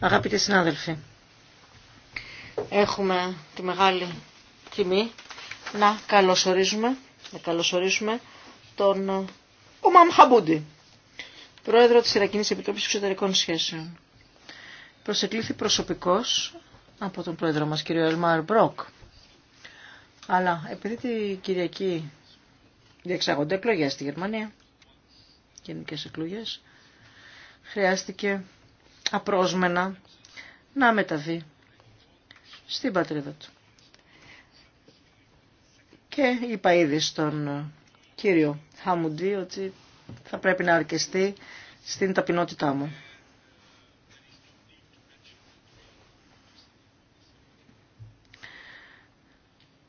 Αγαπητοί συνάδελφοι, έχουμε τη μεγάλη τιμή να καλωσορίζουμε, να καλωσορίσουμε τον Ομάμ Χαμπούντι, πρόεδρο της Ιρακινής Επιτροπής Εξωτερικών Σχέσεων. Προσεκλήθη προσωπικός από τον πρόεδρο μας, κύριο Ελμάρ Μπρόκ. Αλλά επειδή την Κυριακή διεξάγονται εκλογές στη Γερμανία, γενικές εκλογές, χρειάστηκε απρόσμενα να μεταβεί στην πατρίδα του. Και είπα ήδη στον κύριο Χαμουντή ότι θα πρέπει να αρκεστεί στην ταπεινότητά μου.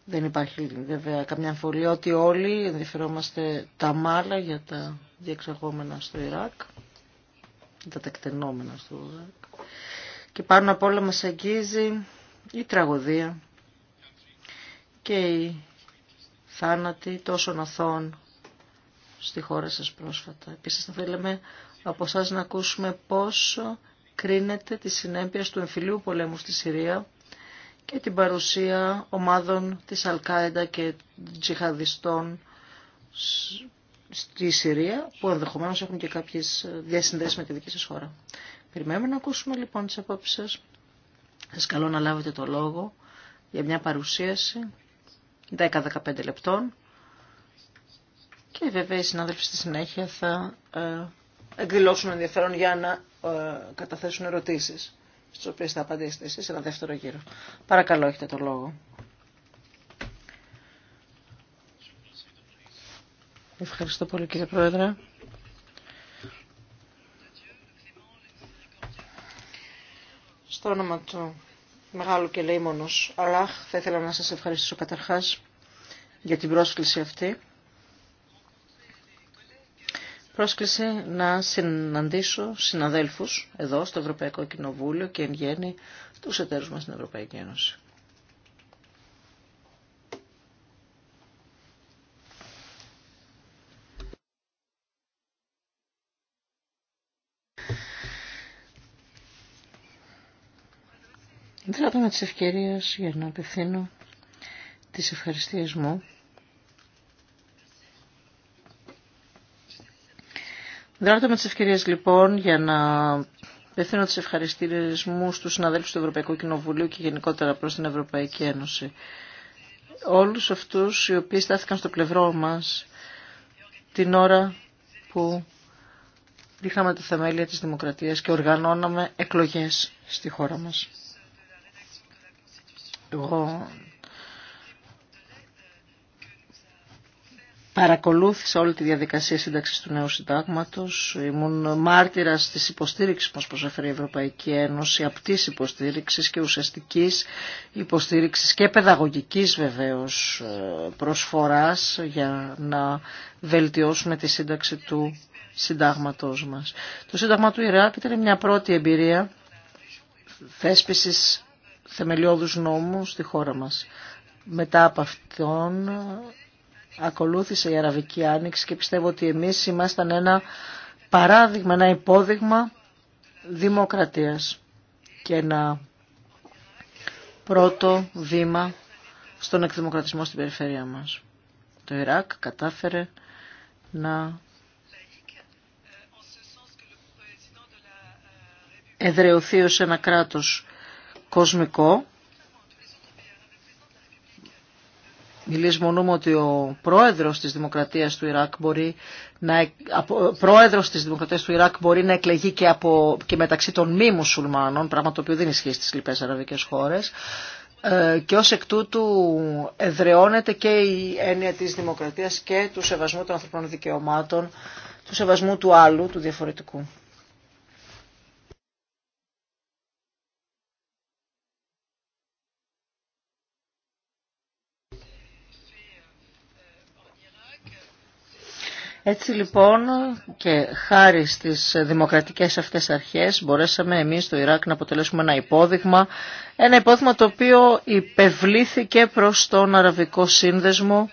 Δεν υπάρχει βέβαια καμιά αμφιβολία ότι όλοι ενδιαφερόμαστε τα μάλα για τα διεξαγόμενα στο Ιράκ, τα τεκτενόμενα στο Ιράκ. Και πάνω απ' όλα μας αγγίζει η τραγωδία και η θάνατη τόσων αθών στη χώρα σας πρόσφατα. Επίσης θα θέλαμε από εσά να ακούσουμε πόσο κρίνεται τη συνέπεια του εμφυλίου πολέμου στη Συρία και την παρουσία ομάδων της Αλκάιντα και τζιχαδιστών στη Συρία που ενδεχομένως έχουν και κάποιες διασυνδέσεις με τη δική σας χώρα. Περιμένουμε να ακούσουμε λοιπόν τις απόψεις σας. Σας καλώ να λάβετε το λόγο για μια παρουσίαση 10-15 λεπτών και βέβαια οι συνάδελφοι στη συνέχεια θα ε, εκδηλώσουν ενδιαφέρον για να ε, καταθέσουν ερωτήσεις στι οποίε θα απαντήσετε εσεί σε ένα δεύτερο γύρο. Παρακαλώ, έχετε το λόγο. Ευχαριστώ πολύ κύριε Πρόεδρε. Στο όνομα του Μεγάλου και μόνος, Αλλάχ θα ήθελα να σας ευχαριστήσω καταρχάς για την πρόσκληση αυτή πρόσκληση να συναντήσω συναδέλφους εδώ στο Ευρωπαϊκό Κοινοβούλιο και εν γέννη τους εταίρους μας στην Ευρωπαϊκή Ένωση. Δράτω με τις ευκαιρίες για να απευθύνω τις ευχαριστίες μου Δράτω με τις ευκαιρίες λοιπόν για να πεθύνω τις ευχαριστήριες μου στους συναδέλφους του Ευρωπαϊκού Κοινοβουλίου και γενικότερα προς την Ευρωπαϊκή Ένωση. Όλους αυτούς οι οποίοι στάθηκαν στο πλευρό μας την ώρα που δείχναμε τα θεμέλια της δημοκρατίας και οργανώναμε εκλογές στη χώρα μας. Εγώ Παρακολούθησα όλη τη διαδικασία σύνταξης του νέου συντάγματος. Ήμουν μάρτυρας της υποστήριξης που μας προσέφερε η Ευρωπαϊκή Ένωση, απτής υποστήριξης και ουσιαστικής υποστήριξης και παιδαγωγικής βεβαίως ε, προσφοράς για να βελτιώσουμε τη σύνταξη του συντάγματός μας. Το σύνταγμα του Ιράκ ήταν μια πρώτη εμπειρία θέσπισης θεμελιώδους νόμου στη χώρα μας. Μετά από αυτόν ακολούθησε η Αραβική Άνοιξη και πιστεύω ότι εμείς ήμασταν ένα παράδειγμα, ένα υπόδειγμα δημοκρατίας και ένα πρώτο βήμα στον εκδημοκρατισμό στην περιφέρεια μας. Το Ιράκ κατάφερε να εδρεωθεί ως ένα κράτος κοσμικό μου ότι ο πρόεδρος της Δημοκρατίας του Ιράκ μπορεί να, πρόεδρος της Δημοκρατίας του Ιράκ μπορεί να εκλεγεί και, από, και μεταξύ των μη μουσουλμάνων, πράγμα το οποίο δεν ισχύει στις λοιπές αραβικές χώρες. Ε, και ως εκ τούτου εδρεώνεται και η έννοια της δημοκρατίας και του σεβασμού των ανθρωπινών δικαιωμάτων, του σεβασμού του άλλου, του διαφορετικού. Έτσι λοιπόν και χάρη στις δημοκρατικές αυτές αρχές μπορέσαμε εμείς στο Ιράκ να αποτελέσουμε ένα υπόδειγμα, ένα υπόδειγμα το οποίο υπευλήθηκε προς τον Αραβικό Σύνδεσμο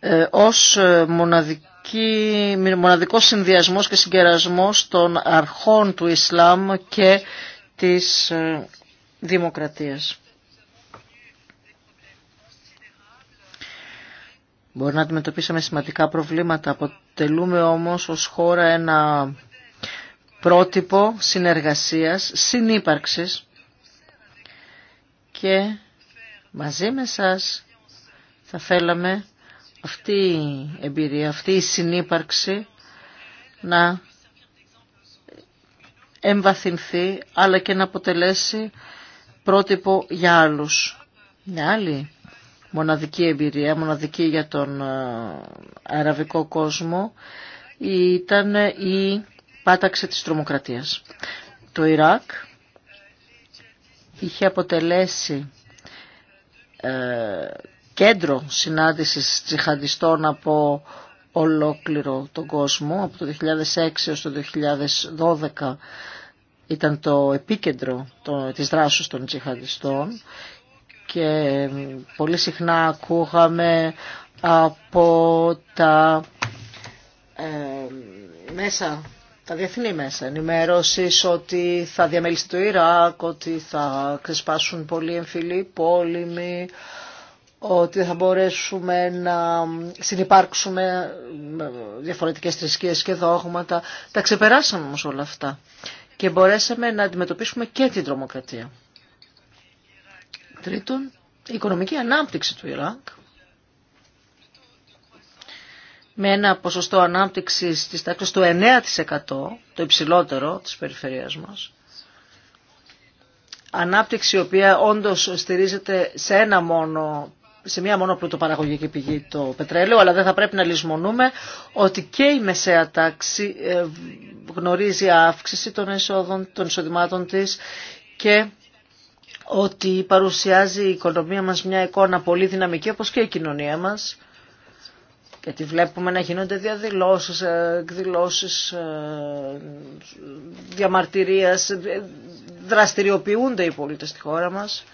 ε, ως ε, μοναδική, μοναδικό συνδυασμός και συγκερασμός των αρχών του Ισλάμ και της ε, δημοκρατίας. Μπορεί να αντιμετωπίσαμε σημαντικά προβλήματα. Αποτελούμε όμως ως χώρα ένα πρότυπο συνεργασίας, συνύπαρξης και μαζί με σας θα θέλαμε αυτή η εμπειρία, αυτή η συνύπαρξη να εμβαθυνθεί αλλά και να αποτελέσει πρότυπο για άλλους. Μια άλλη μοναδική εμπειρία, μοναδική για τον ε, αραβικό κόσμο, ήταν η πάταξη της τρομοκρατίας. Το Ιράκ είχε αποτελέσει ε, κέντρο συνάντησης τσιχαντιστών από ολόκληρο τον κόσμο. Από το 2006 έως το 2012 ήταν το επίκεντρο της δράσης των τσιχαντιστών και πολύ συχνά ακούγαμε από τα ε, μέσα, τα διεθνή μέσα ενημέρωση ότι θα διαμελιστεί το Ιράκ, ότι θα ξεσπάσουν πολύ εμφυλοί πόλεμοι, ότι θα μπορέσουμε να συνεπάρξουμε διαφορετικές θρησκείες και δόγματα. Τα ξεπεράσαμε όμως όλα αυτά και μπορέσαμε να αντιμετωπίσουμε και την τρομοκρατία. Τρίτον, η οικονομική ανάπτυξη του Ιράκ με ένα ποσοστό ανάπτυξης της τάξης του 9%, το υψηλότερο της περιφερειάς μας. Ανάπτυξη η οποία όντως στηρίζεται σε ένα μόνο σε μία μόνο πρωτοπαραγωγική πηγή το πετρέλαιο, αλλά δεν θα πρέπει να λησμονούμε ότι και η μεσαία τάξη ε, γνωρίζει αύξηση των εισόδων των εισοδημάτων της και ότι παρουσιάζει η οικονομία μας μια εικόνα πολύ δυναμική όπως και η κοινωνία μας γιατί βλέπουμε να γίνονται διαδηλώσεις, ε, εκδηλώσεις ε, διαμαρτυρίας, ε, δραστηριοποιούνται οι πολίτες στη χώρα μας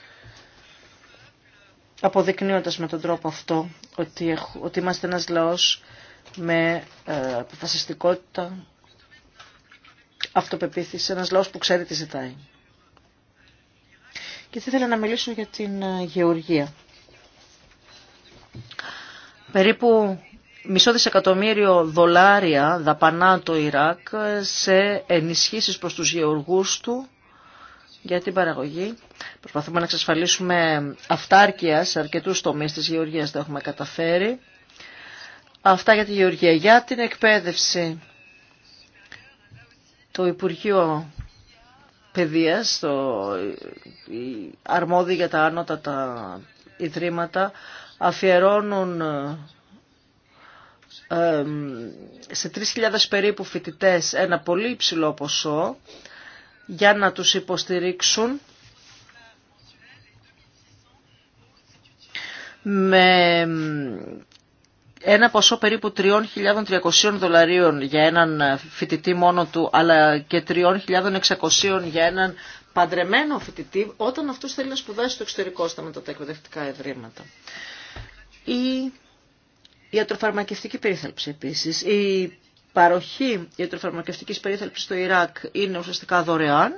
αποδεικνύοντας με τον τρόπο αυτό ότι, ότι είμαστε ένας λαός με αποφασιστικότητα, αυτοπεποίθηση, ένας λαός που ξέρει τι ζητάει και θα ήθελα να μιλήσω για την ε, γεωργία. Περίπου μισό δισεκατομμύριο δολάρια δαπανά το Ιράκ σε ενισχύσεις προς τους γεωργούς του για την παραγωγή. Προσπαθούμε να εξασφαλίσουμε αυτάρκεια σε αρκετούς τομείς της γεωργίας, δεν έχουμε καταφέρει. Αυτά για τη γεωργία. Για την εκπαίδευση, το Υπουργείο παιδείας, το, οι αρμόδιοι για τα άνωτα ιδρύματα, αφιερώνουν σε 3.000 περίπου φοιτητές ένα πολύ υψηλό ποσό για να τους υποστηρίξουν ένα ποσό περίπου 3.300 δολαρίων για έναν ε, φοιτητή μόνο του, αλλά και 3.600 για έναν παντρεμένο φοιτητή, όταν αυτό θέλει να σπουδάσει στο εξωτερικό στα εκπαιδευτικά ευρήματα. Η ιατροφαρμακευτική περίθαλψη επίσης. Η παροχή ιατροφαρμακευτικής περίθαλψης στο Ιράκ είναι ουσιαστικά δωρεάν.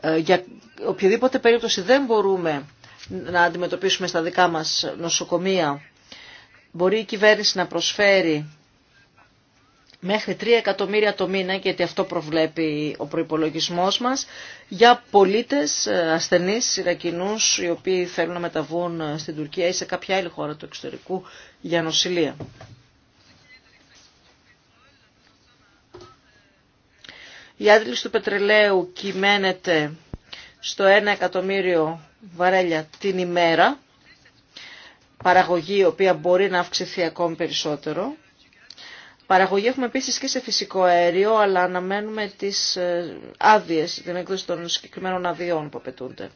Ε, για οποιαδήποτε περίπτωση δεν μπορούμε να αντιμετωπίσουμε στα δικά μας νοσοκομεία μπορεί η κυβέρνηση να προσφέρει μέχρι 3 εκατομμύρια το μήνα, γιατί αυτό προβλέπει ο προϋπολογισμός μας, για πολίτες ασθενείς Ιρακινούς, οι οποίοι θέλουν να μεταβούν στην Τουρκία ή σε κάποια άλλη χώρα του εξωτερικού για νοσηλεία. Η άντληση του πετρελαίου κυμαίνεται στο 1 εκατομμύριο βαρέλια την ημέρα, παραγωγή η οποία μπορεί να αυξηθεί ακόμη περισσότερο. Παραγωγή έχουμε επίσης και σε φυσικό αέριο, αλλά αναμένουμε τις ε, άδειε, την έκδοση των συγκεκριμένων αδειών που απαιτούνται.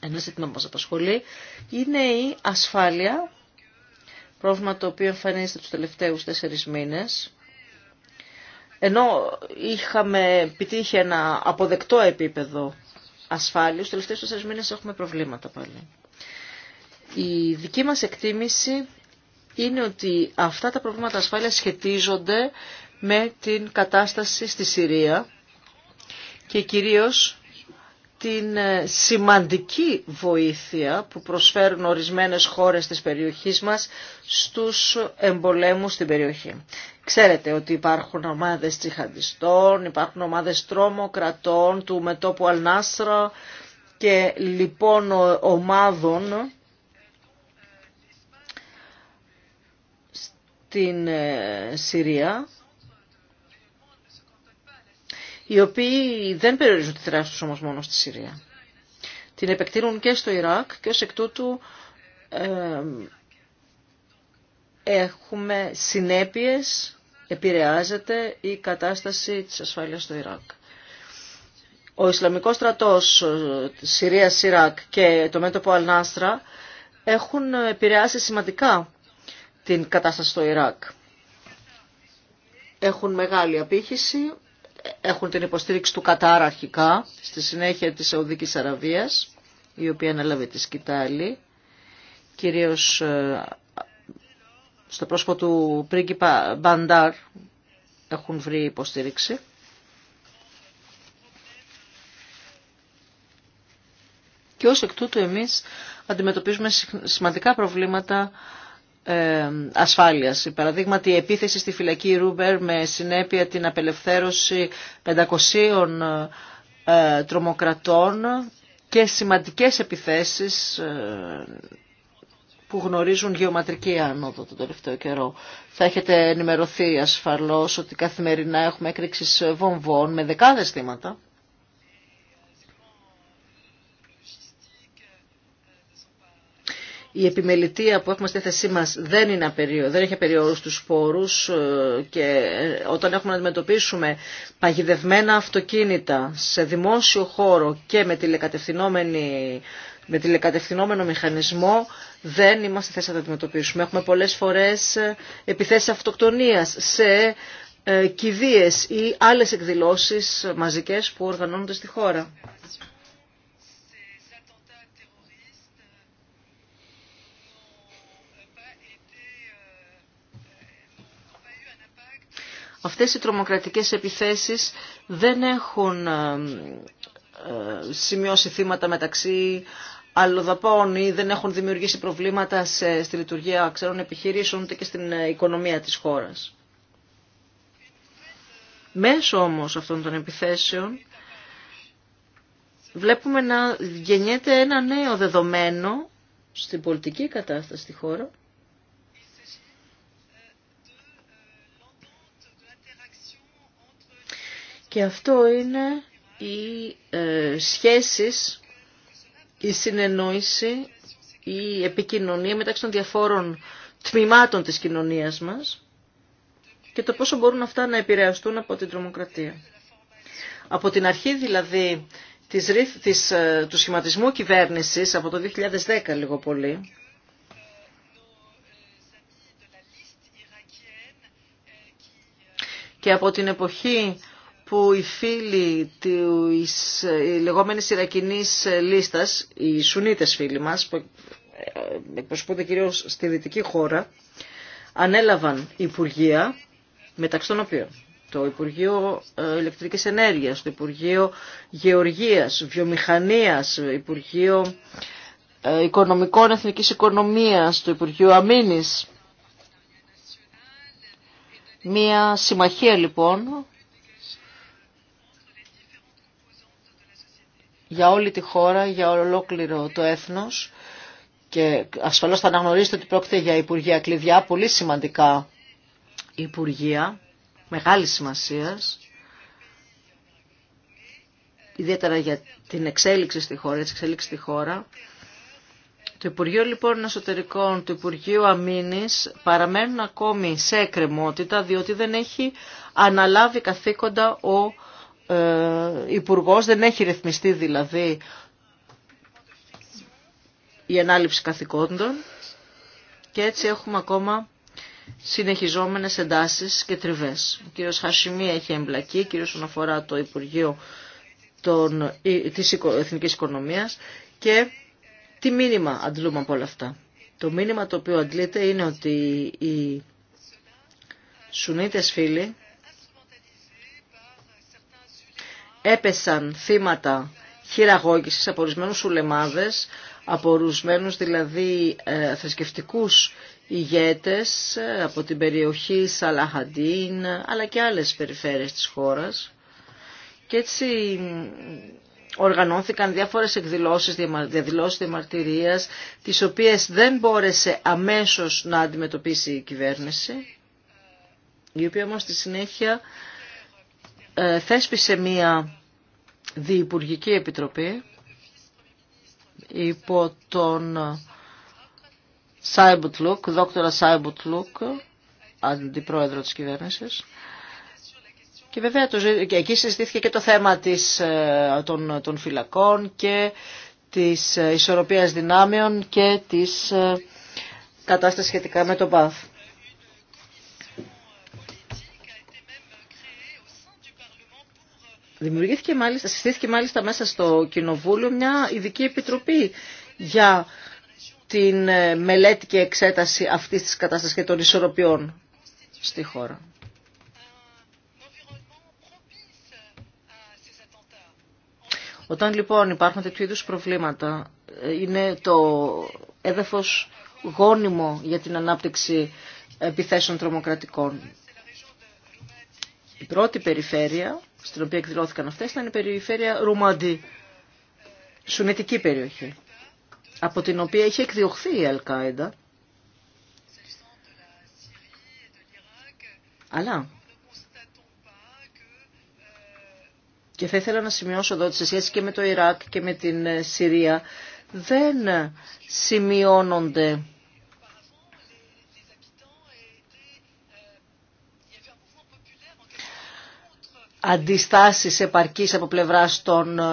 Ένα ζήτημα που μας απασχολεί είναι η ασφάλεια, πρόβλημα το οποίο εμφανίζεται τους τελευταίους τέσσερις μήνες. Ενώ είχαμε επιτύχει ένα αποδεκτό επίπεδο ασφάλειας, τους τελευταίους τέσσερις μήνες έχουμε προβλήματα πάλι. Η δική μας εκτίμηση είναι ότι αυτά τα προβλήματα ασφάλειας σχετίζονται με την κατάσταση στη Συρία και κυρίως την ε, σημαντική βοήθεια που προσφέρουν ορισμένες χώρες της περιοχής μας στους εμπολέμους στην περιοχή. Ξέρετε ότι υπάρχουν ομάδες τσιχαντιστών, υπάρχουν ομάδες τρόμοκρατών του μετόπου Αλνάστρα και λοιπόν ομάδων την ε, Συρία, οι οποίοι δεν περιορίζουν τη δράση όμως μόνο στη Συρία. Την επεκτείνουν και στο Ιράκ και ως εκ τούτου ε, έχουμε συνέπειες, επηρεάζεται η κατάσταση της ασφάλειας στο Ιράκ. Ο Ισλαμικός στρατός ε, Συρίας-Ιράκ και το μέτωπο Αλνάστρα έχουν επηρεάσει σημαντικά την κατάσταση στο Ιράκ. Έχουν μεγάλη απήχηση, έχουν την υποστήριξη του Κατάρ αρχικά, στη συνέχεια της Σαουδικής Αραβίας, η οποία ανέλαβε τη σκητάλη, κυρίως ε, στο πρόσωπο του πρίγκιπα Μπαντάρ έχουν βρει υποστήριξη. Και ως εκ τούτου εμείς αντιμετωπίζουμε σημαντικά προβλήματα ασφάλειας. Παραδείγματι η επίθεση στη φυλακή Ρούμπερ με συνέπεια την απελευθέρωση 500 ε, τρομοκρατών και σημαντικές επιθέσεις ε, που γνωρίζουν γεωματρική άνοδο τον τελευταίο καιρό. Θα έχετε ενημερωθεί ασφαλώς ότι καθημερινά έχουμε έκρηξεις βομβών με δεκάδες θύματα η επιμελητία που έχουμε στη θέσή μας δεν, είναι απεριό, δεν έχει απεριόρους τους σπόρους ε, και ε, όταν έχουμε να αντιμετωπίσουμε παγιδευμένα αυτοκίνητα σε δημόσιο χώρο και με, τηλεκατευθυνόμενη, με τηλεκατευθυνόμενο μηχανισμό δεν είμαστε θέση να τα αντιμετωπίσουμε. Έχουμε πολλές φορές ε, επιθέσεις αυτοκτονίας σε κηδείες ή άλλες εκδηλώσεις μαζικές που οργανώνονται στη χώρα. Αυτές οι τρομοκρατικές επιθέσεις δεν έχουν ε, ε, σημειώσει θύματα μεταξύ αλλοδαπών ή δεν έχουν δημιουργήσει προβλήματα στη λειτουργία ξένων επιχειρήσεων ούτε και στην ε, οικονομία της χώρας. Μέσω όμως αυτών των επιθέσεων βλέπουμε να γεννιέται ένα νέο δεδομένο στην πολιτική κατάσταση στη χώρα Και αυτό είναι οι ε, σχέσεις, η συνεννόηση, η επικοινωνία μεταξύ των διαφόρων τμήματων της κοινωνίας μας και το πόσο μπορούν αυτά να επηρεαστούν από την τρομοκρατία. Από την αρχή δηλαδή της, της, ε, του σχηματισμού κυβέρνησης, από το 2010 λίγο πολύ, και από την εποχή που οι φίλοι της λεγόμενης Ιρακινής λίστας, οι Σουνίτες φίλοι μας, που ε, εκπροσωπούνται κυρίως στη δυτική χώρα, ανέλαβαν υπουργεία, μεταξύ των οποίων το Υπουργείο ε, Ηλεκτρικής Ενέργειας, το Υπουργείο Γεωργίας, Βιομηχανίας, Υπουργείο ε, Οικονομικών Εθνικής Οικονομίας, το Υπουργείο Αμήνης. Μία συμμαχία λοιπόν για όλη τη χώρα, για ολόκληρο το έθνος και ασφαλώς θα αναγνωρίσετε ότι πρόκειται για Υπουργεία Κλειδιά, πολύ σημαντικά Υπουργεία, μεγάλη σημασίας, ιδιαίτερα για την εξέλιξη στη χώρα, της στη χώρα. Το Υπουργείο λοιπόν Εσωτερικών, το Υπουργείο Αμήνης παραμένουν ακόμη σε εκκρεμότητα διότι δεν έχει αναλάβει καθήκοντα ο ε, Υπουργό δεν έχει ρυθμιστεί δηλαδή η ανάληψη καθηκόντων και έτσι έχουμε ακόμα συνεχιζόμενες εντάσεις και τριβές. Ο κύριος Χασιμή έχει εμπλακεί, κυρίως όσον αφορά το Υπουργείο των, ε, της Εθνικής Οικονομίας και τι μήνυμα αντλούμε από όλα αυτά. Το μήνυμα το οποίο αντλείται είναι ότι οι Σουνίτες φίλοι έπεσαν θύματα χειραγώγησης από ορισμένου σουλεμάδες, από ορισμένου δηλαδή ε, θρησκευτικούς ηγέτες ε, από την περιοχή Σαλαχαντίν, αλλά και άλλες περιφέρειες της χώρας. Και έτσι οργανώθηκαν διάφορες εκδηλώσεις, διαδηλώσεις διαμαρτυρίας, τις οποίες δεν μπόρεσε αμέσως να αντιμετωπίσει η κυβέρνηση, η οποία όμως στη συνέχεια ε, θέσπισε μία Διυπουργική Επιτροπή υπό τον Σάιμπουτ Λουκ, δόκτωρα Σάιμπουτ Λουκ, αντιπρόεδρο της κυβέρνησης. Και βέβαια εκεί συζητήθηκε και το θέμα της, ε, των, των φυλακών και της ε, ισορροπίας δυνάμεων και της ε, κατάστασης σχετικά με τον ΠΑΘ. Δημιουργήθηκε μάλιστα, συστήθηκε μάλιστα μέσα στο Κοινοβούλιο μια ειδική επιτροπή για την ε, μελέτη και εξέταση αυτής της κατάστασης και των ισορροπιών στη χώρα. Όταν λοιπόν υπάρχουν τέτοιου είδους προβλήματα, ε, είναι το έδαφος γόνιμο για την ανάπτυξη επιθέσεων τρομοκρατικών. Η πρώτη περιφέρεια στην οποία εκδηλώθηκαν αυτές ήταν η περιφέρεια Ρουμαντή, σουνετική περιοχή, από την οποία είχε εκδιωχθεί η Αλκάιντα. Αλλά και θα ήθελα να σημειώσω εδώ ότι σε σχέση και με το Ιράκ και με την ε, Συρία δεν ε, σημειώνονται αντιστάσεις επαρκής από πλευράς των ε,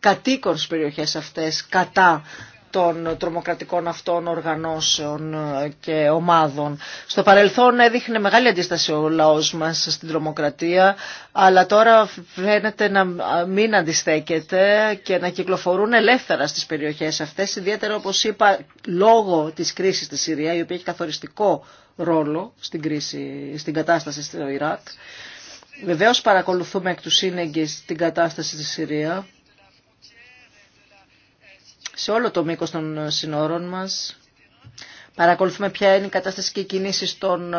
κατοίκων στις περιοχές αυτές κατά των τρομοκρατικών αυτών οργανώσεων ε, και ομάδων. Στο παρελθόν έδειχνε μεγάλη αντίσταση ο λαός μας στην τρομοκρατία, αλλά τώρα φαίνεται να μην αντιστέκεται και να κυκλοφορούν ελεύθερα στις περιοχές αυτές, ιδιαίτερα όπως είπα λόγω της κρίσης στη Συρία, η οποία έχει καθοριστικό ρόλο στην, κρίση, στην κατάσταση στο Ιράκ. Βεβαίως παρακολουθούμε εκ του σύνεγγυς την κατάσταση στη Συρία σε όλο το μήκος των συνόρων μας. Παρακολουθούμε ποια είναι η κατάσταση και οι κινήσεις των ε,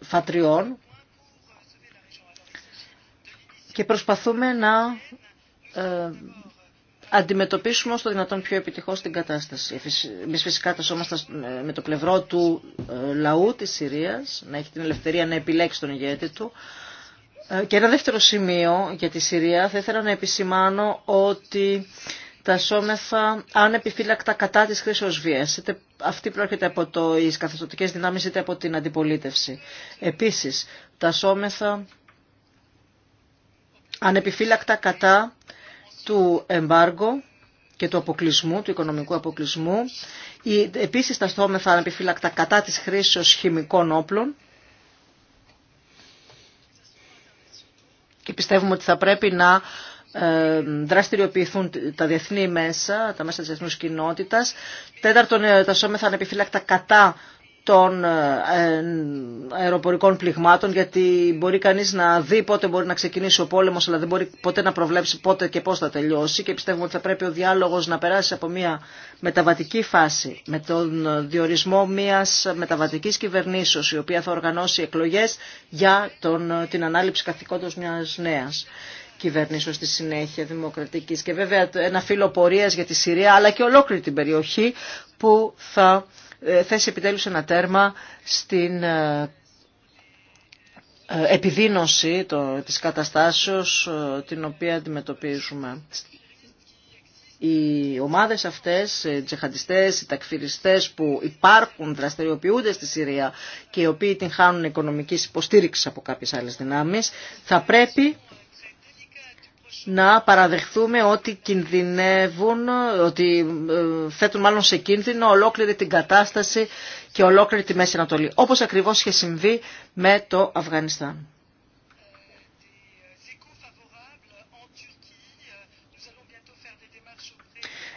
φατριών και προσπαθούμε να ε, αντιμετωπίσουμε όσο το δυνατόν πιο επιτυχώς την κατάσταση. Εμείς φυσικά τασόμαστε με το πλευρό του ε, λαού της Συρίας, να έχει την ελευθερία να επιλέξει τον ηγέτη του, ε, και ένα δεύτερο σημείο για τη Συρία θα ήθελα να επισημάνω ότι τα σώμεθα ανεπιφύλακτα κατά της χρήσης βίας. Είτε αυτή πρόκειται από το, οι καθεστωτικές δυνάμεις είτε από την αντιπολίτευση. Επίσης, τα σώμεθα ανεπιφύλακτα κατά του εμπάργου και του αποκλεισμού, του οικονομικού αποκλεισμού. Επίσης, τα σώμεθα ανεπιφύλακτα κατά της ω χημικών όπλων και πιστεύουμε ότι θα πρέπει να ε, δραστηριοποιηθούν τα διεθνή μέσα, τα μέσα της διεθνούς κοινότητας. Τέταρτον, ε, τα είναι επιφυλάκτα κατά των ε, αεροπορικών πληγμάτων γιατί μπορεί κανείς να δει πότε μπορεί να ξεκινήσει ο πόλεμος αλλά δεν μπορεί ποτέ να προβλέψει πότε και πώς θα τελειώσει και πιστεύουμε ότι θα πρέπει ο διάλογος να περάσει από μια μεταβατική φάση με τον διορισμό μιας μεταβατικής κυβερνήσεως η οποία θα οργανώσει εκλογές για τον, την ανάληψη καθηκόντος μιας νέας κυβερνήσεω στη συνέχεια δημοκρατική. και βέβαια ένα φύλλο πορεία για τη Συρία αλλά και ολόκληρη την περιοχή που θα ε, θέσει επιτέλους ένα τέρμα στην ε, ε, επιδίνωση το, της καταστάσεως την οποία αντιμετωπίζουμε. Οι ομάδες αυτές, οι τζεχαντιστές, οι τακφυριστές που υπάρχουν, δραστηριοποιούνται στη Συρία και οι οποίοι την χάνουν οικονομικής υποστήριξης από κάποιες άλλες δυνάμεις, θα πρέπει να παραδεχθούμε ότι κινδυνεύουν, ότι ε, θέτουν μάλλον σε κίνδυνο ολόκληρη την κατάσταση και ολόκληρη τη Μέση Ανατολή. Όπως ακριβώς είχε συμβεί με το Αφγανιστάν.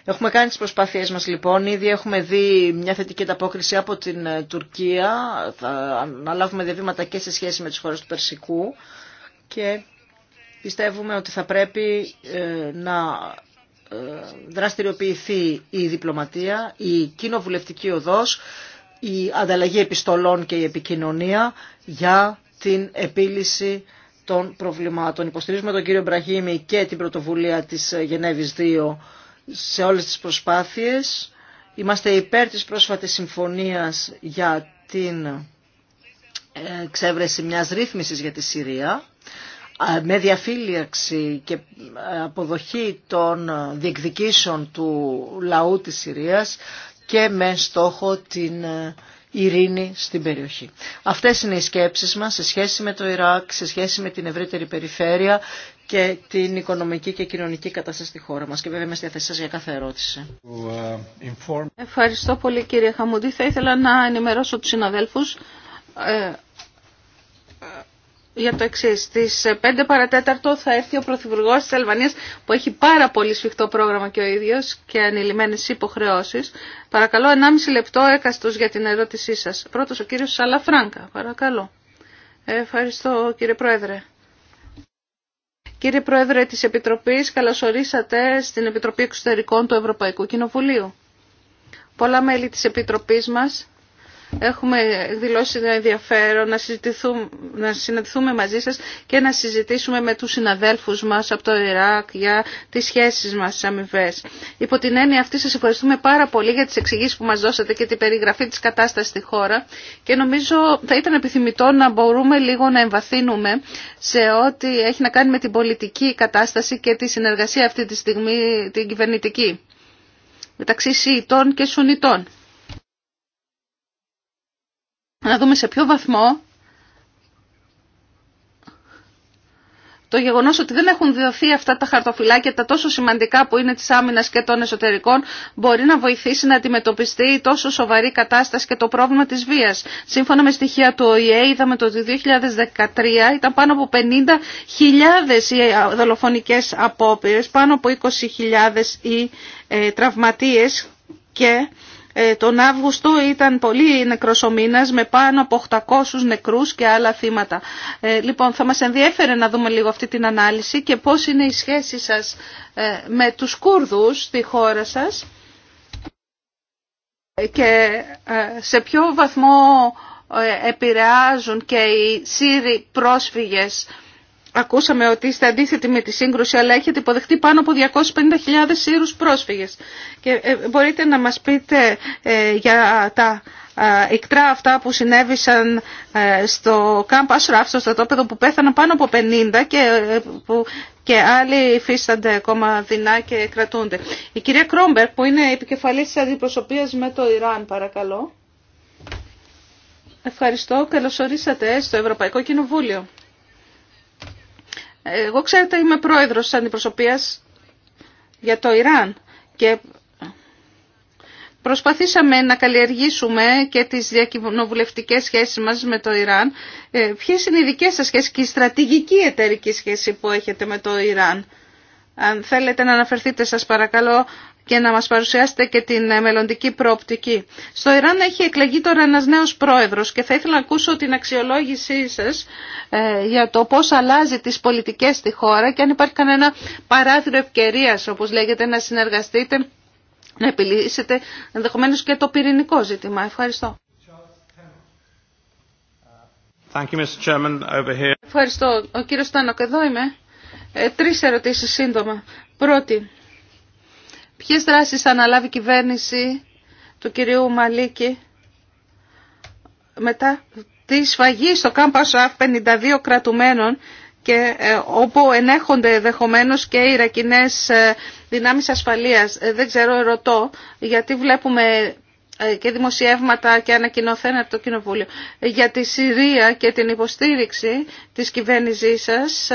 Έχουμε κάνει τις προσπάθειές μας λοιπόν, ήδη έχουμε δει μια θετική ανταπόκριση από την ε, Τουρκία, θα αναλάβουμε διαβήματα και σε σχέση με τις χώρες του Περσικού και Πιστεύουμε ότι θα πρέπει ε, να ε, δραστηριοποιηθεί η διπλωματία, η κοινοβουλευτική οδός, η ανταλλαγή επιστολών και η επικοινωνία για την επίλυση των προβλημάτων. Υποστηρίζουμε τον κύριο Μπραχήμη και την πρωτοβουλία της Γενέβης 2 σε όλες τις προσπάθειες. Είμαστε υπέρ της πρόσφατης συμφωνίας για την ε, ξέβρεση μιας ρύθμισης για τη Συρία με διαφύλαξη και αποδοχή των διεκδικήσεων του λαού της Συρίας και με στόχο την ειρήνη στην περιοχή. Αυτές είναι οι σκέψεις μας σε σχέση με το Ιράκ, σε σχέση με την ευρύτερη περιφέρεια και την οικονομική και κοινωνική κατάσταση στη χώρα μας. Και βέβαια είμαι στη για κάθε ερώτηση. Uh, Ευχαριστώ πολύ κύριε Χαμουντή. Θα ήθελα να ενημερώσω τους συναδέλφους ε, για το εξή. Στι 5 παρατέταρτο θα έρθει ο Πρωθυπουργό τη Αλβανία που έχει πάρα πολύ σφιχτό πρόγραμμα και ο ίδιο και ανηλυμένε υποχρεώσει. Παρακαλώ, 1,5 λεπτό έκαστο για την ερώτησή σα. Πρώτο ο κύριο Σαλαφράγκα. Παρακαλώ. Ευχαριστώ κύριε Πρόεδρε. Κύριε Πρόεδρε της Επιτροπής, καλωσορίσατε στην Επιτροπή Εξωτερικών του Ευρωπαϊκού Κοινοβουλίου. Πολλά μέλη της Επιτροπής μας Έχουμε δηλώσει το ενδιαφέρον να, να συναντηθούμε μαζί σας και να συζητήσουμε με τους συναδέλφους μας από το Ιράκ για τις σχέσεις μας στις αμοιβές. Υπό την έννοια αυτή σας ευχαριστούμε πάρα πολύ για τις εξηγήσεις που μας δώσατε και την περιγραφή της κατάστασης στη χώρα και νομίζω θα ήταν επιθυμητό να μπορούμε λίγο να εμβαθύνουμε σε ό,τι έχει να κάνει με την πολιτική κατάσταση και τη συνεργασία αυτή τη στιγμή την κυβερνητική μεταξύ Σιητών και Σουνιτών να δούμε σε ποιο βαθμό το γεγονός ότι δεν έχουν διωθεί αυτά τα χαρτοφυλάκια, τα τόσο σημαντικά που είναι της άμυνας και των εσωτερικών, μπορεί να βοηθήσει να αντιμετωπιστεί η τόσο σοβαρή κατάσταση και το πρόβλημα της βίας. Σύμφωνα με στοιχεία του ΟΗΕ, είδαμε το 2013 ήταν πάνω από 50.000 οι δολοφονικές απόπειρες, πάνω από 20.000 οι ε, τραυματίες και ε, τον Αύγουστο ήταν πολύ νεκρός ο με πάνω από 800 νεκρούς και άλλα θύματα. Ε, λοιπόν, θα μας ενδιέφερε να δούμε λίγο αυτή την ανάλυση και πώς είναι η σχέση σας ε, με τους Κούρδους στη χώρα σας και σε ποιο βαθμό επηρεάζουν και οι Σύριοι πρόσφυγες Ακούσαμε ότι είστε αντίθετοι με τη σύγκρουση, αλλά έχετε υποδεχτεί πάνω από 250.000 Σύρους πρόσφυγες. Και ε, μπορείτε να μας πείτε ε, για τα ε, εκτρά αυτά που συνέβησαν στο κάμπ Ασράφ, στο στρατόπεδο που πέθαναν πάνω από 50 και, που, και άλλοι υφίστανται ακόμα δεινά και κρατούνται. Η κυρία Κρόμπερ που είναι επικεφαλής της αντιπροσωπείας με το Ιράν παρακαλώ. Ευχαριστώ. Καλωσορίσατε στο Ευρωπαϊκό Κοινοβούλιο. Εγώ ξέρετε είμαι πρόεδρος της αντιπροσωπείας για το Ιράν και προσπαθήσαμε να καλλιεργήσουμε και τις διακοινοβουλευτικές σχέσεις μας με το Ιράν. Ε, ποιες είναι οι δικές σας σχέσεις και η στρατηγική εταιρική σχέση που έχετε με το Ιράν. Αν θέλετε να αναφερθείτε σας παρακαλώ και να μας παρουσιάσετε και την ε, μελλοντική προοπτική. Στο Ιράν έχει εκλεγεί τώρα ένας νέος πρόεδρος και θα ήθελα να ακούσω την αξιολόγησή σας ε, για το πώς αλλάζει τις πολιτικές στη χώρα και αν υπάρχει κανένα παράθυρο ευκαιρίας, όπως λέγεται, να συνεργαστείτε, να επιλύσετε ενδεχομένω και το πυρηνικό ζήτημα. Ευχαριστώ. Thank you, Mr. Chairman, over here. Ευχαριστώ. Ο κύριος Τάνοκ, εδώ είμαι. Ε, τρεις ερωτήσεις σύντομα. Πρώτη, Ποιες δράσεις θα αναλάβει η κυβέρνηση του κυρίου Μαλίκη μετά τη σφαγή στο κάμπα 52 κρατουμένων και ε, όπου ενέχονται δεχομένω και οι ε, δυνάμεις ασφαλείας. Ε, δεν ξέρω, ρωτώ, γιατί βλέπουμε ε, και δημοσιεύματα και ανακοινωθένα από το Κοινοβούλιο. Για τη Συρία και την υποστήριξη της κυβέρνησής σας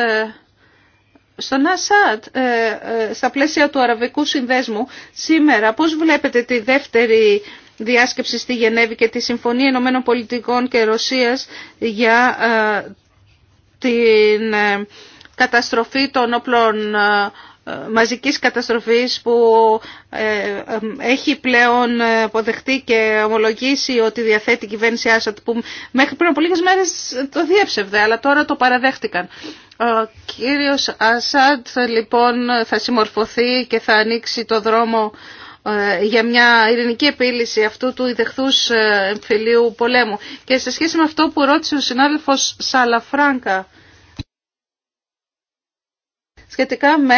στον Ασάτ, ε, ε, στα πλαίσια του Αραβικού Συνδέσμου, σήμερα πώς βλέπετε τη δεύτερη διάσκεψη στη Γενέβη και τη Συμφωνία Ηνωμένων Πολιτικών και Ρωσίας για ε, την καταστροφή των όπλων μαζικής καταστροφής που ε, ε, έχει πλέον αποδεχτεί και ομολογήσει ότι διαθέτει η κυβέρνηση Άσαντ που μέχρι πριν από λίγες μέρες το διέψευδε αλλά τώρα το παραδέχτηκαν. Ο κύριος Άσαντ λοιπόν θα συμμορφωθεί και θα ανοίξει το δρόμο ε, για μια ειρηνική επίλυση αυτού του ιδεχθούς εμφυλίου πολέμου. Και σε σχέση με αυτό που ρώτησε ο συνάδελφος Σαλαφράνκα σχετικά με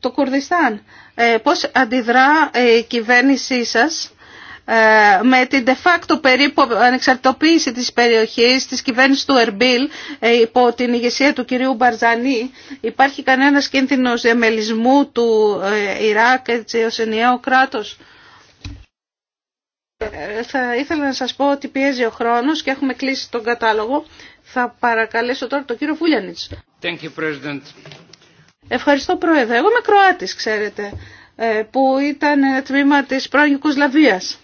το Κουρδιστάν. Ε, πώς αντιδρά ε, η κυβέρνησή σας ε, με την de facto περίπου ανεξαρτητοποίηση της περιοχής της κυβέρνησης του Ερμπίλ υπό την ηγεσία του κυρίου Μπαρζανή υπάρχει κανένας κίνδυνος διαμελισμού του Ιράκ έτσι, ως ενιαίο κράτος θα ήθελα να σας πω ότι πιέζει ο χρόνος και έχουμε κλείσει τον κατάλογο θα παρακαλέσω τώρα τον κύριο Βούλιανιτς Ευχαριστώ Πρόεδρε. Εγώ είμαι Κροάτης, ξέρετε, ε, που ήταν τμήμα της πρώην Ιουκοσλαβίας.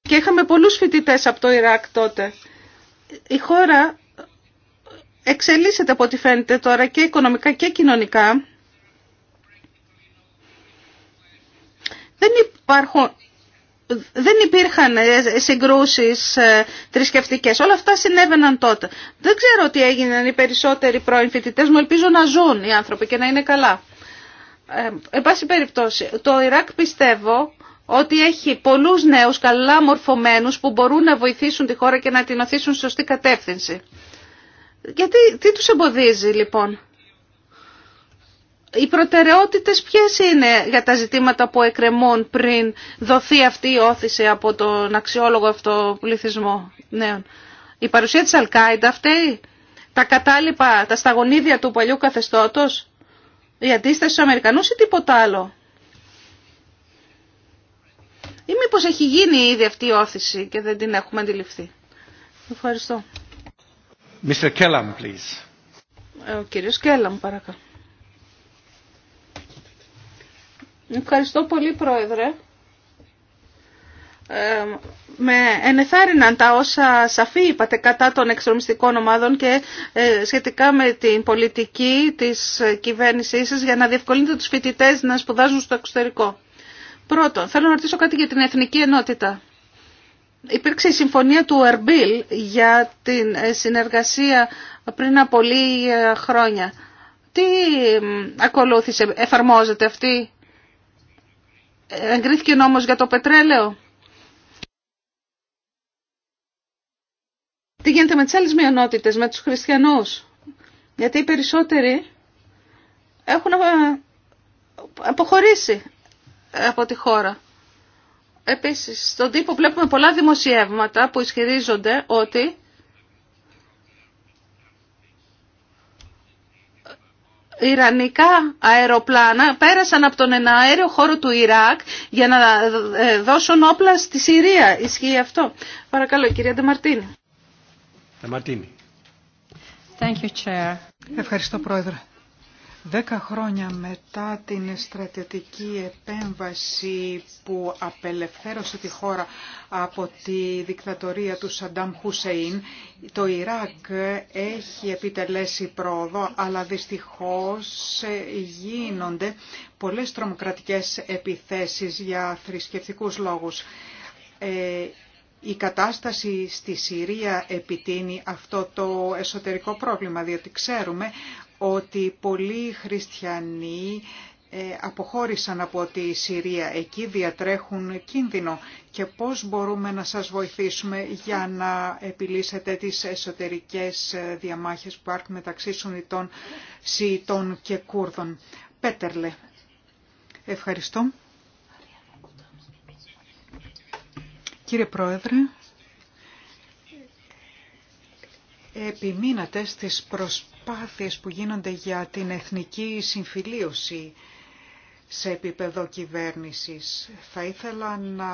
Και είχαμε πολλούς φοιτητές από το Ιράκ τότε. Η χώρα εξελίσσεται από ό,τι φαίνεται τώρα και οικονομικά και κοινωνικά. Δεν υπάρχουν δεν υπήρχαν ε, συγκρούσεις ε, θρησκευτικέ. Όλα αυτά συνέβαιναν τότε. Δεν ξέρω τι έγιναν οι περισσότεροι πρώην φοιτητές μου. Ελπίζω να ζουν οι άνθρωποι και να είναι καλά. Ε, εν πάση περιπτώσει, το Ιράκ πιστεύω ότι έχει πολλούς νέους καλά μορφωμένους που μπορούν να βοηθήσουν τη χώρα και να την οθήσουν σωστή κατεύθυνση. Γιατί τι τους εμποδίζει λοιπόν οι προτεραιότητες ποιες είναι για τα ζητήματα που εκκρεμούν πριν δοθεί αυτή η όθηση από τον αξιόλογο αυτό πληθυσμό νέων. Η παρουσία της Αλκάιντα αυτή, τα κατάλοιπα, τα σταγονίδια του παλιού καθεστώτος, η αντίσταση στους Αμερικανούς ή τίποτα άλλο. Ή μήπως έχει γίνει ήδη αυτή η όθηση και δεν την έχουμε αντιληφθεί. Ευχαριστώ. Ο κύριος παρακαλώ. Ευχαριστώ πολύ Πρόεδρε. Ε, με ενεθάρρυναν τα όσα σαφή είπατε κατά των εξορμιστικών ομάδων και ε, σχετικά με την πολιτική της κυβέρνησής σας για να διευκολύνετε τους φοιτητές να σπουδάζουν στο εξωτερικό. Πρώτον, θέλω να ρωτήσω κάτι για την εθνική ενότητα. Υπήρξε η συμφωνία του Ερμπίλ για την ε, συνεργασία πριν από λίγα χρόνια. Τι ακολούθησε, εφαρμόζεται αυτή Εγκρίθηκε νόμος για το πετρέλαιο. Τι γίνεται με τις άλλες μειονότητες, με τους χριστιανούς. Γιατί οι περισσότεροι έχουν ε, αποχωρήσει από τη χώρα. Επίσης, στον τύπο βλέπουμε πολλά δημοσιεύματα που ισχυρίζονται ότι Ιρανικά αεροπλάνα πέρασαν από τον εναέριο χώρο του Ιράκ για να ε, δώσουν όπλα στη Συρία. Ισχύει αυτό. Παρακαλώ, κυρία Ντεμαρτίνη. Ευχαριστώ, Πρόεδρε. Δέκα χρόνια μετά την στρατιωτική επέμβαση που απελευθέρωσε τη χώρα από τη δικτατορία του Σαντάμ Χουσεϊν, το Ιράκ έχει επιτελέσει πρόοδο, αλλά δυστυχώς γίνονται πολλές τρομοκρατικές επιθέσεις για θρησκευτικούς λόγους. Ε, η κατάσταση στη Συρία επιτείνει αυτό το εσωτερικό πρόβλημα, διότι ξέρουμε ότι πολλοί χριστιανοί ε, αποχώρησαν από τη Συρία. Εκεί διατρέχουν κίνδυνο και πώς μπορούμε να σας βοηθήσουμε για να επιλύσετε τις εσωτερικές ε, διαμάχες που υπάρχουν μεταξύ Σουνιτών, Σιητών και Κούρδων. Πέτερλε, ευχαριστώ. Κύριε Πρόεδρε, επιμείνατε στις προσπάθειες προσπάθειες που γίνονται για την εθνική συμφιλίωση σε επίπεδο κυβέρνησης. Θα ήθελα να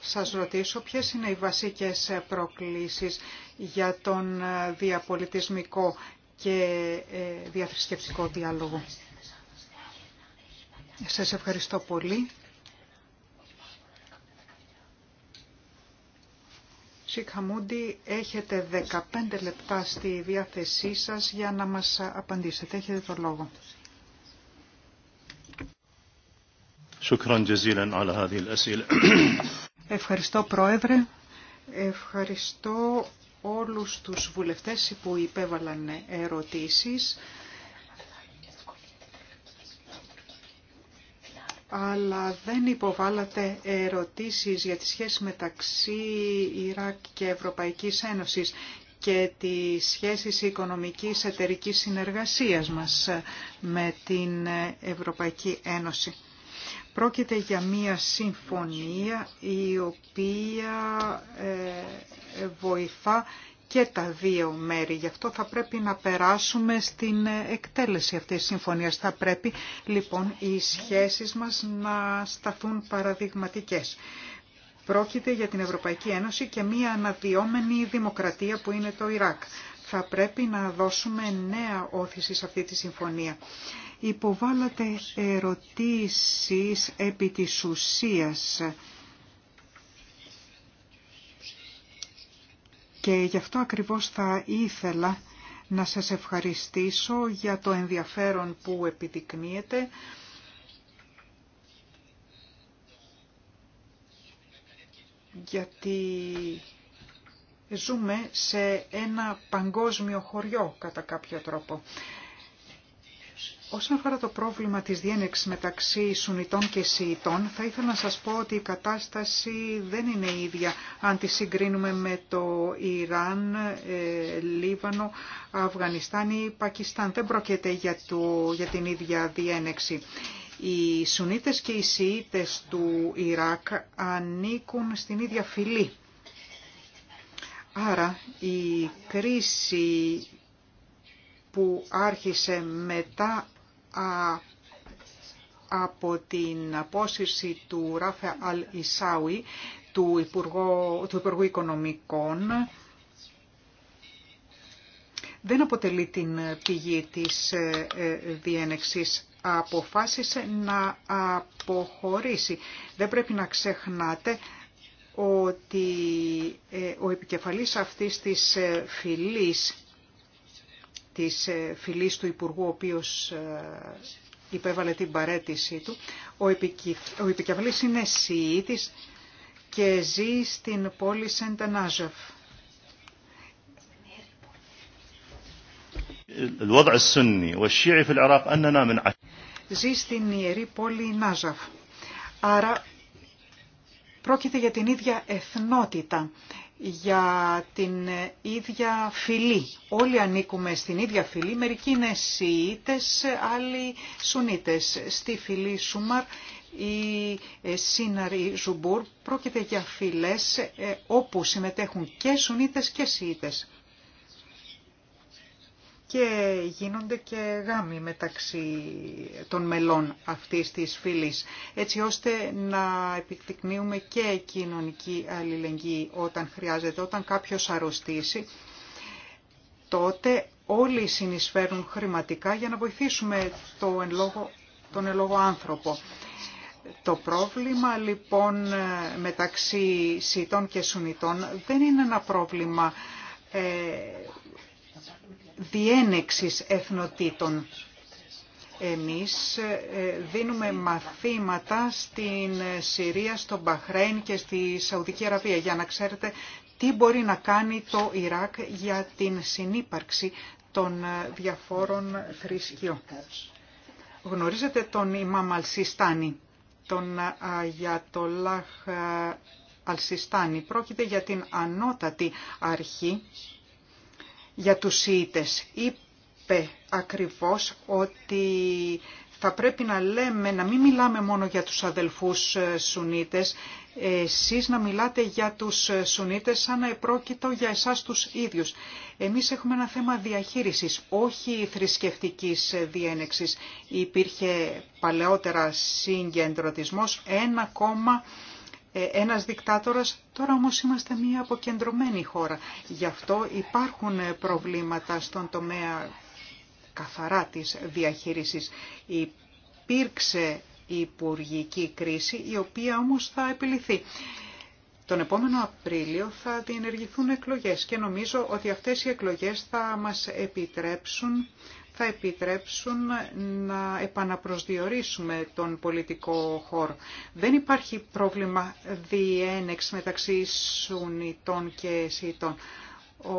σας ρωτήσω ποιες είναι οι βασικές προκλήσεις για τον διαπολιτισμικό και ε, διαθρησκευτικό διάλογο. Σας ευχαριστώ πολύ. Κύριε Χαμούντι, έχετε 15 λεπτά στη διάθεσή σας για να μας απαντήσετε. Έχετε το λόγο. Ευχαριστώ Πρόεδρε, ευχαριστώ όλους τους βουλευτές που υπέβαλαν ερωτήσεις. αλλά δεν υποβάλλατε ερωτήσεις για τη σχέση μεταξύ Ιράκ και Ευρωπαϊκής Ένωσης και τη σχέση οικονομικής εταιρικής συνεργασίας μας με την Ευρωπαϊκή Ένωση. Πρόκειται για μία συμφωνία η οποία ε, βοηθά και τα δύο μέρη. Γι' αυτό θα πρέπει να περάσουμε στην εκτέλεση αυτής της συμφωνίας. Θα πρέπει λοιπόν οι σχέσεις μας να σταθούν παραδειγματικές. Πρόκειται για την Ευρωπαϊκή Ένωση και μία αναδυόμενη δημοκρατία που είναι το Ιράκ. Θα πρέπει να δώσουμε νέα όθηση σε αυτή τη συμφωνία. Υποβάλλατε ερωτήσεις επί της ουσίας. Και γι' αυτό ακριβώς θα ήθελα να σας ευχαριστήσω για το ενδιαφέρον που επιδεικνύεται. Γιατί ζούμε σε ένα παγκόσμιο χωριό κατά κάποιο τρόπο. Όσον αφορά το πρόβλημα της διένεξης μεταξύ Σουνιτών και Σιητών, θα ήθελα να σας πω ότι η κατάσταση δεν είναι ίδια αν τη συγκρίνουμε με το Ιράν, ε, Λίβανο, Αφγανιστάν ή Πακιστάν. Δεν πρόκειται για, για την ίδια διένεξη. Οι Σουνίτες και οι Σιήτες του Ιράκ ανήκουν στην ίδια φυλή. Άρα η κρίση που άρχισε μετά από την απόσυρση του ραφε Αλ Ισάουι, του Υπουργού, του Υπουργού Οικονομικών, δεν αποτελεί την πηγή της ε, ε, διένεξης. Αποφάσισε να αποχωρήσει. Δεν πρέπει να ξεχνάτε ότι ε, ο επικεφαλής αυτής της φυλής της ε, φυλής του Υπουργού, ο οποίος ε, υπέβαλε την παρέτησή του. Ο, επικεφ... ο επικεφαλής είναι ΣΥΙΤΙΣ και ζει στην πόλη Σεντανάζεφ. Ζει στην ιερή πόλη Νάζαφ. Άρα πρόκειται για την ίδια εθνότητα για την ίδια φυλή. Όλοι ανήκουμε στην ίδια φυλή, μερικοί είναι Σιήτες, άλλοι Σουνίτες. Στη φυλή Σούμαρ ή ε, Σίναρ Ζουμπούρ πρόκειται για φυλές ε, όπου συμμετέχουν και Σουνίτες και Σιήτες και γίνονται και γάμοι μεταξύ των μελών αυτής της φυλής, έτσι ώστε να επιτυκνύουμε και κοινωνική αλληλεγγύη όταν χρειάζεται, όταν κάποιος αρρωστήσει, τότε όλοι συνεισφέρουν χρηματικά για να βοηθήσουμε το τον εν άνθρωπο. Το πρόβλημα λοιπόν μεταξύ Σιτών και Σουνιτών δεν είναι ένα πρόβλημα ε, διένεξης εθνοτήτων. Εμείς ε, δίνουμε μαθήματα στην Συρία, στο Μπαχρέν και στη Σαουδική Αραβία για να ξέρετε τι μπορεί να κάνει το Ιράκ για την συνύπαρξη των ε, διαφόρων θρησκειών. Γνωρίζετε τον Ιμάμ Αλσιστάνη, τον ε, Αγιατολάχ Αλσιστάνη. Πρόκειται για την ανώτατη αρχή για τους ΣΥΙΤΕΣ. Είπε ακριβώς ότι θα πρέπει να λέμε, να μην μιλάμε μόνο για τους αδελφούς ε, Σουνίτες, εσείς να μιλάτε για τους ε, Σουνίτες σαν να επρόκειτο για εσάς τους ίδιους. Εμείς έχουμε ένα θέμα διαχείρισης, όχι θρησκευτικής ε, διένεξης. Υπήρχε παλαιότερα συγκεντρωτισμός, ένα κόμμα ε, ένας δικτάτορας. Τώρα όμως είμαστε μια αποκεντρωμένη χώρα. Γι' αυτό υπάρχουν ε, προβλήματα στον τομέα καθαρά της διαχείρισης. Υπήρξε υπουργική κρίση η οποία όμως θα επιληθεί. Τον επόμενο Απρίλιο θα διενεργηθούν εκλογές και νομίζω ότι αυτές οι εκλογές θα μας επιτρέψουν θα επιτρέψουν να επαναπροσδιορίσουμε τον πολιτικό χώρο. Δεν υπάρχει πρόβλημα διένεξη μεταξύ Σουνιτών και Σιητών. Ο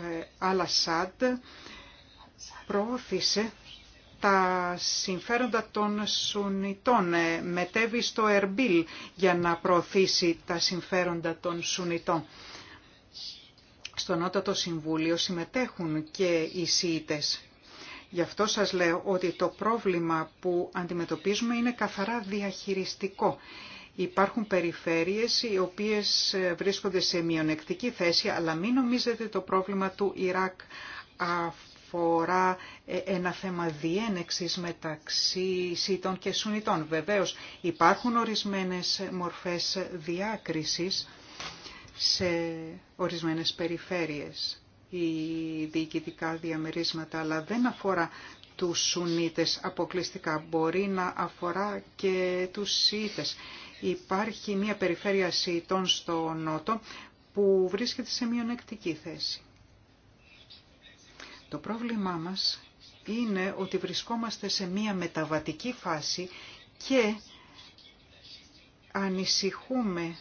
ε, Αλασάντ προώθησε τα συμφέροντα των Σουνιτών. Ε, μετέβη στο Ερμπίλ για να προωθήσει τα συμφέροντα των Σουνιτών. Στο Νότατο Συμβούλιο συμμετέχουν και οι ΣΥΙΤΕΣ. Γι' αυτό σας λέω ότι το πρόβλημα που αντιμετωπίζουμε είναι καθαρά διαχειριστικό. Υπάρχουν περιφέρειες οι οποίες βρίσκονται σε μειονεκτική θέση, αλλά μην νομίζετε το πρόβλημα του Ιράκ αφορά ε, ένα θέμα διένεξης μεταξύ Σιτών και Σουνιτών. Βεβαίως υπάρχουν ορισμένες μορφές διάκρισης σε ορισμένες περιφέρειες οι διοικητικά διαμερίσματα, αλλά δεν αφορά τους Σουνίτες αποκλειστικά, μπορεί να αφορά και τους Σιήτες. Υπάρχει μια περιφέρεια Σιητών στο Νότο που βρίσκεται σε μειονεκτική θέση. Το πρόβλημά μας είναι ότι βρισκόμαστε σε μια μεταβατική φάση και ανησυχούμε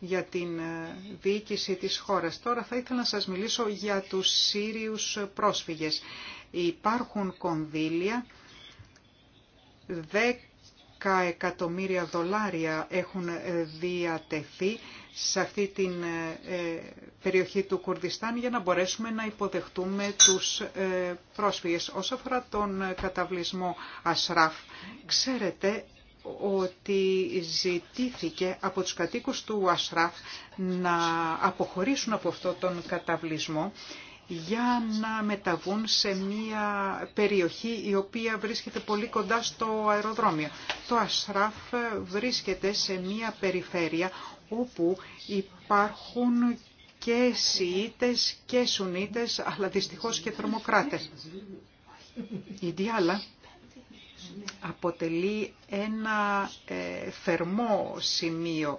για την ε, διοίκηση της χώρας. Τώρα θα ήθελα να σας μιλήσω για τους Σύριους πρόσφυγες. Υπάρχουν κονδύλια, 10 εκατομμύρια δολάρια έχουν ε, διατεθεί σε αυτή την ε, περιοχή του Κουρδιστάν για να μπορέσουμε να υποδεχτούμε τους πρόσφυγες. Όσο αφορά τον καταβλισμό Ασράφ, ξέρετε ότι ζητήθηκε από τους κατοίκους του Ασράφ να αποχωρήσουν από αυτό τον καταβλισμό για να μεταβούν σε μια περιοχή η οποία βρίσκεται πολύ κοντά στο αεροδρόμιο. Το Ασράφ βρίσκεται σε μια περιφέρεια όπου υπάρχουν και Σιήτες και Σουνίτες, αλλά δυστυχώς και θερμοκράτες. Η Διάλα αποτελεί ένα ε, θερμό σημείο.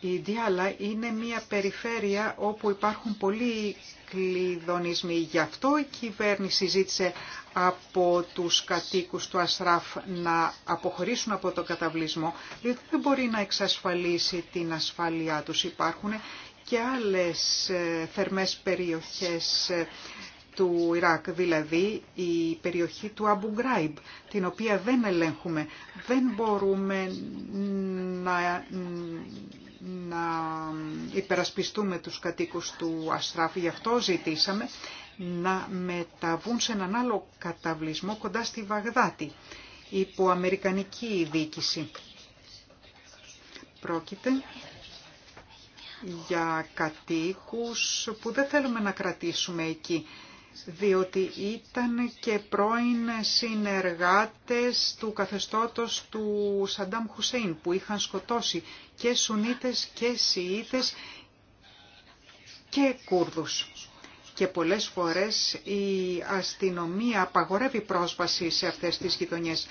Η Διάλα είναι μια περιφέρεια όπου υπάρχουν πολλοί κλειδονισμοί. Γι' αυτό η κυβέρνηση ζήτησε από τους κατοίκους του Ασράφ να αποχωρήσουν από τον καταβλισμό, διότι δεν μπορεί να εξασφαλίσει την ασφάλειά τους. Υπάρχουν και άλλες ε, θερμές περιοχές ε, του Ιράκ, δηλαδή η περιοχή του Αμπουγκράιμπ, την οποία δεν ελέγχουμε. Δεν μπορούμε να, να υπερασπιστούμε τους κατοίκους του Αστράφη. Γι' αυτό ζητήσαμε να μεταβούν σε έναν άλλο καταβλισμό κοντά στη Βαγδάτη, υπό αμερικανική διοίκηση. Πρόκειται για κατοίκους που δεν θέλουμε να κρατήσουμε εκεί διότι ήταν και πρώην συνεργάτες του καθεστώτος του Σαντάμ Χουσέιν που είχαν σκοτώσει και Σουνίτες και Σιήτες και Κούρδους. Και πολλές φορές η αστυνομία απαγορεύει πρόσβαση σε αυτές τις γειτονιές.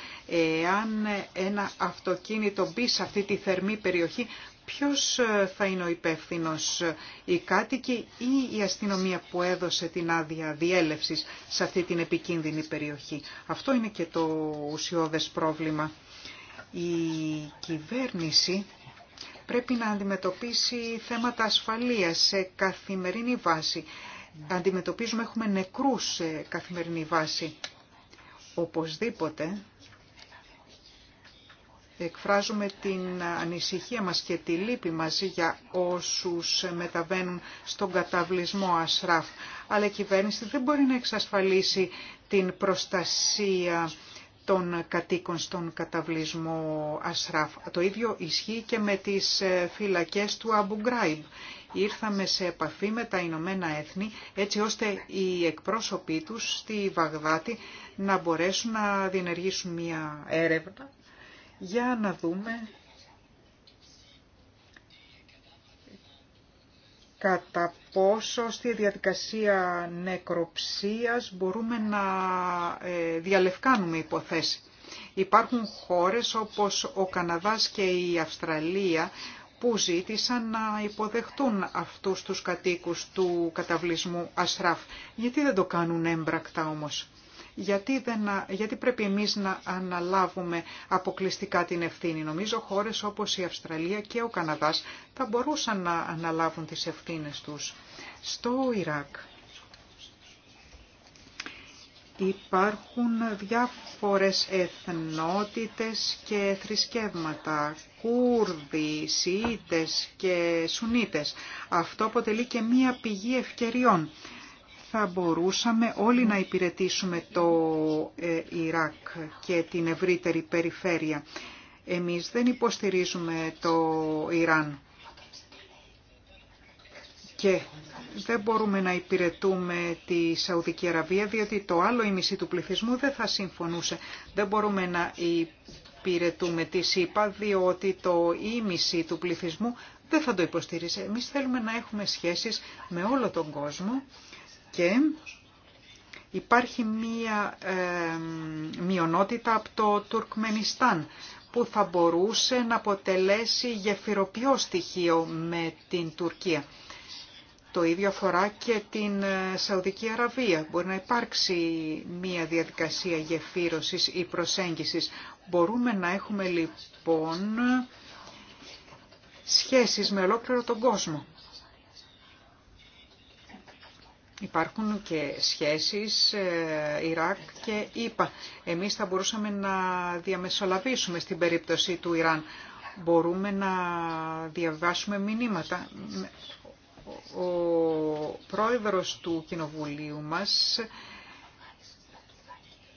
Εάν ένα αυτοκίνητο μπει σε αυτή τη θερμή περιοχή Ποιος ε, θα είναι ο υπεύθυνος, ε, οι κάτοικοι ή η αστυνομία που έδωσε την άδεια διέλευσης σε αυτή την επικίνδυνη περιοχή. Αυτό είναι και το ουσιώδες πρόβλημα. Η κυβέρνηση πρέπει να αντιμετωπίσει θέματα ασφαλείας σε καθημερινή βάση. Αντιμετωπίζουμε, έχουμε νεκρούς σε καθημερινή βάση. Οπωσδήποτε εκφράζουμε την ανησυχία μας και τη λύπη μας για όσους μεταβαίνουν στον καταβλισμό Ασράφ. Αλλά η κυβέρνηση δεν μπορεί να εξασφαλίσει την προστασία των κατοίκων στον καταβλισμό Ασράφ. Το ίδιο ισχύει και με τις φυλακές του Αμπουγκράιμπ. Ήρθαμε σε επαφή με τα Ηνωμένα Έθνη έτσι ώστε οι εκπρόσωποι τους στη Βαγδάτη να μπορέσουν να διενεργήσουν μια έρευνα για να δούμε κατά πόσο στη διαδικασία νεκροψίας μπορούμε να ε, διαλευκάνουμε υποθέσεις. Υπάρχουν χώρες όπως ο Καναδάς και η Αυστραλία που ζήτησαν να υποδεχτούν αυτούς τους κατοίκους του καταβλισμού Αστραφ. Γιατί δεν το κάνουν έμπρακτα όμως γιατί, δεν, γιατί πρέπει εμείς να αναλάβουμε αποκλειστικά την ευθύνη. Νομίζω χώρες όπως η Αυστραλία και ο Καναδάς θα μπορούσαν να αναλάβουν τις ευθύνες τους. Στο Ιράκ υπάρχουν διάφορες εθνότητες και θρησκεύματα, Κούρδοι, Σιήτες και Σουνίτες. Αυτό αποτελεί και μία πηγή ευκαιριών θα μπορούσαμε όλοι να υπηρετήσουμε το ε, Ιράκ και την ευρύτερη περιφέρεια. Εμείς δεν υποστηρίζουμε το Ιράν και δεν μπορούμε να υπηρετούμε τη Σαουδική Αραβία διότι το άλλο ημισή του πληθυσμού δεν θα συμφωνούσε. Δεν μπορούμε να υπηρετούμε τη ΣΥΠΑ διότι το ημισή του πληθυσμού δεν θα το υποστηρίζει. Εμείς θέλουμε να έχουμε σχέσεις με όλο τον κόσμο και υπάρχει μία ε, μειονότητα από το Τουρκμενιστάν που θα μπορούσε να αποτελέσει γεφυροποιό στοιχείο με την Τουρκία. Το ίδιο αφορά και την ε, Σαουδική Αραβία. Μπορεί να υπάρξει μία διαδικασία γεφύρωσης ή προσέγγισης. Μπορούμε να έχουμε λοιπόν σχέσεις με ολόκληρο τον κόσμο. Υπάρχουν και σχέσεις ε, Ιράκ και ΙΠΑ. Εμείς θα μπορούσαμε να διαμεσολαβήσουμε στην περίπτωση του Ιράν. Μπορούμε να διαβάσουμε μηνύματα. Ο πρόεδρος του Κοινοβουλίου μας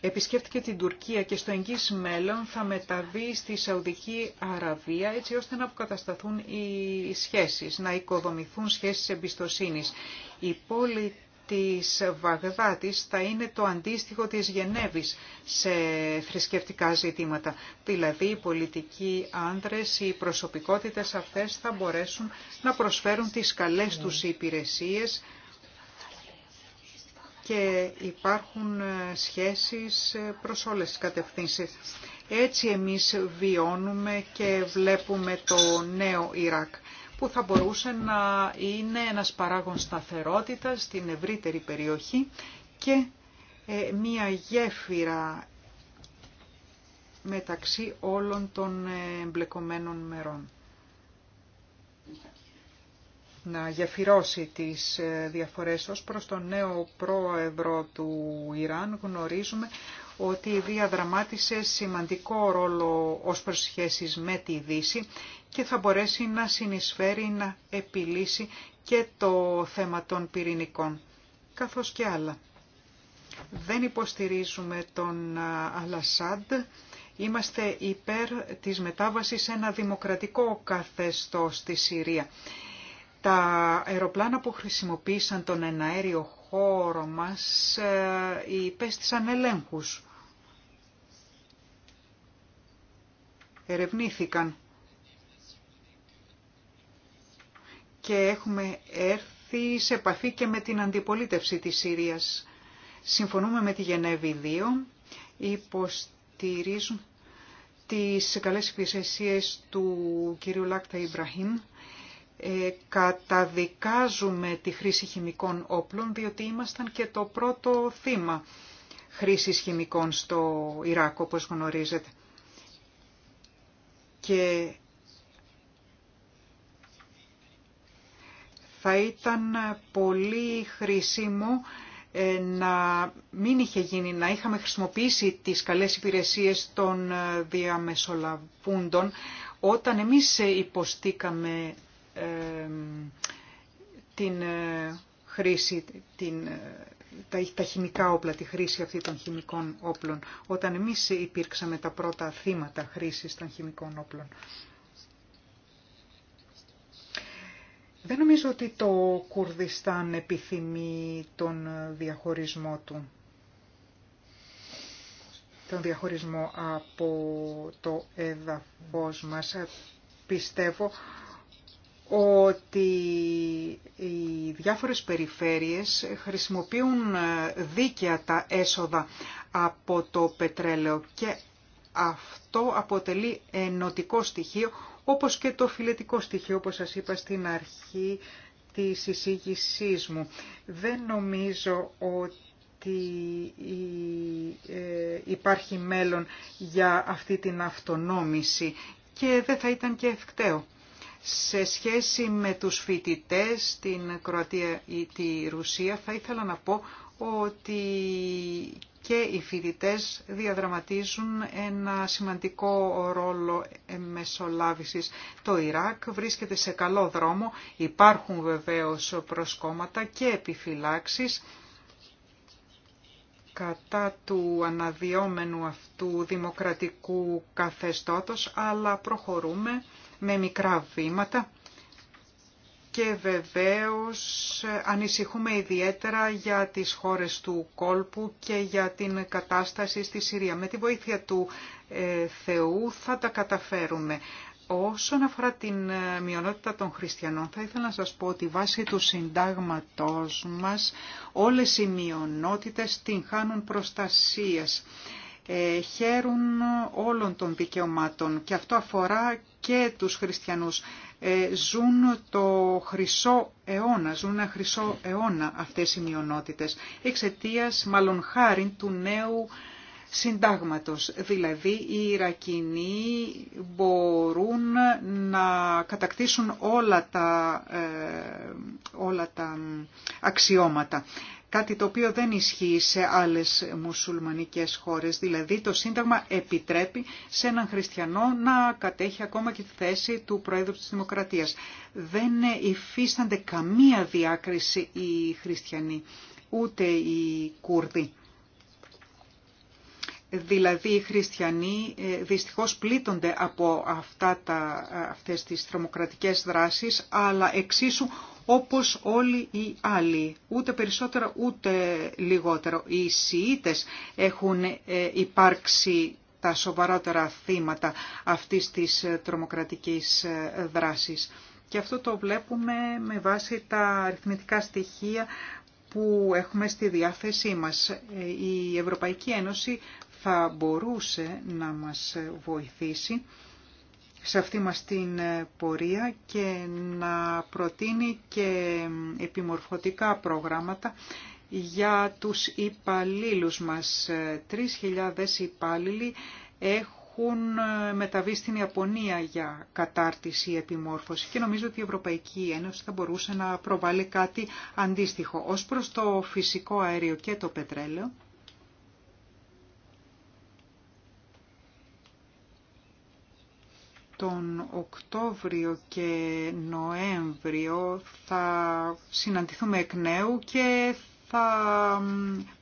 επισκέφτηκε την Τουρκία και στο εγγύς μέλλον θα μεταβεί στη Σαουδική Αραβία έτσι ώστε να αποκατασταθούν οι σχέσεις, να οικοδομηθούν σχέσεις εμπιστοσύνης. Η της Βαγδάτης θα είναι το αντίστοιχο της Γενέβης σε θρησκευτικά ζητήματα. Δηλαδή οι πολιτικοί άνδρες, οι προσωπικότητες αυτές θα μπορέσουν να προσφέρουν τις καλές ναι. τους υπηρεσίες και υπάρχουν ε, σχέσεις ε, προς όλες τις κατευθύνσεις. Έτσι εμείς βιώνουμε και βλέπουμε το νέο Ιράκ που θα μπορούσε να είναι ένας παράγον σταθερότητας στην ευρύτερη περιοχή και ε, μία γέφυρα μεταξύ όλων των ε, εμπλεκομένων μερών. Να γεφυρώσει τις ε, διαφορές ως προς τον νέο πρόεδρο του Ιράν γνωρίζουμε ότι διαδραμάτισε σημαντικό ρόλο ως προς σχέσεις με τη Δύση και θα μπορέσει να συνεισφέρει να επιλύσει και το θέμα των πυρηνικών, καθώς και άλλα. Δεν υποστηρίζουμε τον Αλασάντ, είμαστε υπέρ της μετάβασης σε ένα δημοκρατικό καθεστώς στη Συρία. Τα αεροπλάνα που χρησιμοποίησαν τον εναέριο χώρο μας ε, υπέστησαν ελέγχους. Ερευνήθηκαν και έχουμε έρθει σε επαφή και με την αντιπολίτευση της Συρίας. Συμφωνούμε με τη Γενέβη 2, υποστηρίζουν τις καλές υπηρεσίες του κυρίου Λάκτα Ιμπραχήμ, ε, καταδικάζουμε τη χρήση χημικών όπλων διότι ήμασταν και το πρώτο θύμα χρήσης χημικών στο Ιράκ όπως γνωρίζετε. Και Θα ήταν πολύ χρήσιμο ε, να μην είχε γίνει, να είχαμε χρησιμοποιήσει τις καλές υπηρεσίες των ε, διαμεσολαβούντων όταν εμείς ε, υποστήκαμε την χρήση, την, τα, χημικά όπλα, τη χρήση αυτή των χημικών όπλων, όταν εμείς υπήρξαμε τα πρώτα θύματα χρήσης των χημικών όπλων. Δεν νομίζω ότι το Κουρδιστάν επιθυμεί τον διαχωρισμό του. Τον διαχωρισμό από το έδαφος μας. Πιστεύω ότι οι διάφορες περιφέρειες χρησιμοποιούν δίκαια τα έσοδα από το πετρέλαιο και αυτό αποτελεί ενωτικό στοιχείο όπως και το φιλετικό στοιχείο, όπως σας είπα στην αρχή της εισήγησής μου. Δεν νομίζω ότι ε, υπάρχει μέλλον για αυτή την αυτονόμηση και δεν θα ήταν και ευκταίο. Σε σχέση με τους φοιτητές στην Κροατία ή τη Ρουσία θα ήθελα να πω ότι και οι φοιτητές διαδραματίζουν ένα σημαντικό ρόλο μεσολάβησης. Το Ιράκ βρίσκεται σε καλό δρόμο, υπάρχουν βεβαίως προσκόμματα και επιφυλάξεις κατά του αναδιόμενου αυτού δημοκρατικού καθεστώτος, αλλά προχωρούμε με μικρά βήματα και βεβαίως ε, ανησυχούμε ιδιαίτερα για τις χώρες του κόλπου και για την κατάσταση στη Συρία. Με τη βοήθεια του ε, Θεού θα τα καταφέρουμε. Όσον αφορά την ε, μειονότητα των χριστιανών, θα ήθελα να σας πω ότι βάσει του συντάγματός μας όλες οι μειονότητες την χάνουν προστασίας. Ε, χαίρουν όλων των δικαιωμάτων και αυτό αφορά και τους χριστιανούς. Ε, ζουν το χρυσό αιώνα, ζουν ένα χρυσό αιώνα αυτές οι μειονότητες, εξαιτίας μάλλον χάρη του νέου συντάγματος. Δηλαδή οι Ιρακινοί μπορούν να κατακτήσουν όλα τα ε, αξιώματα κάτι το οποίο δεν ισχύει σε άλλες μουσουλμανικές χώρες. Δηλαδή το Σύνταγμα επιτρέπει σε έναν χριστιανό να κατέχει ακόμα και τη θέση του Προέδρου της Δημοκρατίας. Δεν υφίστανται καμία διάκριση οι χριστιανοί, ούτε οι Κούρδοι. Δηλαδή οι χριστιανοί ε, δυστυχώς πλήττονται από αυτά τα, ε, αυτές τις τρομοκρατικές δράσεις, αλλά εξίσου όπως όλοι οι άλλοι, ούτε περισσότερο ούτε λιγότερο. Οι Σιήτες έχουν ε, υπάρξει τα σοβαρότερα θύματα αυτής της ε, τρομοκρατικής ε, δράσης. Και αυτό το βλέπουμε με βάση τα αριθμητικά στοιχεία που έχουμε στη διάθεσή μας. Η Ευρωπαϊκή Ένωση θα μπορούσε να μας βοηθήσει σε αυτή μας την ε, πορεία και να προτείνει και επιμορφωτικά προγράμματα για τους υπαλλήλους μας. 3.000 ε, υπάλληλοι έχουν ε, μεταβεί στην Ιαπωνία για κατάρτιση, επιμόρφωση και νομίζω ότι η Ευρωπαϊκή Ένωση θα μπορούσε να προβάλλει κάτι αντίστοιχο. Ως προς το φυσικό αέριο και το πετρέλαιο, τον Οκτώβριο και Νοέμβριο θα συναντηθούμε εκ νέου και θα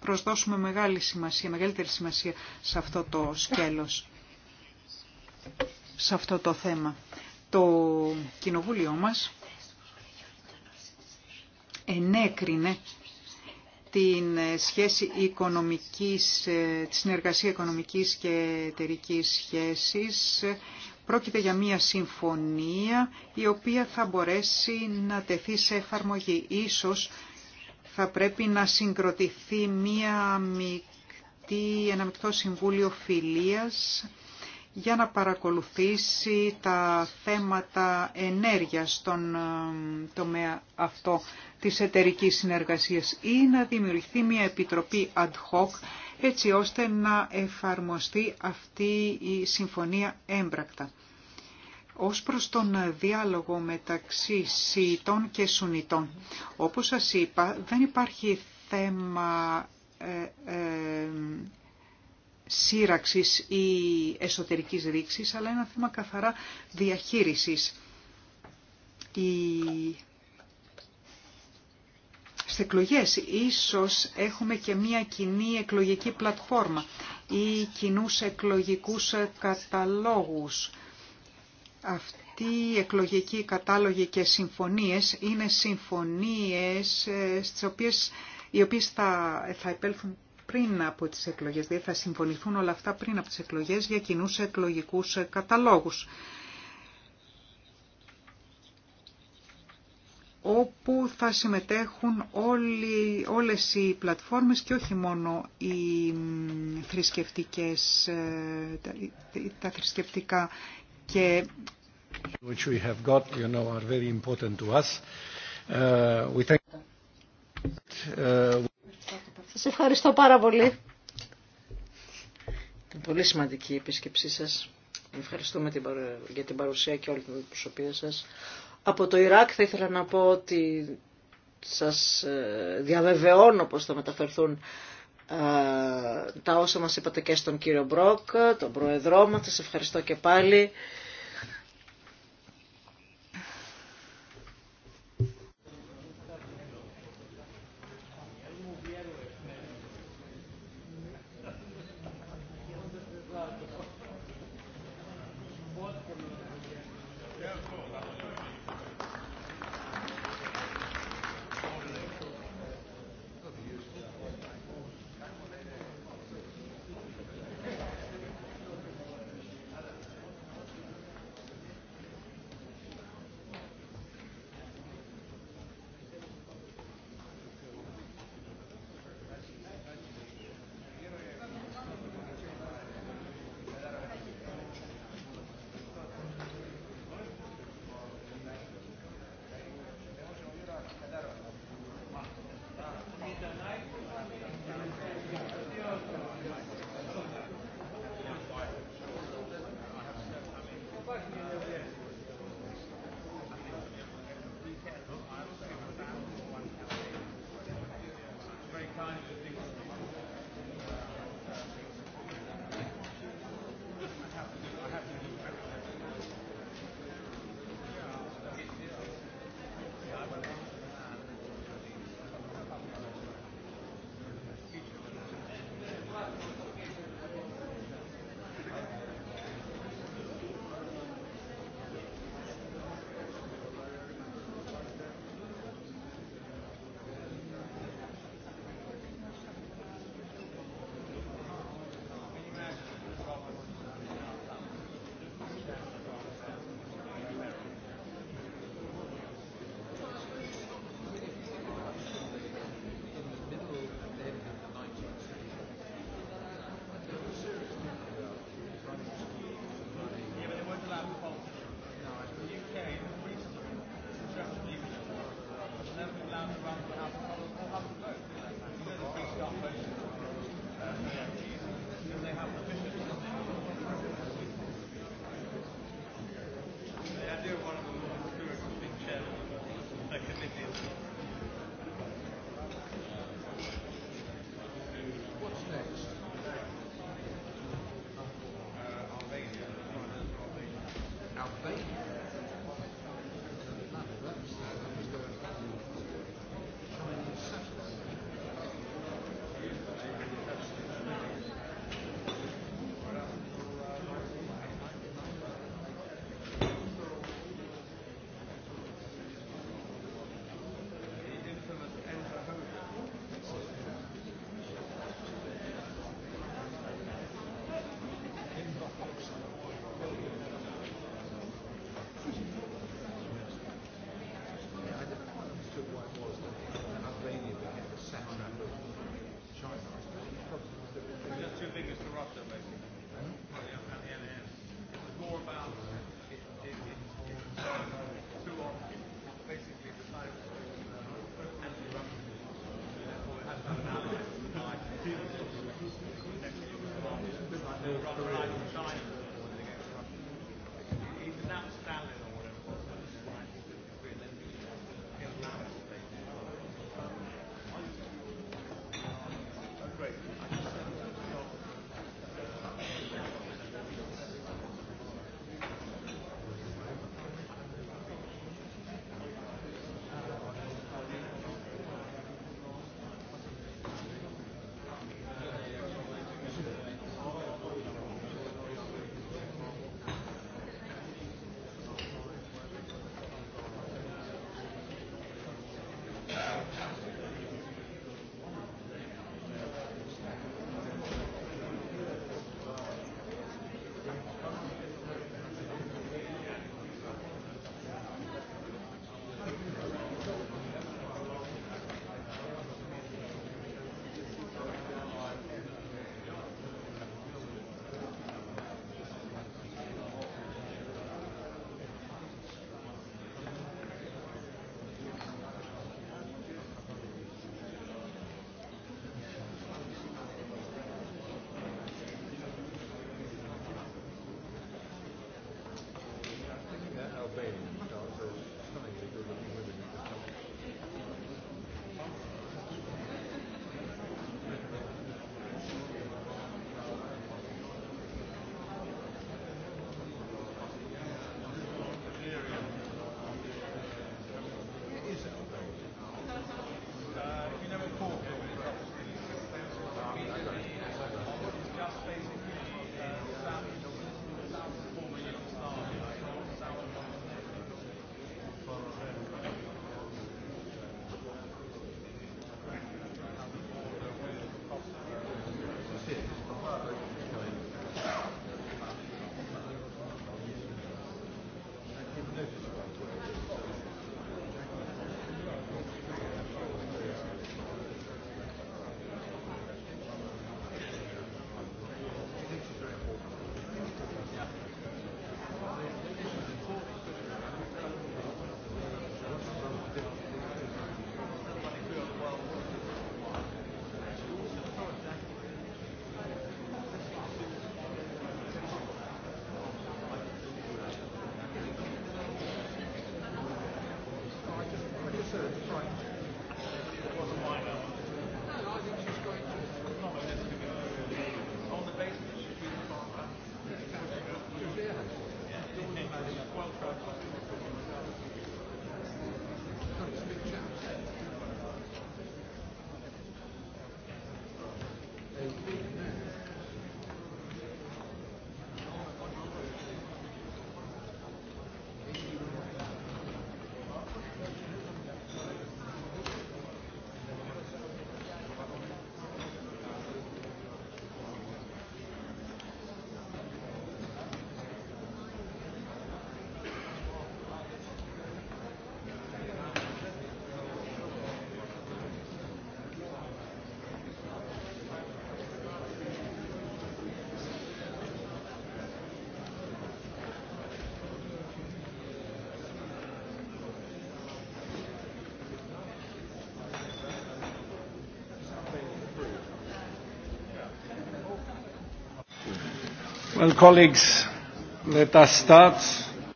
προσδώσουμε μεγάλη σημασία, μεγαλύτερη σημασία σε αυτό το σκέλος, σε αυτό το θέμα. Το κοινοβούλιο μας ενέκρινε την σχέση οικονομικής, ε, τη συνεργασία οικονομικής και εταιρική σχέσης Πρόκειται για μια συμφωνία η οποία θα μπορέσει να τεθεί σε εφαρμογή. Ίσως θα πρέπει να συγκροτηθεί μια μικτή, ένα μεικτό συμβούλιο φιλίας για να παρακολουθήσει τα θέματα ενέργειας στον ε, τομέα αυτό της εταιρικής συνεργασίας ή να δημιουργηθεί μια επιτροπή ad hoc έτσι ώστε να εφαρμοστεί αυτή η συμφωνία έμπρακτα. Ως προς τον διάλογο μεταξύ Σιητών και Σουνιτών, όπως σας είπα, δεν υπάρχει θέμα ε, ε σύραξης ή εσωτερικής ρήξης, αλλά ένα θέμα καθαρά διαχείρισης. η εσωτερικης ρηξης αλλα ενα θεμα καθαρα διαχειρισης στις εκλογές. Ίσως έχουμε και μια κοινή εκλογική πλατφόρμα ή κοινού εκλογικούς καταλόγους. Αυτοί οι εκλογικοί κατάλογοι και συμφωνίες είναι συμφωνίες ε, στις οποίες, οι οποίες θα, θα επέλθουν πριν από τις εκλογές, δηλαδή θα συμφωνηθούν όλα αυτά πριν από τις εκλογές για κοινού εκλογικούς ε, καταλόγους. όπου θα συμμετέχουν όλοι, όλες οι πλατφόρμες και όχι μόνο οι θρησκευτικές, ε, τα, θρησκευτικά και which we have got, you know, are very important to us. Uh, σας ευχαριστώ πάρα πολύ. Ήταν πολύ σημαντική η επίσκεψή σας. Ευχαριστούμε για την παρουσία και όλη την προσωπία σας. Από το Ιράκ θα ήθελα να πω ότι σας ε, διαβεβαιώνω πως θα μεταφερθούν ε, τα όσα μας είπατε και στον κύριο Μπρόκ, τον Προεδρό μας. Σας ευχαριστώ και πάλι.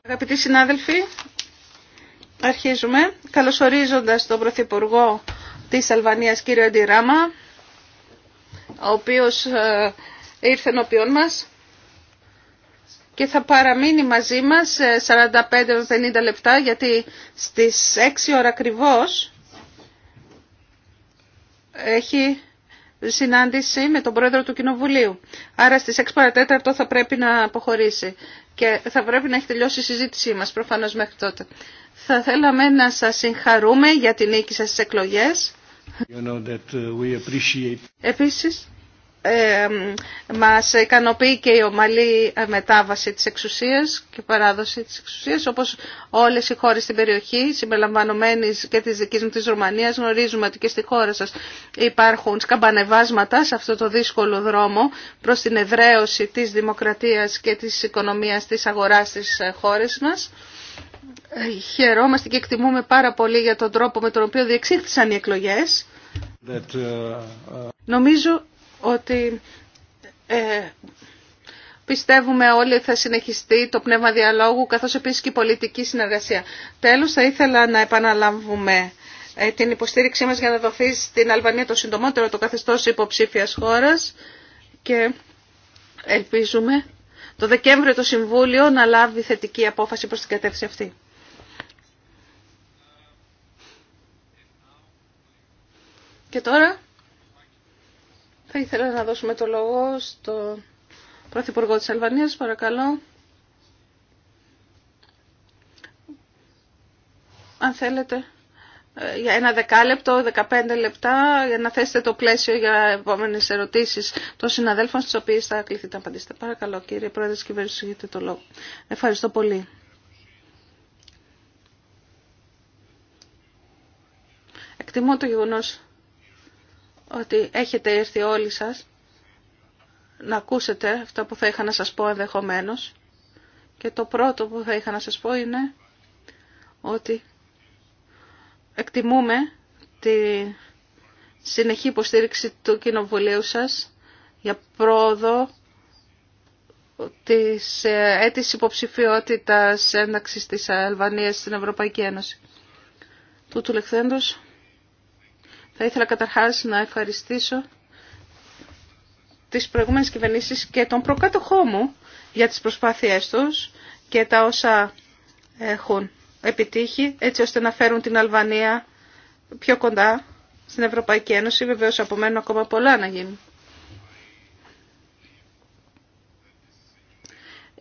Αγαπητοί συνάδελφοι, αρχίζουμε καλωσορίζοντας τον Πρωθυπουργό της Αλβανίας, κύριο Αντιράμα, ο οποίος ε, ήρθε ενώπιον μας και θα παραμείνει μαζί μας 45-50 ε, λεπτά γιατί στις 6 ώρα ακριβώς έχει συνάντηση με τον πρόεδρο του Κοινοβουλίου. Άρα στις 6 παρατέταρτο θα πρέπει να αποχωρήσει και θα πρέπει να έχει τελειώσει η συζήτησή μας προφανώ μέχρι τότε. Θα θέλαμε να σας συγχαρούμε για την νίκη σας στις εκλογές. You know that uh, we appreciate... Επίσης, ε, μας ικανοποιεί και η ομαλή μετάβαση της εξουσίας και παράδοση της εξουσίας όπως όλες οι χώρες στην περιοχή συμπεριλαμβανομένες και της δικής μου της Ρουμανίας γνωρίζουμε ότι και στη χώρα σας υπάρχουν σκαμπανεβάσματα σε αυτό το δύσκολο δρόμο προς την εδραίωση της δημοκρατίας και της οικονομίας της αγοράς της χώρες μας. Χαιρόμαστε και εκτιμούμε πάρα πολύ για τον τρόπο με τον οποίο διεξήχθησαν οι εκλογές. Uh, uh, Νομίζω ότι ε, πιστεύουμε όλοι ότι θα συνεχιστεί το πνεύμα διαλόγου καθώς επίσης και η πολιτική συνεργασία. Τέλος θα ήθελα να επαναλάβουμε ε, την υποστήριξή μας για να δοθεί στην Αλβανία το συντομότερο το καθεστώς υποψήφιας χώρας και ελπίζουμε το Δεκέμβριο το Συμβούλιο να λάβει θετική απόφαση προς την κατεύθυνση αυτή. Και τώρα θα ήθελα να δώσουμε το λόγο στο Πρωθυπουργό της Αλβανίας, παρακαλώ. Αν θέλετε, ε, για ένα δεκάλεπτο, δεκαπέντε λεπτά, για να θέσετε το πλαίσιο για επόμενες ερωτήσεις των συναδέλφων, στις οποίες θα κληθείτε να απαντήσετε. Παρακαλώ, κύριε Πρόεδρε της Κυβέρνησης, έχετε το λόγο. Ευχαριστώ πολύ. Εκτιμώ το γεγονός ότι έχετε έρθει όλοι σας να ακούσετε αυτά που θα είχα να σας πω ενδεχομένω. Και το πρώτο που θα είχα να σας πω είναι ότι εκτιμούμε τη συνεχή υποστήριξη του κοινοβουλίου σας για πρόοδο της ε, αίτησης υποψηφιότητας έναξης της Αλβανίας στην Ευρωπαϊκή Ένωση. Του λεχθέντος, θα ήθελα καταρχάς να ευχαριστήσω τις προηγούμενες κυβερνήσεις και τον προκάτοχό μου για τις προσπάθειές τους και τα όσα έχουν επιτύχει έτσι ώστε να φέρουν την Αλβανία πιο κοντά στην Ευρωπαϊκή Ένωση. Βεβαίως απομένουν ακόμα πολλά να γίνουν.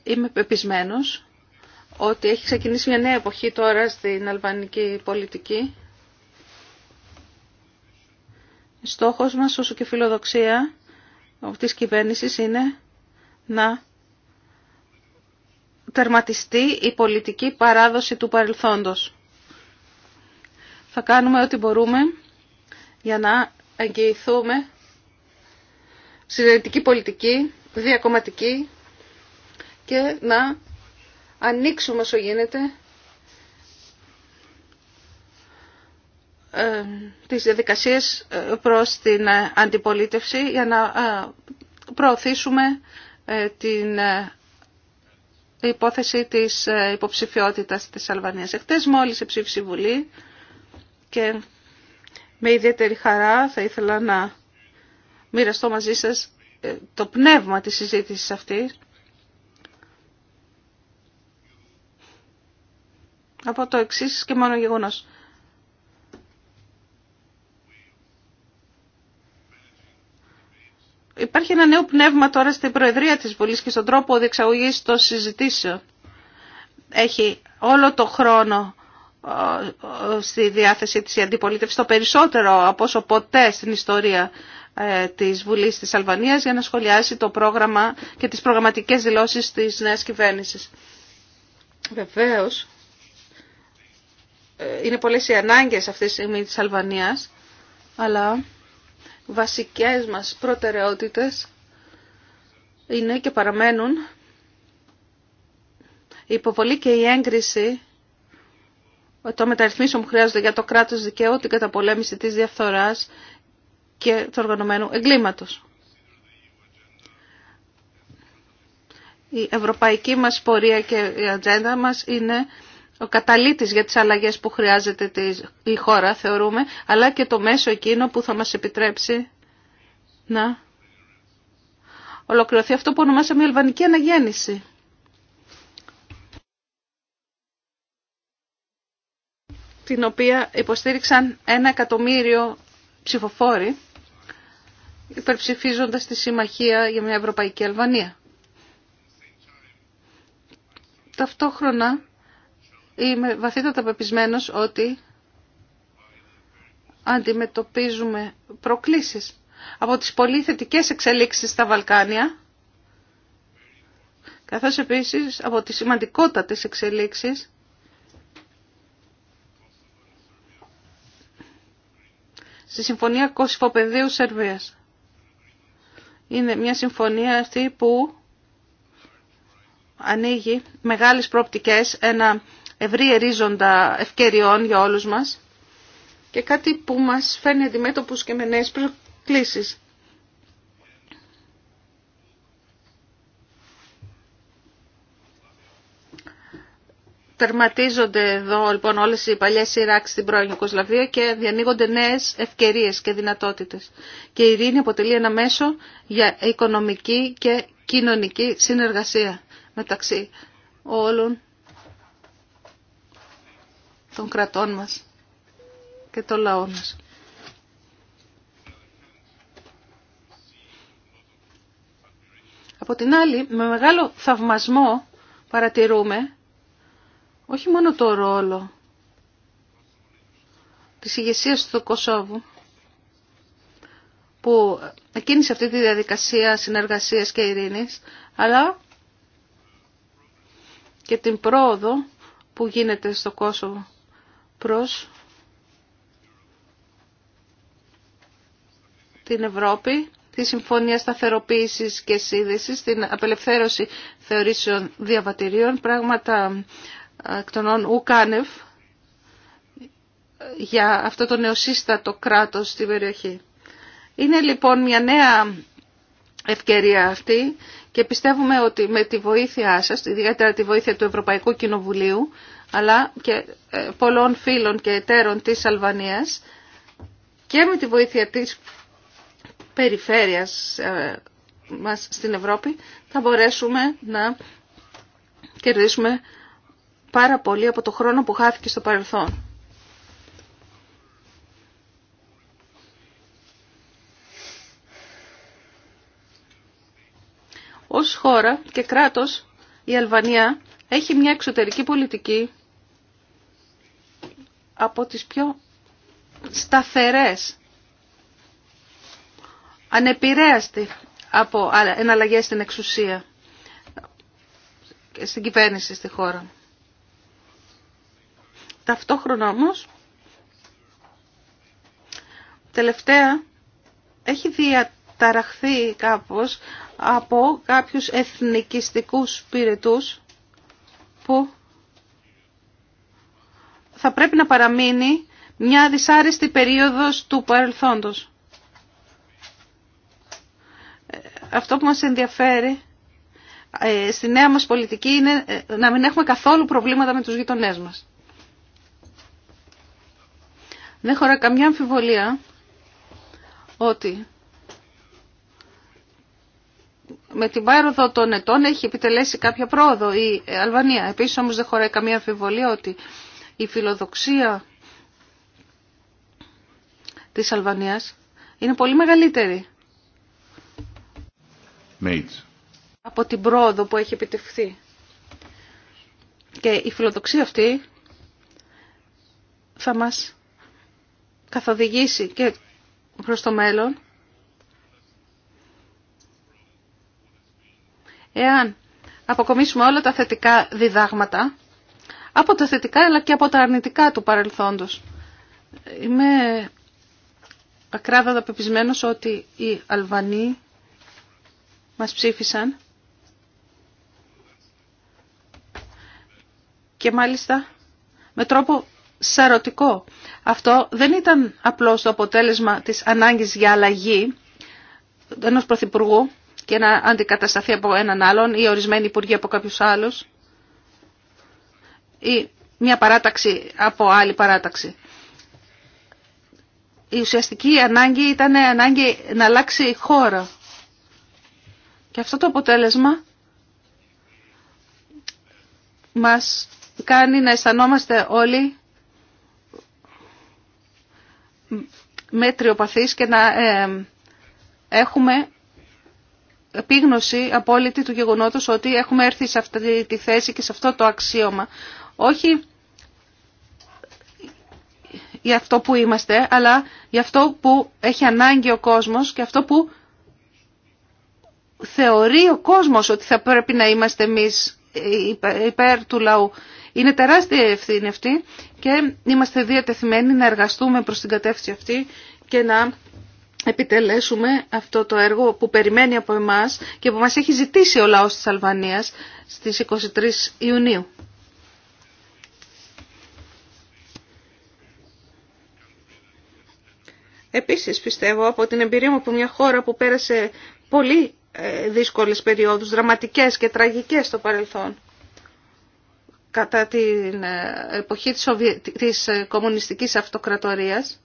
Είμαι πεπισμένος ότι έχει ξεκινήσει μια νέα εποχή τώρα στην αλβανική πολιτική Στόχος μας όσο και φιλοδοξία της κυβέρνησης είναι να τερματιστεί η πολιτική παράδοση του παρελθόντος. Θα κάνουμε ό,τι μπορούμε για να εγγυηθούμε συνεργητική πολιτική, διακομματική και να ανοίξουμε όσο γίνεται Ε, τις διαδικασίες ε, προς την ε, αντιπολίτευση για να προωθήσουμε την υπόθεση της υποψηφιότητας της Αλβανίας. Εχθές μόλις ψήφισε η Βουλή και με ιδιαίτερη χαρά θα ήθελα να μοιραστώ μαζί σας το πνεύμα της συζήτησης αυτής. Από το εξής και μόνο γεγονός Υπάρχει ένα νέο πνεύμα τώρα στην Προεδρία της Βουλής και στον τρόπο διεξαγωγής των συζητήσεων. Έχει όλο το χρόνο ε, ε, στη διάθεση της αντιπολίτευσης, το περισσότερο από όσο ποτέ στην ιστορία ε, της Βουλής της Αλβανίας για να σχολιάσει το πρόγραμμα και τις προγραμματικές δηλώσεις της νέας κυβέρνησης. Βεβαίως, είναι πολλές οι ανάγκες αυτή τη στιγμή της Αλβανίας, αλλά βασικές μας προτεραιότητες είναι και παραμένουν η υποβολή και η έγκριση των μεταρρυθμίσεων που χρειάζονται για το κράτος δικαίου, την καταπολέμηση της διαφθοράς και του οργανωμένου εγκλήματος. Η ευρωπαϊκή μας πορεία και η ατζέντα μας είναι ο καταλήτης για τις αλλαγές που χρειάζεται η χώρα, θεωρούμε, αλλά και το μέσο εκείνο που θα μας επιτρέψει να ολοκληρωθεί αυτό που ονομάσαμε η Αλβανική Αναγέννηση. την οποία υποστήριξαν ένα εκατομμύριο ψηφοφόροι υπερψηφίζοντας τη Συμμαχία για μια Ευρωπαϊκή Αλβανία. Ταυτόχρονα Είμαι βαθύτατα πεπισμένος ότι αντιμετωπίζουμε προκλήσεις από τις πολύ θετικέ εξελίξεις στα Βαλκάνια, καθώς επίσης από τις σημαντικότατες εξελίξεις στη Συμφωνία Κωσυφοπεδίου Σερβίας. Είναι μια συμφωνία αυτή που ανοίγει μεγάλες προοπτικές, ένα ευρύ ερίζοντα ευκαιριών για όλους μας και κάτι που μας φέρνει αντιμέτωπους και με νέες προκλήσεις. Τερματίζονται εδώ λοιπόν όλες οι παλιές σειράξεις στην πρώην Ιουκοσλαβία και διανοίγονται νέες ευκαιρίες και δυνατότητες. Και η ειρήνη αποτελεί ένα μέσο για οικονομική και κοινωνική συνεργασία μεταξύ όλων των κρατών μας και των λαών μας. Από την άλλη, με μεγάλο θαυμασμό παρατηρούμε όχι μόνο το ρόλο της ηγεσία του Κωσόβου, που σε αυτή τη διαδικασία συνεργασίας και ειρήνης, αλλά και την πρόοδο που γίνεται στο Κόσοβο προς την Ευρώπη, τη Συμφωνία Σταθεροποίησης και Σύνδεσης, την απελευθέρωση θεωρήσεων διαβατηρίων, πράγματα ε, εκ των Ουκάνευ ε, για αυτό το νεοσύστατο κράτος στην περιοχή. Είναι λοιπόν μια νέα ευκαιρία αυτή και πιστεύουμε ότι με τη βοήθειά σας, ιδιαίτερα τη βοήθεια του Ευρωπαϊκού Κοινοβουλίου, αλλά και ε, πολλών φίλων και εταίρων της Αλβανίας και με τη βοήθεια της περιφέρειας ε, μας στην Ευρώπη θα μπορέσουμε να κερδίσουμε πάρα πολύ από το χρόνο που χάθηκε στο παρελθόν. Ως χώρα και κράτος η Αλβανία έχει μια εξωτερική πολιτική από τις πιο σταθερές, ανεπηρέαστη από εναλλαγές στην εξουσία και στην κυβέρνηση στη χώρα. Ταυτόχρονα όμως, τελευταία έχει διαταραχθεί κάπως από κάποιους εθνικιστικούς πυρετούς που θα πρέπει να παραμείνει μια δυσάρεστη περίοδος του παρελθόντος. Αυτό που μας ενδιαφέρει ε, στη νέα μας πολιτική είναι ε, να μην έχουμε καθόλου προβλήματα με τους γειτονές μας. Δεν χωρά καμιά αμφιβολία ότι με την πάροδο των ετών έχει επιτελέσει κάποια πρόοδο η Αλβανία. Επίσης όμως δεν χωράει καμία αμφιβολία ότι η φιλοδοξία της Αλβανίας είναι πολύ μεγαλύτερη Mates. από την πρόοδο που έχει επιτευχθεί. Και η φιλοδοξία αυτή θα μας καθοδηγήσει και προς το μέλλον εάν αποκομίσουμε όλα τα θετικά διδάγματα από τα θετικά αλλά και από τα αρνητικά του παρελθόντος. Είμαι ακράδαντα πεπισμένος ότι οι Αλβανοί μας ψήφισαν και μάλιστα με τρόπο σαρωτικό. Αυτό δεν ήταν απλώς το αποτέλεσμα της ανάγκης για αλλαγή ενός Πρωθυπουργού και να αντικατασταθεί από έναν άλλον ή ορισμένη υπουργοί από κάποιους άλλους ή μια παράταξη από άλλη παράταξη. Η ουσιαστική ανάγκη ήταν ανάγκη να αλλάξει η χώρα. Και αυτό το αποτέλεσμα μας κάνει να αισθανόμαστε όλοι μέτριοπαθείς και να ε, έχουμε επίγνωση απόλυτη του γεγονότος ότι έχουμε έρθει σε αυτή τη θέση και σε αυτό το αξίωμα όχι για αυτό που είμαστε, αλλά για αυτό που έχει ανάγκη ο κόσμος και αυτό που θεωρεί ο κόσμος ότι θα πρέπει να είμαστε εμείς υπέρ του λαού. Είναι τεράστια ευθύνη αυτή και είμαστε διατεθειμένοι να εργαστούμε προς την κατεύθυνση αυτή και να επιτελέσουμε αυτό το έργο που περιμένει από εμάς και που μας έχει ζητήσει ο λαός της Αλβανίας στις 23 Ιουνίου. Επίσης πιστεύω από την εμπειρία μου από μια χώρα που πέρασε πολύ ε, δύσκολες περιόδους, δραματικές και τραγικές στο παρελθόν, κατά την ε, εποχή της, Σοβιε... της ε, κομμουνιστικής αυτοκρατορίας,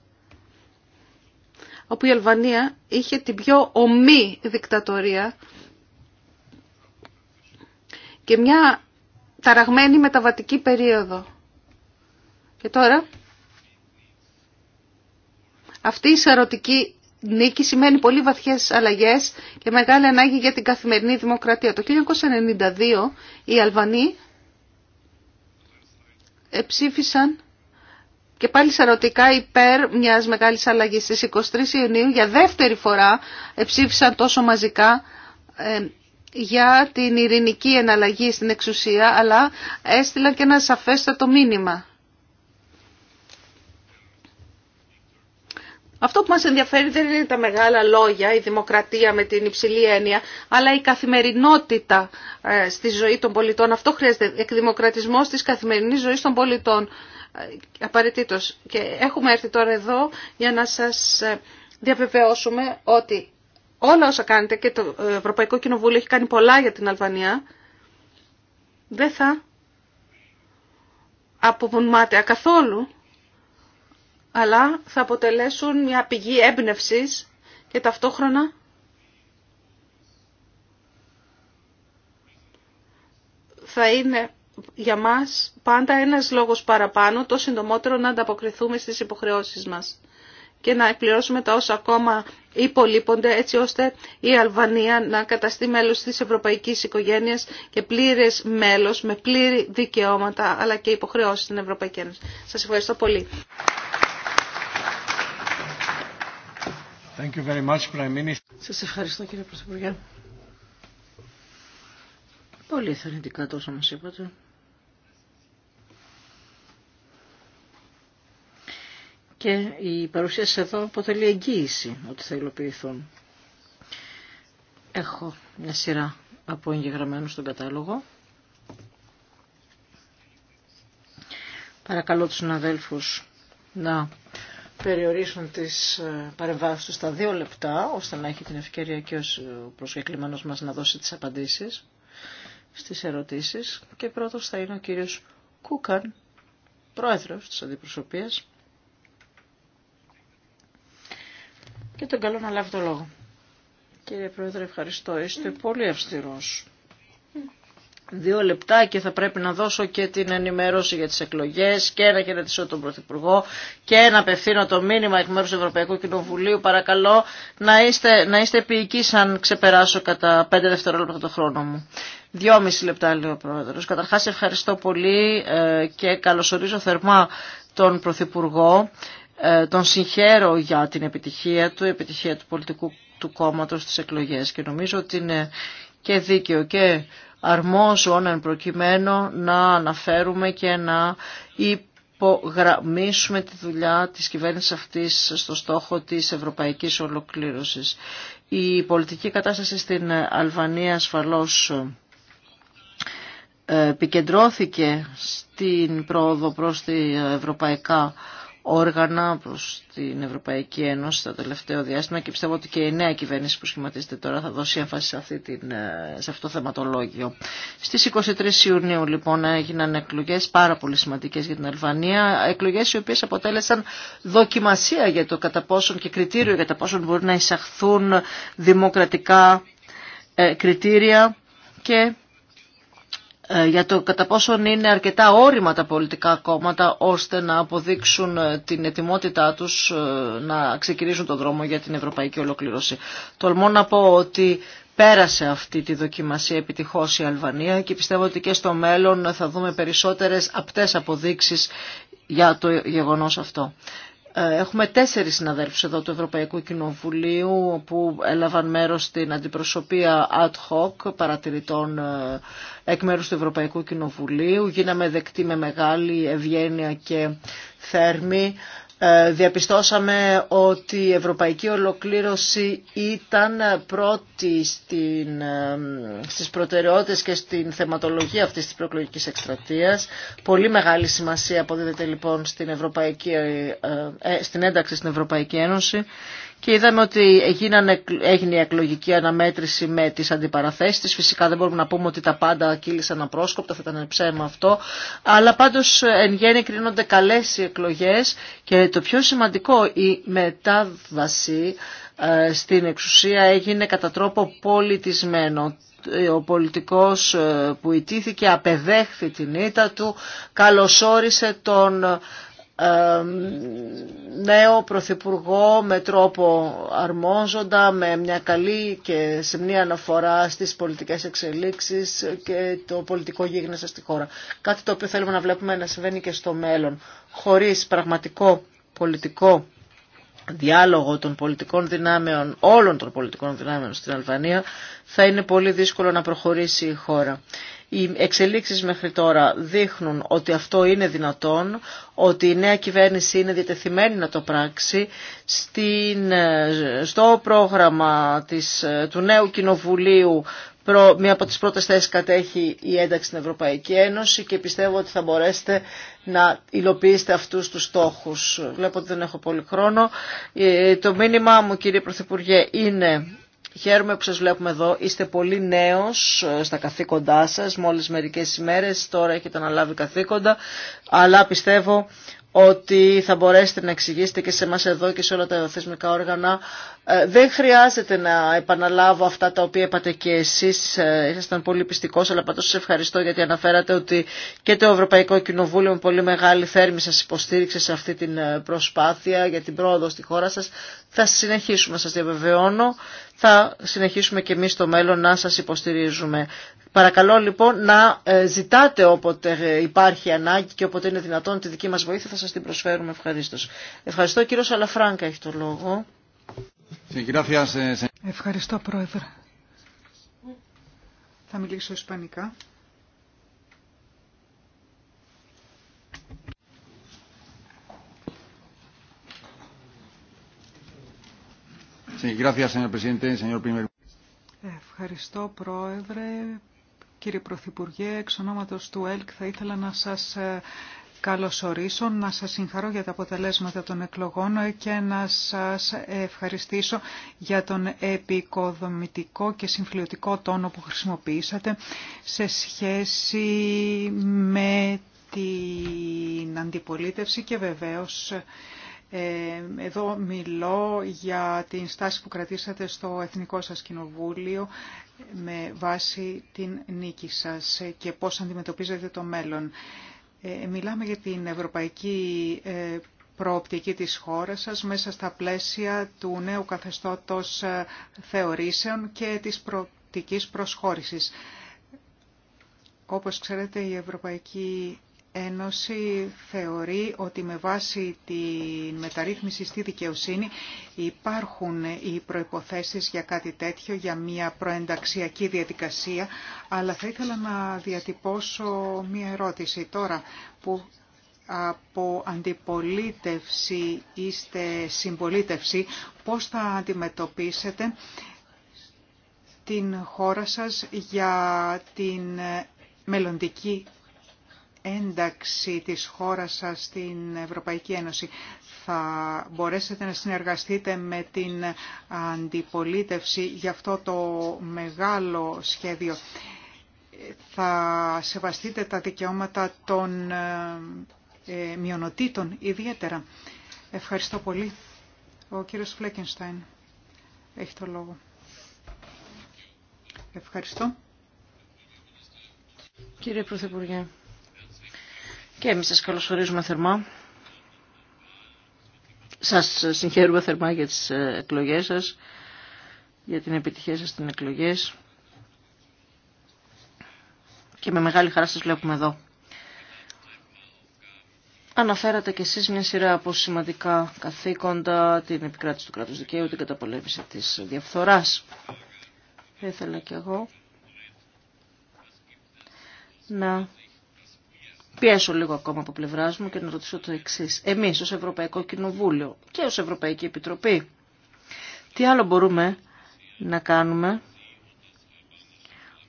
όπου η Αλβανία είχε την πιο ομή δικτατορία και μια ταραγμένη μεταβατική περίοδο. Και τώρα αυτή η σαρωτική νίκη σημαίνει πολύ βαθιές αλλαγές και μεγάλη ανάγκη για την καθημερινή δημοκρατία. Το 1992 οι Αλβανοί ψήφισαν και πάλι σαρωτικά υπέρ μιας μεγάλης αλλαγής. Στις 23 Ιουνίου για δεύτερη φορά ψήφισαν τόσο μαζικά ε, για την ειρηνική εναλλαγή στην εξουσία, αλλά έστειλαν και ένα σαφέστατο μήνυμα. Αυτό που μας ενδιαφέρει δεν είναι τα μεγάλα λόγια, η δημοκρατία με την υψηλή έννοια, αλλά η καθημερινότητα ε, στη ζωή των πολιτών. Αυτό χρειάζεται, εκδημοκρατισμός της καθημερινής ζωής των πολιτών. Ε, απαραίτητος. Και έχουμε έρθει τώρα εδώ για να σας ε, διαβεβαιώσουμε ότι όλα όσα κάνετε και το Ευρωπαϊκό Κοινοβούλιο έχει κάνει πολλά για την Αλβανία, δεν θα απομονμάται καθόλου αλλά θα αποτελέσουν μια πηγή έμπνευσης και ταυτόχρονα θα είναι για μας πάντα ένας λόγος παραπάνω, το συντομότερο να ανταποκριθούμε στις υποχρεώσεις μας και να εκπληρώσουμε τα όσα ακόμα υπολείπονται έτσι ώστε η Αλβανία να καταστεί μέλος της ευρωπαϊκής οικογένειας και πλήρες μέλος με πλήρη δικαιώματα αλλά και υποχρεώσεις στην Ευρωπαϊκή Ένωση. Σας ευχαριστώ πολύ. Σας ευχαριστώ κύριε Πρωθυπουργέ. Πολύ θερμητικά τόσο μας είπατε. Και η παρουσία σας εδώ αποτελεί εγγύηση ότι θα υλοποιηθούν. Έχω μια σειρά από εγγεγραμμένους στον κατάλογο. Παρακαλώ τους συναδέλφους να περιορίσουν τις ε, παρεμβάσεις του στα δύο λεπτά, ώστε να έχει την ευκαιρία και ο προσκεκλημένος μας να δώσει τις απαντήσεις στις ερωτήσεις. Και πρώτος θα είναι ο κύριος Κούκαν, πρόεδρος της αντιπροσωπείας. Και τον καλό να λάβει το λόγο. Κύριε Πρόεδρε, ευχαριστώ. Είστε πολύ αυστηρός δύο λεπτά και θα πρέπει να δώσω και την ενημέρωση για τις εκλογές και να χαιρετήσω τον Πρωθυπουργό και να απευθύνω το μήνυμα εκ μέρους του Ευρωπαϊκού Κοινοβουλίου. Παρακαλώ να είστε, να είστε αν ξεπεράσω κατά πέντε δευτερόλεπτα το χρόνο μου. Δυόμιση λεπτά λέει ο Πρόεδρος. Καταρχάς ευχαριστώ πολύ ε, και καλωσορίζω θερμά τον Πρωθυπουργό. Ε, τον συγχαίρω για την επιτυχία του, επιτυχία του πολιτικού του κόμματος στις εκλογές και νομίζω ότι είναι και δίκαιο και Αρμόζων εν προκειμένου να αναφέρουμε και να υπογραμμίσουμε τη δουλειά της κυβέρνησης αυτής στο στόχο της ευρωπαϊκής ολοκλήρωσης. Η πολιτική κατάσταση στην Αλβανία ασφαλώς ε, επικεντρώθηκε στην πρόοδο προς τη ευρωπαϊκά όργανα προς την Ευρωπαϊκή Ένωση το τελευταίο διάστημα και πιστεύω ότι και η νέα κυβέρνηση που σχηματίζεται τώρα θα δώσει έμφαση σε, αυτή την, ε, σε αυτό το θεματολόγιο. Στις 23 Ιουνίου λοιπόν έγιναν εκλογές πάρα πολύ σημαντικές για την Αλβανία, εκλογές οι οποίες αποτέλεσαν δοκιμασία για το κατά πόσον και κριτήριο για τα πόσον μπορούν να εισαχθούν δημοκρατικά ε, κριτήρια και ε, για το κατά πόσο είναι αρκετά όρημα τα πολιτικά κόμματα ώστε να αποδείξουν ε, την ετοιμότητά τους ε, να ξεκινήσουν τον δρόμο για την ευρωπαϊκή ολοκλήρωση. Τολμώ να πω ότι πέρασε αυτή τη δοκιμασία επιτυχώς η Αλβανία και πιστεύω ότι και στο μέλλον θα δούμε περισσότερες απτές αποδείξεις για το γεγονός αυτό. Ε, έχουμε τέσσερις συναδέλφους εδώ του Ευρωπαϊκού Κοινοβουλίου που έλαβαν μέρος στην αντιπροσωπεία ad hoc παρατηρητών ε, εκ μέρους του Ευρωπαϊκού Κοινοβουλίου. Γίναμε δεκτοί με μεγάλη ευγένεια και θέρμη ε, διαπιστώσαμε ότι η ευρωπαϊκή ολοκλήρωση ήταν πρώτη στην, ε, στις προτεραιότητες και στην θεματολογία αυτής της προεκλογικής εκστρατείας. Πολύ μεγάλη σημασία αποδίδεται λοιπόν στην, ευρωπαϊκή, ε, στην ένταξη στην Ευρωπαϊκή Ένωση και είδαμε ότι έγινε η εκλογική αναμέτρηση με τις αντιπαραθέσεις Φυσικά δεν μπορούμε να πούμε ότι τα πάντα κύλησαν απρόσκοπτα, θα ήταν ψέμα αυτό. Αλλά πάντως εν γέννη κρίνονται καλές οι εκλογές και το πιο σημαντικό η μετάβαση ε, στην εξουσία έγινε κατά τρόπο πολιτισμένο ο πολιτικός ε, που ιτήθηκε απεδέχθη την ήττα του, καλωσόρισε τον νέο ναι, πρωθυπουργό με τρόπο αρμόζοντα, με μια καλή και σημνή αναφορά στις πολιτικές εξελίξεις και το πολιτικό γίγνεσθε στη χώρα. Κάτι το οποίο θέλουμε να βλέπουμε να συμβαίνει και στο μέλλον. Χωρίς πραγματικό πολιτικό διάλογο των πολιτικών δυνάμεων, όλων των πολιτικών δυνάμεων στην Αλβανία, θα είναι πολύ δύσκολο να προχωρήσει η χώρα. Οι εξελίξεις μέχρι τώρα δείχνουν ότι αυτό είναι δυνατόν, ότι η νέα κυβέρνηση είναι διατεθειμένη να το πράξει. Στην, ε, στο πρόγραμμα της, ε, του νέου κοινοβουλίου μία από τις πρώτες θέσεις κατέχει η ένταξη στην Ευρωπαϊκή Ένωση και πιστεύω ότι θα μπορέσετε να υλοποιήσετε αυτούς τους στόχους. Βλέπω ότι δεν έχω πολύ χρόνο. Ε, το μήνυμά μου κύριε Πρωθυπουργέ είναι Χαίρομαι που σας βλέπουμε εδώ. Είστε πολύ νέος ε, στα καθήκοντά σας. Μόλις μερικές ημέρες τώρα έχετε αναλάβει καθήκοντα. Αλλά πιστεύω ότι θα μπορέσετε να εξηγήσετε και σε μας εδώ και σε όλα τα θεσμικά όργανα. Ε, δεν χρειάζεται να επαναλάβω αυτά τα οποία είπατε και εσείς, ε, ήσασταν πολύ πιστικός, αλλά πάντως σας ευχαριστώ γιατί αναφέρατε ότι και το Ευρωπαϊκό Κοινοβούλιο με πολύ μεγάλη θέρμη σας υποστήριξε σε αυτή την ε, προσπάθεια για την πρόοδο στη χώρα σας. Θα συνεχίσουμε, σας διαβεβαιώνω, θα συνεχίσουμε και εμείς στο μέλλον να σας υποστηρίζουμε. Παρακαλώ λοιπόν να ε, ζητάτε όποτε ε, υπάρχει ανάγκη και όποτε είναι δυνατόν τη δική μας βοήθεια θα σας την προσφέρουμε ευχαρίστω. Ευχαριστώ κύριο Σαλαφράγκα, έχει το λόγο. Eh, Ευχαριστώ πρόεδρε. Θα μιλήσω ισπανικά. Ευχαριστώ, Πρόεδρε, Κύριε Πρωθυπουργέ, εξ ονόματος του ΕΛΚ θα ήθελα να σας ε, καλωσορίσω, να σας συγχαρώ για τα αποτελέσματα των εκλογών και να σας ευχαριστήσω για τον επικοδομητικό και συμφιλιωτικό τόνο που χρησιμοποιήσατε σε σχέση με την αντιπολίτευση και βεβαίως ε, εδώ μιλώ για την στάση που κρατήσατε στο Εθνικό σας Κοινοβούλιο με βάση την νίκη σας και πώς αντιμετωπίζετε το μέλλον. Ε, μιλάμε για την ευρωπαϊκή ε, προοπτική της χώρας σας μέσα στα πλαίσια του νέου καθεστώτος θεωρήσεων και της προοπτικής προσχώρησης. Όπως ξέρετε η Ευρωπαϊκή Ένωση θεωρεί ότι με βάση τη μεταρρύθμιση στη δικαιοσύνη υπάρχουν οι προϋποθέσεις για κάτι τέτοιο, για μια προενταξιακή διαδικασία, αλλά θα ήθελα να διατυπώσω μια ερώτηση τώρα που από αντιπολίτευση είστε συμπολίτευση, πώς θα αντιμετωπίσετε την χώρα σας για την μελλοντική ένταξη της χώρας σας στην Ευρωπαϊκή Ένωση. Θα μπορέσετε να συνεργαστείτε με την αντιπολίτευση για αυτό το μεγάλο σχέδιο. Θα σεβαστείτε τα δικαιώματα των ε, μειονοτήτων ιδιαίτερα. Ευχαριστώ πολύ. Ο κύριος Φλέκενστάιν έχει το λόγο. Ευχαριστώ. Κύριε Πρωθυπουργέ, και εμείς σας καλωσορίζουμε θερμά. Σας συγχαίρουμε θερμά για τις ε, εκλογές σας, για την επιτυχία σας στις εκλογές. Και με μεγάλη χαρά σας βλέπουμε εδώ. Αναφέρατε κι εσείς μια σειρά από σημαντικά καθήκοντα, την επικράτηση του κράτους δικαίου, την καταπολέμηση της διαφθοράς. Θα ήθελα κι εγώ να πιέσω λίγο ακόμα από πλευρά μου και να ρωτήσω το εξή. Εμεί ω Ευρωπαϊκό Κοινοβούλιο και ω Ευρωπαϊκή Επιτροπή, τι άλλο μπορούμε να κάνουμε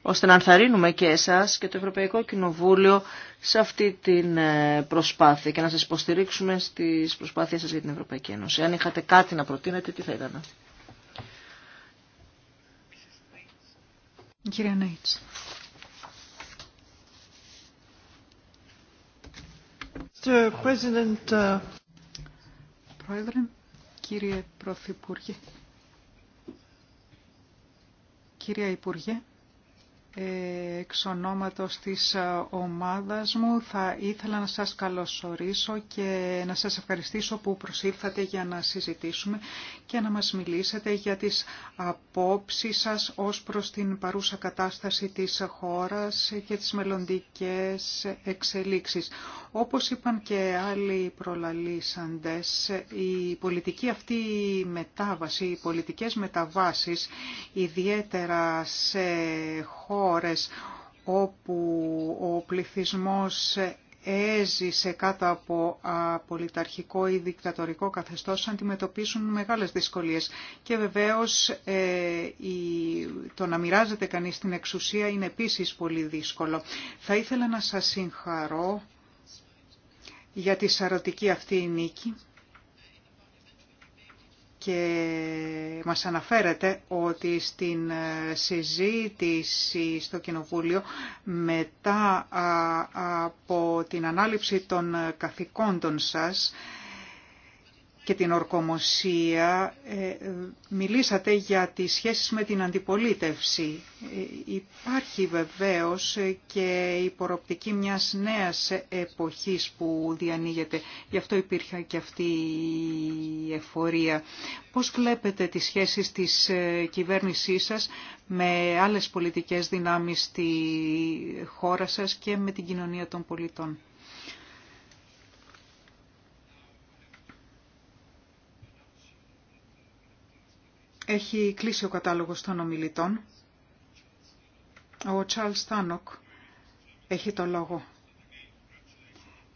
ώστε να ανθαρρύνουμε και εσάς και το Ευρωπαϊκό Κοινοβούλιο σε αυτή την ε, προσπάθεια και να σας υποστηρίξουμε στις προσπάθειες σας για την Ευρωπαϊκή Ένωση. Αν είχατε κάτι να προτείνετε, τι θα ήταν. Κύριε uh, Πρόεδρε, κύριε Πρωθυπουργέ, κυρία Υπουργέ, εξ ονόματος της ε, ομάδας μου θα ήθελα να σας καλωσορίσω και να σας ευχαριστήσω που προσήλθατε για να συζητήσουμε και να μας μιλήσετε για τις απόψεις σας ως προς την παρούσα κατάσταση της χώρας και τις μελλοντικές εξελίξεις. Όπως είπαν και άλλοι προλαλήσαντες, η πολιτική αυτή μετάβαση, οι πολιτικές μεταβάσεις, ιδιαίτερα σε χώρες όπου ο πληθυσμός έζησε κάτω από πολιταρχικό ή δικτατορικό καθεστώς αντιμετωπίσουν μεγάλες δυσκολίες. Και βεβαίως ε, η, το να μοιράζεται κανείς την εξουσία είναι επίσης πολύ δύσκολο. Θα ήθελα να σας συγχαρώ για τη σαρωτική αυτή νίκη και μας αναφέρετε ότι στην ε, συζήτηση στο Κοινοβούλιο μετά από την ανάληψη των καθηκόντων σας και την ορκομοσία ε, μιλήσατε για τις σχέσεις με την αντιπολίτευση. Ε, υπάρχει βεβαίως ε, και η ποροπτική μιας νέας εποχής που διανοίγεται. Γι' αυτό υπήρχε και αυτή η εφορία. Πώς βλέπετε τις σχέσεις της κυβέρνησής σας με άλλες πολιτικές δυνάμεις στη χώρα σας και με την κοινωνία των πολιτών. Έχει κλείσει ο κατάλογος των ομιλητών. Ο Τσάλς Τάνοκ έχει το λόγο.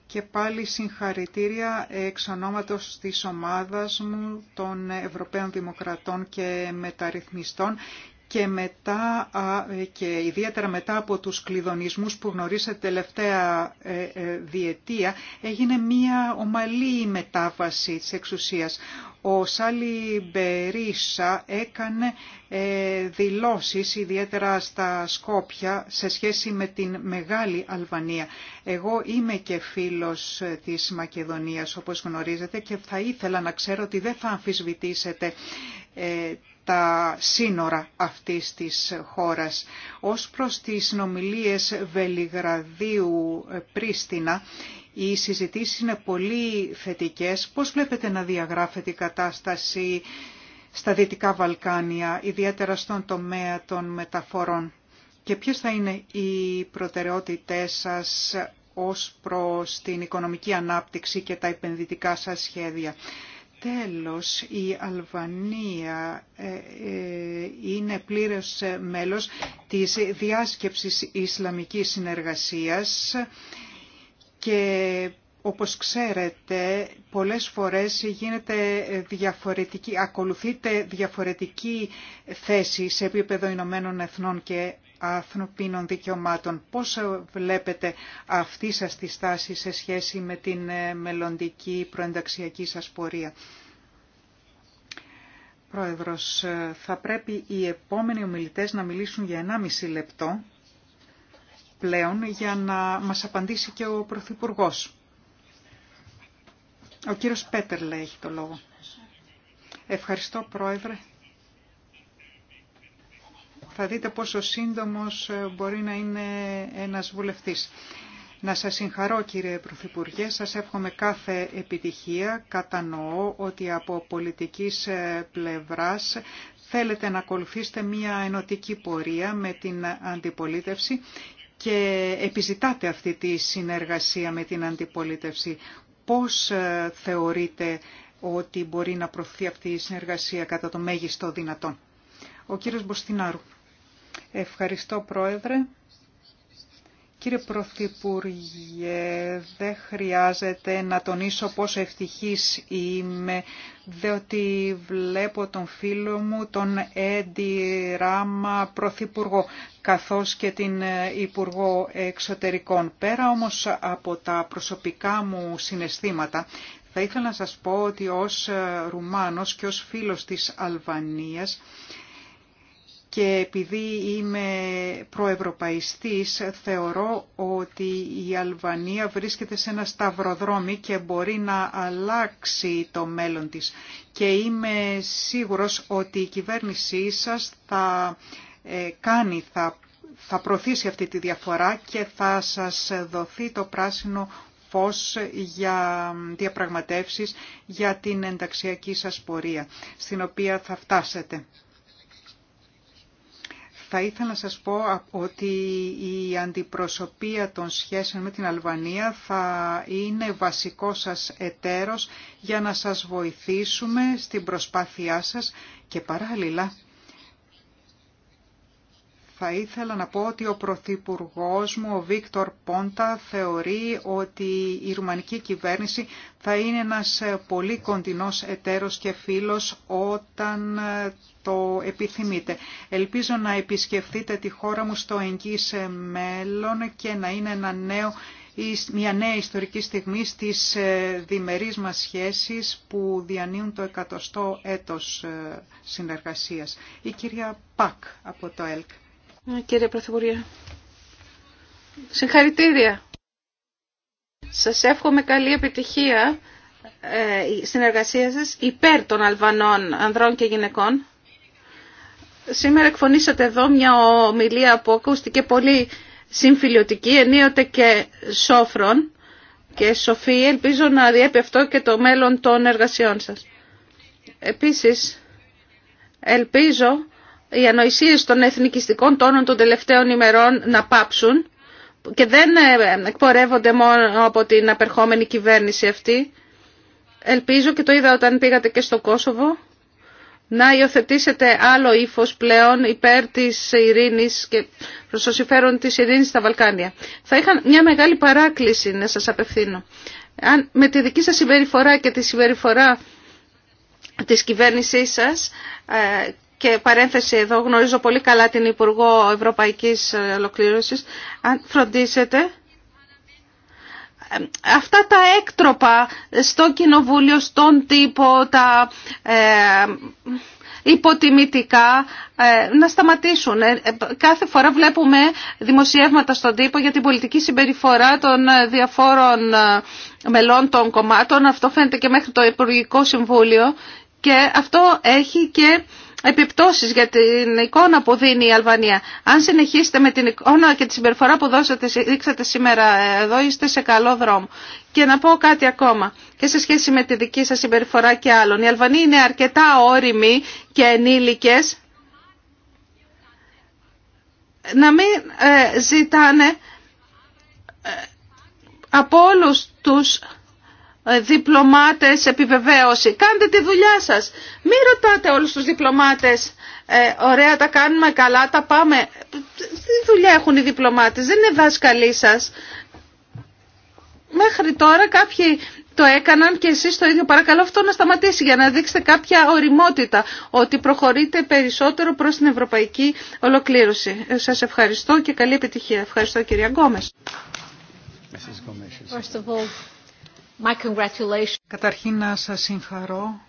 Και πάλι συγχαρητήρια εξ ονόματος της ομάδας μου των Ευρωπαίων Δημοκρατών και Μεταρρυθμιστών και, μετά, ε, και ιδιαίτερα μετά από τους κλειδονισμούς που γνωρίσατε τελευταία ε, ε, διετία έγινε μια ομαλή μετάβαση της εξουσίας. Ο Σάλι Μπερίσα έκανε δηλώσεις ιδιαίτερα στα Σκόπια σε σχέση με την Μεγάλη Αλβανία. Εγώ είμαι και φίλος της Μακεδονίας όπως γνωρίζετε και θα ήθελα να ξέρω ότι δεν θα αμφισβητήσετε τα σύνορα αυτής της χώρας. Ως προς τις νομιλίες βελιγραδιου Βελιγραδίου-Πρίστινα, οι συζητήσεις είναι πολύ θετικές. Πώς βλέπετε να διαγράφεται η κατάσταση στα Δυτικά Βαλκάνια, ιδιαίτερα στον τομέα των μεταφορών. Και ποιες θα είναι οι προτεραιότητές σας ως προς την οικονομική ανάπτυξη και τα επενδυτικά σας σχέδια. Τέλος, η Αλβανία ε, ε, είναι πλήρες μέλος της διάσκεψης Ισλαμικής Συνεργασίας και όπως ξέρετε πολλές φορές γίνεται διαφορετική, ακολουθείται διαφορετική θέση σε επίπεδο Ηνωμένων Εθνών και ανθρωπίνων δικαιωμάτων. Πώς βλέπετε αυτή σας τη στάση σε σχέση με την ε, μελλοντική προενταξιακή σας πορεία. Πρόεδρος, ε, θα πρέπει οι επόμενοι ομιλητές να μιλήσουν για 1,5 λεπτό πλέον για να μας απαντήσει και ο Πρωθυπουργό. Ο κύριος Πέτερλε έχει το λόγο. Ευχαριστώ, Πρόεδρε θα δείτε πόσο σύντομος ε, μπορεί να είναι ένας βουλευτής. Να σας συγχαρώ κύριε Πρωθυπουργέ, σας εύχομαι κάθε επιτυχία. Κατανοώ ότι από πολιτικής ε, πλευράς θέλετε να ακολουθήσετε μια ενωτική πορεία με την αντιπολίτευση και επιζητάτε αυτή τη συνεργασία με την αντιπολίτευση. Πώς ε, θεωρείτε ότι μπορεί να προωθεί αυτή η συνεργασία κατά το μέγιστο δυνατόν. Ο κύριος Μποστινάρου. Ευχαριστώ Πρόεδρε. Κύριε Πρωθυπουργέ, δεν χρειάζεται να τονίσω πόσο ευτυχής είμαι, διότι βλέπω τον φίλο μου, τον Έντι Ράμα Πρωθυπουργό, καθώς και την Υπουργό Εξωτερικών. Πέρα όμως από τα προσωπικά μου συναισθήματα, θα ήθελα να σας πω ότι ως Ρουμάνος και ως φίλος της Αλβανίας, και επειδή είμαι προευρωπαϊστής θεωρώ ότι η Αλβανία βρίσκεται σε ένα σταυροδρόμι και μπορεί να αλλάξει το μέλλον της. Και είμαι σίγουρος ότι η κυβέρνησή σας θα ε, κάνει, θα, θα προωθήσει αυτή τη διαφορά και θα σας δοθεί το πράσινο φως για διαπραγματεύσεις για την ενταξιακή σας πορεία, στην οποία θα φτάσετε. Θα ήθελα να σας πω ότι η αντιπροσωπεία των σχέσεων με την Αλβανία θα είναι βασικό σας εταίρος για να σας βοηθήσουμε στην προσπάθειά σας και παράλληλα θα ήθελα να πω ότι ο Πρωθυπουργό μου, ο Βίκτορ Πόντα, θεωρεί ότι η Ρουμανική κυβέρνηση θα είναι ένας ε, πολύ κοντινός εταίρος και φίλος όταν ε, το επιθυμείτε. Ελπίζω να επισκεφτείτε τη χώρα μου στο εγγύς ε, μέλλον και να είναι ένα νέο μια νέα ιστορική στιγμή στις διμερείς μας σχέσεις που διανύουν το εκατοστό έτος συνεργασίας. Η κυρία Πακ από το ΕΛΚ. Κύριε Πρωθυπουργέ, συγχαρητήρια. Σας εύχομαι καλή επιτυχία ε, στην εργασία σας υπέρ των Αλβανών ανδρών και γυναικών. Σήμερα εκφωνήσατε εδώ μια ομιλία που ακούστηκε πολύ συμφιλιωτική, ενίοτε και σόφρον και σοφή. Ελπίζω να διέπει αυτό και το μέλλον των εργασιών σας. Επίσης, ελπίζω οι ανοησίες των εθνικιστικών τόνων των τελευταίων ημερών να πάψουν και δεν ε, εκπορεύονται μόνο από την απερχόμενη κυβέρνηση αυτή. Ελπίζω και το είδα όταν πήγατε και στο Κόσοβο να υιοθετήσετε άλλο ύφο πλέον υπέρ της ειρήνης και προς το συμφέρον της ειρήνης στα Βαλκάνια. Θα είχα μια μεγάλη παράκληση να σας απευθύνω. Αν με τη δική σας συμπεριφορά και τη συμπεριφορά της κυβέρνησής σας ε, και παρένθεση εδώ γνωρίζω πολύ καλά την Υπουργό Ευρωπαϊκής Ολοκλήρωσης, αν φροντίσετε αυτά τα έκτροπα στο κοινοβούλιο, στον τύπο, τα ε, υποτιμητικά ε, να σταματήσουν. Ε, κάθε φορά βλέπουμε δημοσιεύματα στον τύπο για την πολιτική συμπεριφορά των διαφόρων μελών των κομμάτων. Αυτό φαίνεται και μέχρι το Υπουργικό Συμβούλιο και αυτό έχει και επιπτώσεις για την εικόνα που δίνει η Αλβανία. Αν συνεχίσετε με την εικόνα και τη συμπεριφορά που δώσατε, δείξατε σήμερα εδώ, είστε σε καλό δρόμο. Και να πω κάτι ακόμα και σε σχέση με τη δική σας συμπεριφορά και άλλων. Οι Αλβανοί είναι αρκετά όρημοι και ενήλικες να μην ε, ζητάνε ε, από όλους τους ε, διπλωμάτες επιβεβαίωση. Κάντε τη δουλειά σας. Μην ρωτάτε όλους τους διπλωμάτες ε, ωραία τα κάνουμε καλά, τα πάμε. Τι δουλειά έχουν οι διπλωμάτες, δεν είναι δάσκαλοι σας. Μέχρι τώρα κάποιοι το έκαναν και εσείς το ίδιο. Παρακαλώ αυτό να σταματήσει για να δείξετε κάποια οριμότητα ότι προχωρείτε περισσότερο προς την ευρωπαϊκή ολοκλήρωση. Ε, σας ευχαριστώ και καλή επιτυχία. Ευχαριστώ κυρία Γκόμες. My Καταρχήν να σας συγχαρώ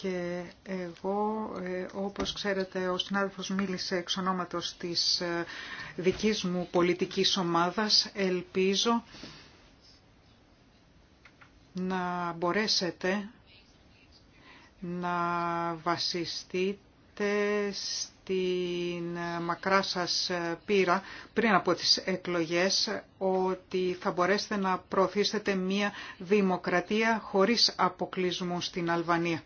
και εγώ, ε, όπως ξέρετε, ο συνάδελφος μίλησε εξ ονόματος της ε, δικής μου πολιτικής ομάδας. Ελπίζω να μπορέσετε να βασιστείτε την ε, μακρά σας ε, πείρα πριν από τις εκλογές ότι θα μπορέσετε να προωθήσετε μια δημοκρατία χωρίς αποκλεισμού στην Αλβανία.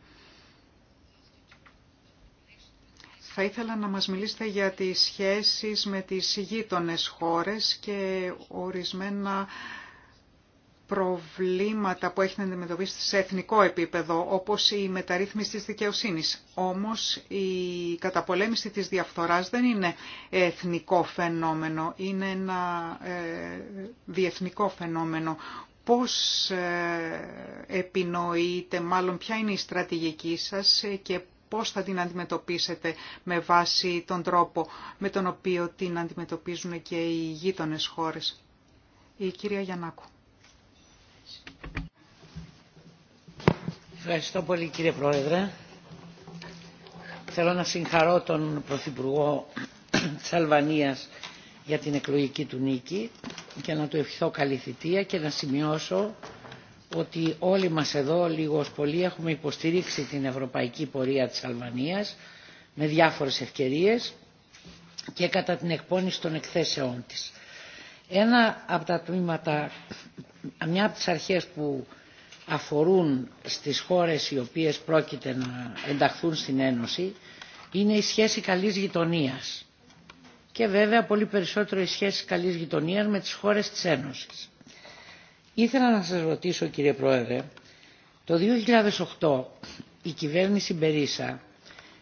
Θα ήθελα να μας μιλήσετε για τις σχέσεις με τις γείτονες χώρες και ορισμένα προβλήματα που έχει να αντιμετωπίσει σε εθνικό επίπεδο, όπως η μεταρρύθμιση της δικαιοσύνης. Όμως η καταπολέμηση της διαφθοράς δεν είναι εθνικό φαινόμενο, είναι ένα ε, διεθνικό φαινόμενο. Πώς ε, επινοείτε, μάλλον ποια είναι η στρατηγική σας και πώς θα την αντιμετωπίσετε με βάση τον τρόπο με τον οποίο την αντιμετωπίζουν και οι γείτονες χώρες. Η κυρία Γιαννάκου. Ευχαριστώ πολύ κύριε Πρόεδρε. Θέλω να συγχαρώ τον Πρωθυπουργό της Αλβανίας για την εκλογική του νίκη και να του ευχηθώ καλή θητεία και να σημειώσω ότι όλοι μας εδώ λίγο πολύ έχουμε υποστηρίξει την ευρωπαϊκή πορεία της Αλβανίας με διάφορες ευκαιρίες και κατά την εκπόνηση των εκθέσεών της. Ένα από τα τμήματα, μια από τις αρχές που αφορούν στις χώρες οι οποίες πρόκειται να ενταχθούν στην Ένωση είναι η σχέση καλής γειτονίας και βέβαια πολύ περισσότερο η σχέση καλής γειτονίας με τις χώρες της Ένωσης. Ήθελα να σας ρωτήσω κύριε Πρόεδρε, το 2008 η κυβέρνηση Μπερίσα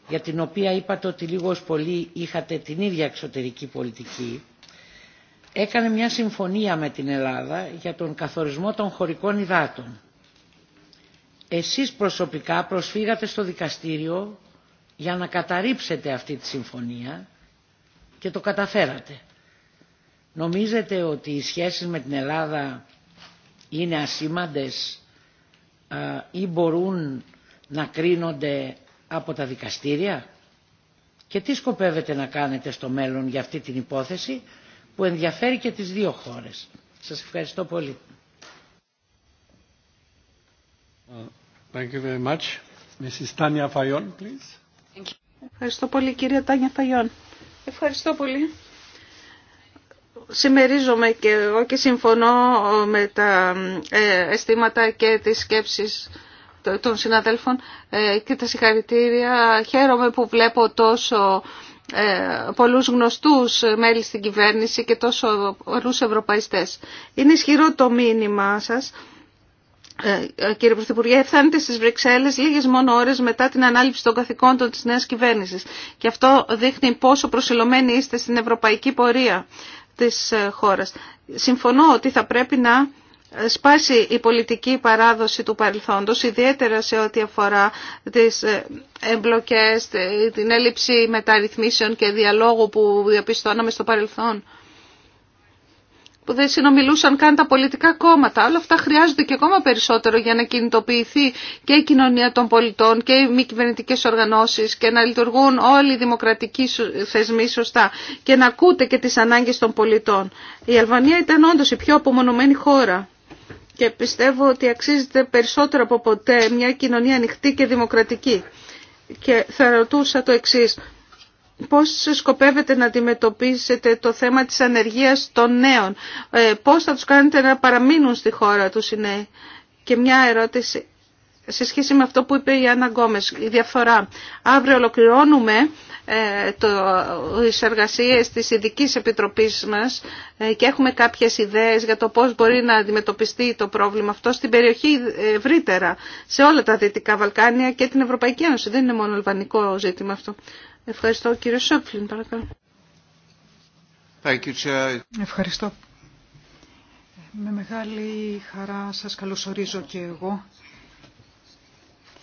για την οποία είπατε ότι λίγο πολύ είχατε την ίδια εξωτερική πολιτική έκανε μια συμφωνία με την Ελλάδα για τον καθορισμό των χωρικών υδάτων εσείς προσωπικά προσφύγατε στο δικαστήριο για να καταρρίψετε αυτή τη συμφωνία και το καταφέρατε. Νομίζετε ότι οι σχέσεις με την Ελλάδα είναι ασήμαντες ή μπορούν να κρίνονται από τα δικαστήρια και τι σκοπεύετε να κάνετε στο μέλλον για αυτή την υπόθεση που ενδιαφέρει και τις δύο χώρες. Σας ευχαριστώ πολύ. Ευχαριστώ πολύ κυρία Τάνια Φαϊόν. Ευχαριστώ πολύ. Συμμερίζομαι και εγώ και συμφωνώ ε, με τα ε, αισθήματα και τις σκέψεις των συναδέλφων ε, και τα συγχαρητήρια. Χαίρομαι που βλέπω τόσο πολλούς γνωστούς μέλη στην κυβέρνηση και τόσο πολλούς ευρωπαϊστές. Είναι ισχυρό το μήνυμα σας ε, ε, κύριε Πρωθυπουργέ, φτάνετε στις Βρυξέλλες λίγες μόνο ώρες μετά την ανάληψη των καθηκόντων της νέας κυβέρνησης. Και αυτό δείχνει πόσο προσιλωμένοι είστε στην ευρωπαϊκή πορεία της ε, χώρας. Συμφωνώ ότι θα πρέπει να σπάσει η πολιτική παράδοση του παρελθόντος, ιδιαίτερα σε ό,τι αφορά τις εμπλοκές, την έλλειψη μεταρρυθμίσεων και διαλόγου που διαπιστώναμε στο παρελθόν που δεν συνομιλούσαν καν τα πολιτικά κόμματα. Όλα αυτά χρειάζονται και ακόμα περισσότερο για να κινητοποιηθεί και η κοινωνία των πολιτών και οι μη κυβερνητικέ οργανώσει και να λειτουργούν όλοι οι δημοκρατικοί θεσμοί σωστά και να ακούτε και τι ανάγκε των πολιτών. Η Αλβανία ήταν όντω η πιο απομονωμένη χώρα και πιστεύω ότι αξίζεται περισσότερο από ποτέ μια κοινωνία ανοιχτή και δημοκρατική. Και θα ρωτούσα το εξής πώς σκοπεύετε να αντιμετωπίσετε το θέμα της ανεργίας των νέων, ε, πώς θα τους κάνετε να παραμείνουν στη χώρα τους οι νέοι. Και μια ερώτηση σε σχέση με αυτό που είπε η Άννα Γκόμες, η διαφορά. Αύριο ολοκληρώνουμε ε, το, τις εργασίες της ειδική Επιτροπής μας ε, και έχουμε κάποιες ιδέες για το πώς μπορεί να αντιμετωπιστεί το πρόβλημα αυτό στην περιοχή ε, ευρύτερα, σε όλα τα Δυτικά Βαλκάνια και την Ευρωπαϊκή Ένωση. Δεν είναι μόνο αλβανικό ζήτημα αυτό. Ευχαριστώ κύριε Σόπφλιν, παρακαλώ. Ευχαριστώ. Με μεγάλη χαρά σας καλωσορίζω και εγώ.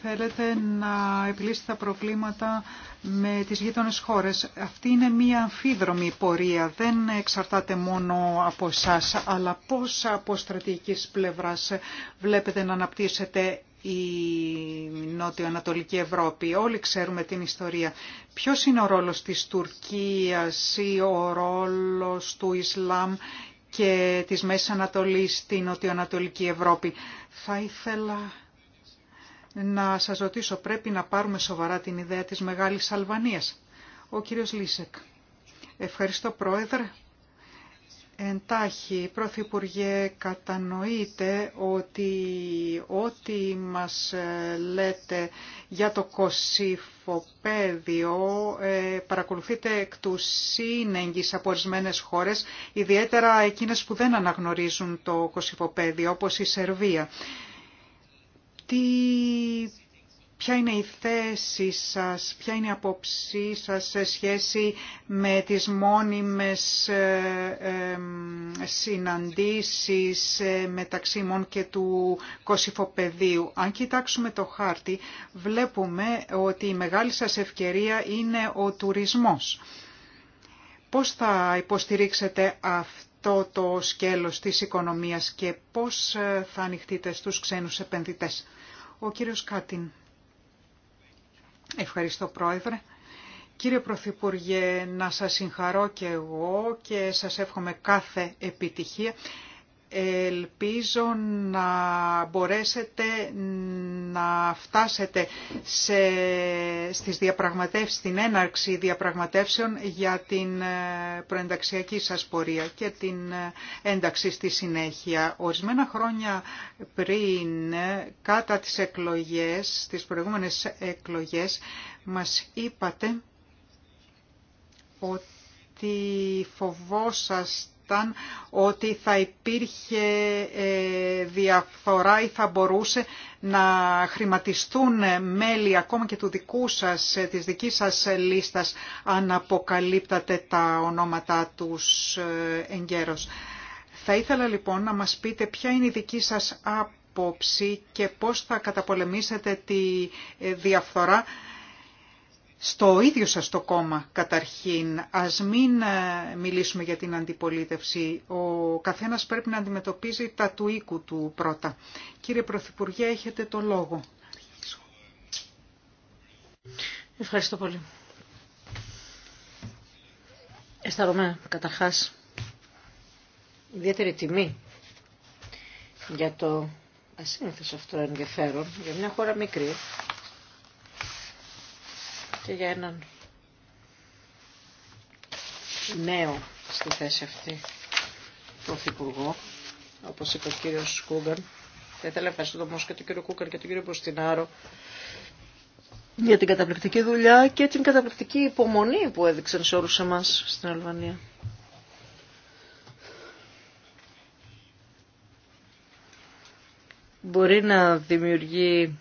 Θέλετε να επιλύσετε τα προβλήματα με τις γείτονες χώρες. Αυτή είναι μία αμφίδρομη πορεία. Δεν εξαρτάται μόνο από εσά, αλλά πώς από στρατηγικής πλευράς βλέπετε να αναπτύσσετε η Νότιο-Ανατολική Ευρώπη. Όλοι ξέρουμε την ιστορία. Ποιος είναι ο ρόλος της Τουρκίας ή ο ρόλος του Ισλάμ και της Μέσης Ανατολής στην Νότιο-Ανατολική Ευρώπη. Θα ήθελα να σας ρωτήσω, πρέπει να πάρουμε σοβαρά την ιδέα της Μεγάλης Αλβανίας. Ο κύριος Λίσεκ. Ευχαριστώ Πρόεδρε. Εντάχει, Πρωθυπουργέ, κατανοείτε ότι ό,τι μας ε, λέτε για το κοσυφοπέδιο ε, παρακολουθείτε εκ του σύνεγγυς από ορισμένε χώρες, ιδιαίτερα εκείνες που δεν αναγνωρίζουν το κοσυφοπέδιο, όπως η Σερβία. Ποια είναι η θέση σας, ποια είναι η απόψή σας σε σχέση με τις μόνιμες ε, ε, συναντήσεις ε, μεταξύ μόν και του κοσυφοπεδίου. Αν κοιτάξουμε το χάρτη βλέπουμε ότι η μεγάλη σας ευκαιρία είναι ο τουρισμός. Πώς θα υποστηρίξετε αυτό το σκέλος της οικονομίας και πώς θα ανοιχτείτε στους ξένους επενδυτές. Ο κύριος Κάτιν. Ευχαριστώ Πρόεδρε. Κύριε Πρωθυπουργέ, να σας συγχαρώ και εγώ και σας εύχομαι κάθε επιτυχία Ελπίζω να μπορέσετε να φτάσετε σε, στις διαπραγματεύσεις, στην έναρξη διαπραγματεύσεων για την ε, προενταξιακή σας πορεία και την ε, ένταξη στη συνέχεια. Ορισμένα χρόνια πριν, κατά τις εκλογές, τις προηγούμενες εκλογές, μας είπατε ότι φοβόσαστε ήταν ότι θα υπήρχε ε, διαφθορά ή θα μπορούσε να χρηματιστούν μέλη ακόμα και του δικού σας, ε, της δικής σας λίστας αν αποκαλύπτατε τα ονόματά τους ε, εγκαίρως. Θα ήθελα λοιπόν να μας πείτε ποια είναι η δική σας άποψη και πώς θα καταπολεμήσετε τη διαφθορά στο ίδιο σας το κόμμα καταρχήν. Ας μην ε, μιλήσουμε για την αντιπολίτευση. Ο καθένας πρέπει να αντιμετωπίζει τα του οίκου του πρώτα. Κύριε Πρωθυπουργέ, έχετε το λόγο. Ευχαριστώ πολύ. Αισθάνομαι καταρχάς ιδιαίτερη τιμή για το ασύνθεσο αυτό ενδιαφέρον για μια χώρα μικρή και για έναν νέο στη θέση αυτή πρωθυπουργό, όπως είπε ο κύριος Κούγκαν. Θα ήθελα να ευχαριστώ όμως και τον κύριο Κούγκαν και τον κύριο Προστινάρο για την καταπληκτική δουλειά και την καταπληκτική υπομονή που έδειξαν σε όλους εμάς στην Αλβανία. Μπορεί να δημιουργεί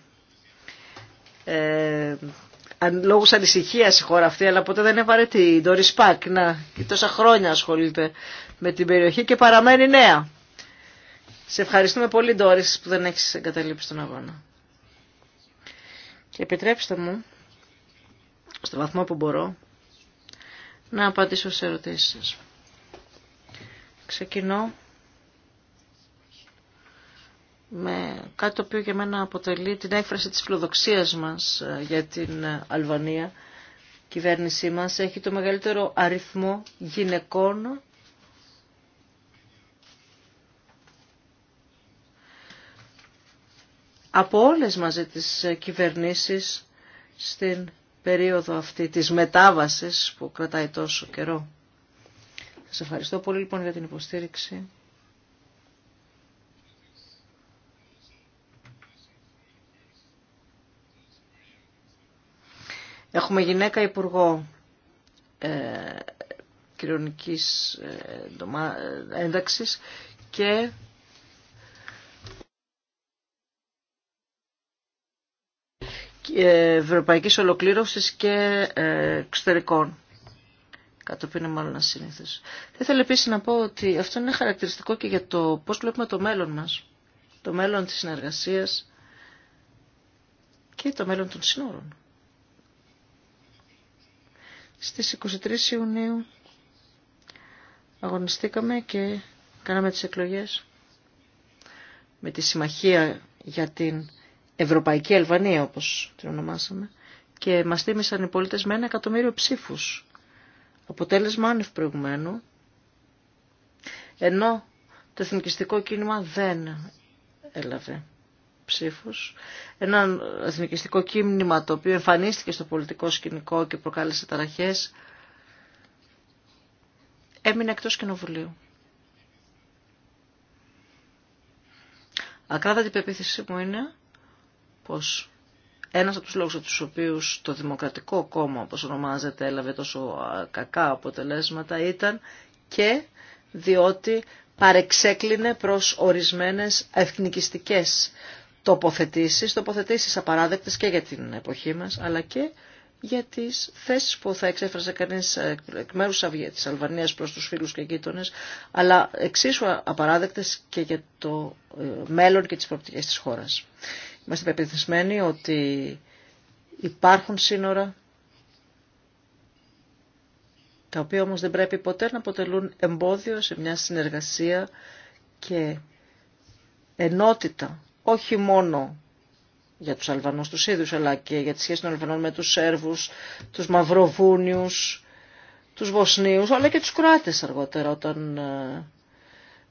ε, λόγους ανησυχίας η χώρα αυτή, αλλά ποτέ δεν είναι βαρετή. Η Doris Pack, να, τόσα χρόνια ασχολείται με την περιοχή και παραμένει νέα. Σε ευχαριστούμε πολύ Doris που δεν έχεις εγκαταλείψει τον αγώνα. Και επιτρέψτε μου, στο βαθμό που μπορώ, να απαντήσω σε ερωτήσεις σας. Ξεκινώ με κάτι το οποίο για μένα αποτελεί την έκφραση της φιλοδοξίας μας ε, για την ε, Αλβανία. Η κυβέρνησή μας έχει το μεγαλύτερο αριθμό γυναικών από όλες μαζί τις ε, κυβερνήσεις στην περίοδο αυτή της μετάβασης που κρατάει τόσο καιρό. Σας ευχαριστώ πολύ λοιπόν για την υποστήριξη. Έχουμε γυναίκα υπουργό ε, κοινωνικής ε, ε, ένταξης και ευρωπαϊκής ολοκλήρωσης και ε, εξωτερικών. Κάτι που είναι μάλλον ασύνηθες. Θα ήθελα επίσης να πω ότι αυτό είναι χαρακτηριστικό και για το πώς βλέπουμε το μέλλον μας. Το μέλλον της συνεργασίας και το μέλλον των συνόρων. Στις 23 Ιουνίου αγωνιστήκαμε και κάναμε τις εκλογές με τη Συμμαχία για την Ευρωπαϊκή Αλβανία όπως την ονομάσαμε και μας τίμησαν οι πολίτες με ένα εκατομμύριο ψήφους. Αποτέλεσμα άνευ προηγουμένου, ενώ το εθνικιστικό κίνημα δεν έλαβε ψήφους, ένα εθνικιστικό κίνημα το οποίο εμφανίστηκε στο πολιτικό σκηνικό και προκάλεσε ταραχές, έμεινε εκτός κοινοβουλίου. την πεποίθησή μου είναι πως ένας από τους λόγους από τους οποίους το Δημοκρατικό Κόμμα, όπως ονομάζεται, έλαβε τόσο κακά αποτελέσματα ήταν και διότι παρεξέκλεινε προς ορισμένες εθνικιστικές τοποθετήσεις, τοποθετήσεις απαράδεκτες και για την εποχή μας, αλλά και για τις θέσεις που θα εξέφρασε κανείς ε, εκ μέρους της Αλβανίας προς τους φίλους και γείτονες, αλλά εξίσου απαράδεκτες και για το ε, μέλλον και τις προοπτικές της χώρας. Είμαστε πεπιθυσμένοι ότι υπάρχουν σύνορα τα οποία όμως δεν πρέπει ποτέ να αποτελούν εμπόδιο σε μια συνεργασία και ενότητα όχι μόνο για τους Αλβανούς τους ίδιους, αλλά και για τη σχέση των Αλβανών με τους Σέρβους, τους Μαυροβούνιους, τους Βοσνίους, αλλά και τους Κροάτες αργότερα όταν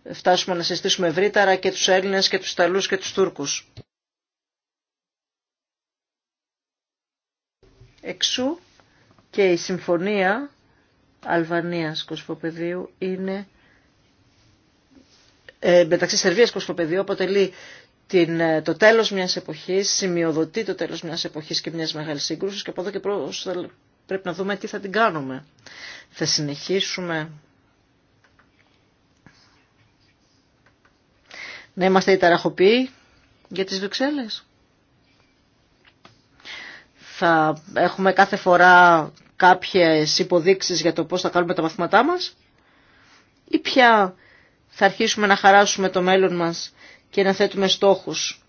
ε, φτάσουμε να συστήσουμε ευρύτερα και τους Έλληνες και τους Ιταλούς και τους Τούρκους. Εξού και η συμφωνία Αλβανίας Κοσμοπεδίου είναι ε, μεταξύ Σερβίας Κοσμοπεδίου αποτελεί την, ε, το τέλος μιας εποχής, σημειοδοτεί το τέλος μιας εποχής και μιας μεγάλης σύγκρουσης και από εδώ και προς πρέπει να δούμε τι θα την κάνουμε. Θα συνεχίσουμε να είμαστε οι ταραχοποιοί για τις Βρυξέλλες. Θα έχουμε κάθε φορά κάποιες υποδείξεις για το πώς θα κάνουμε τα μαθήματά μας ή πια θα αρχίσουμε να χαράσουμε το μέλλον μας και να θέτουμε στόχους.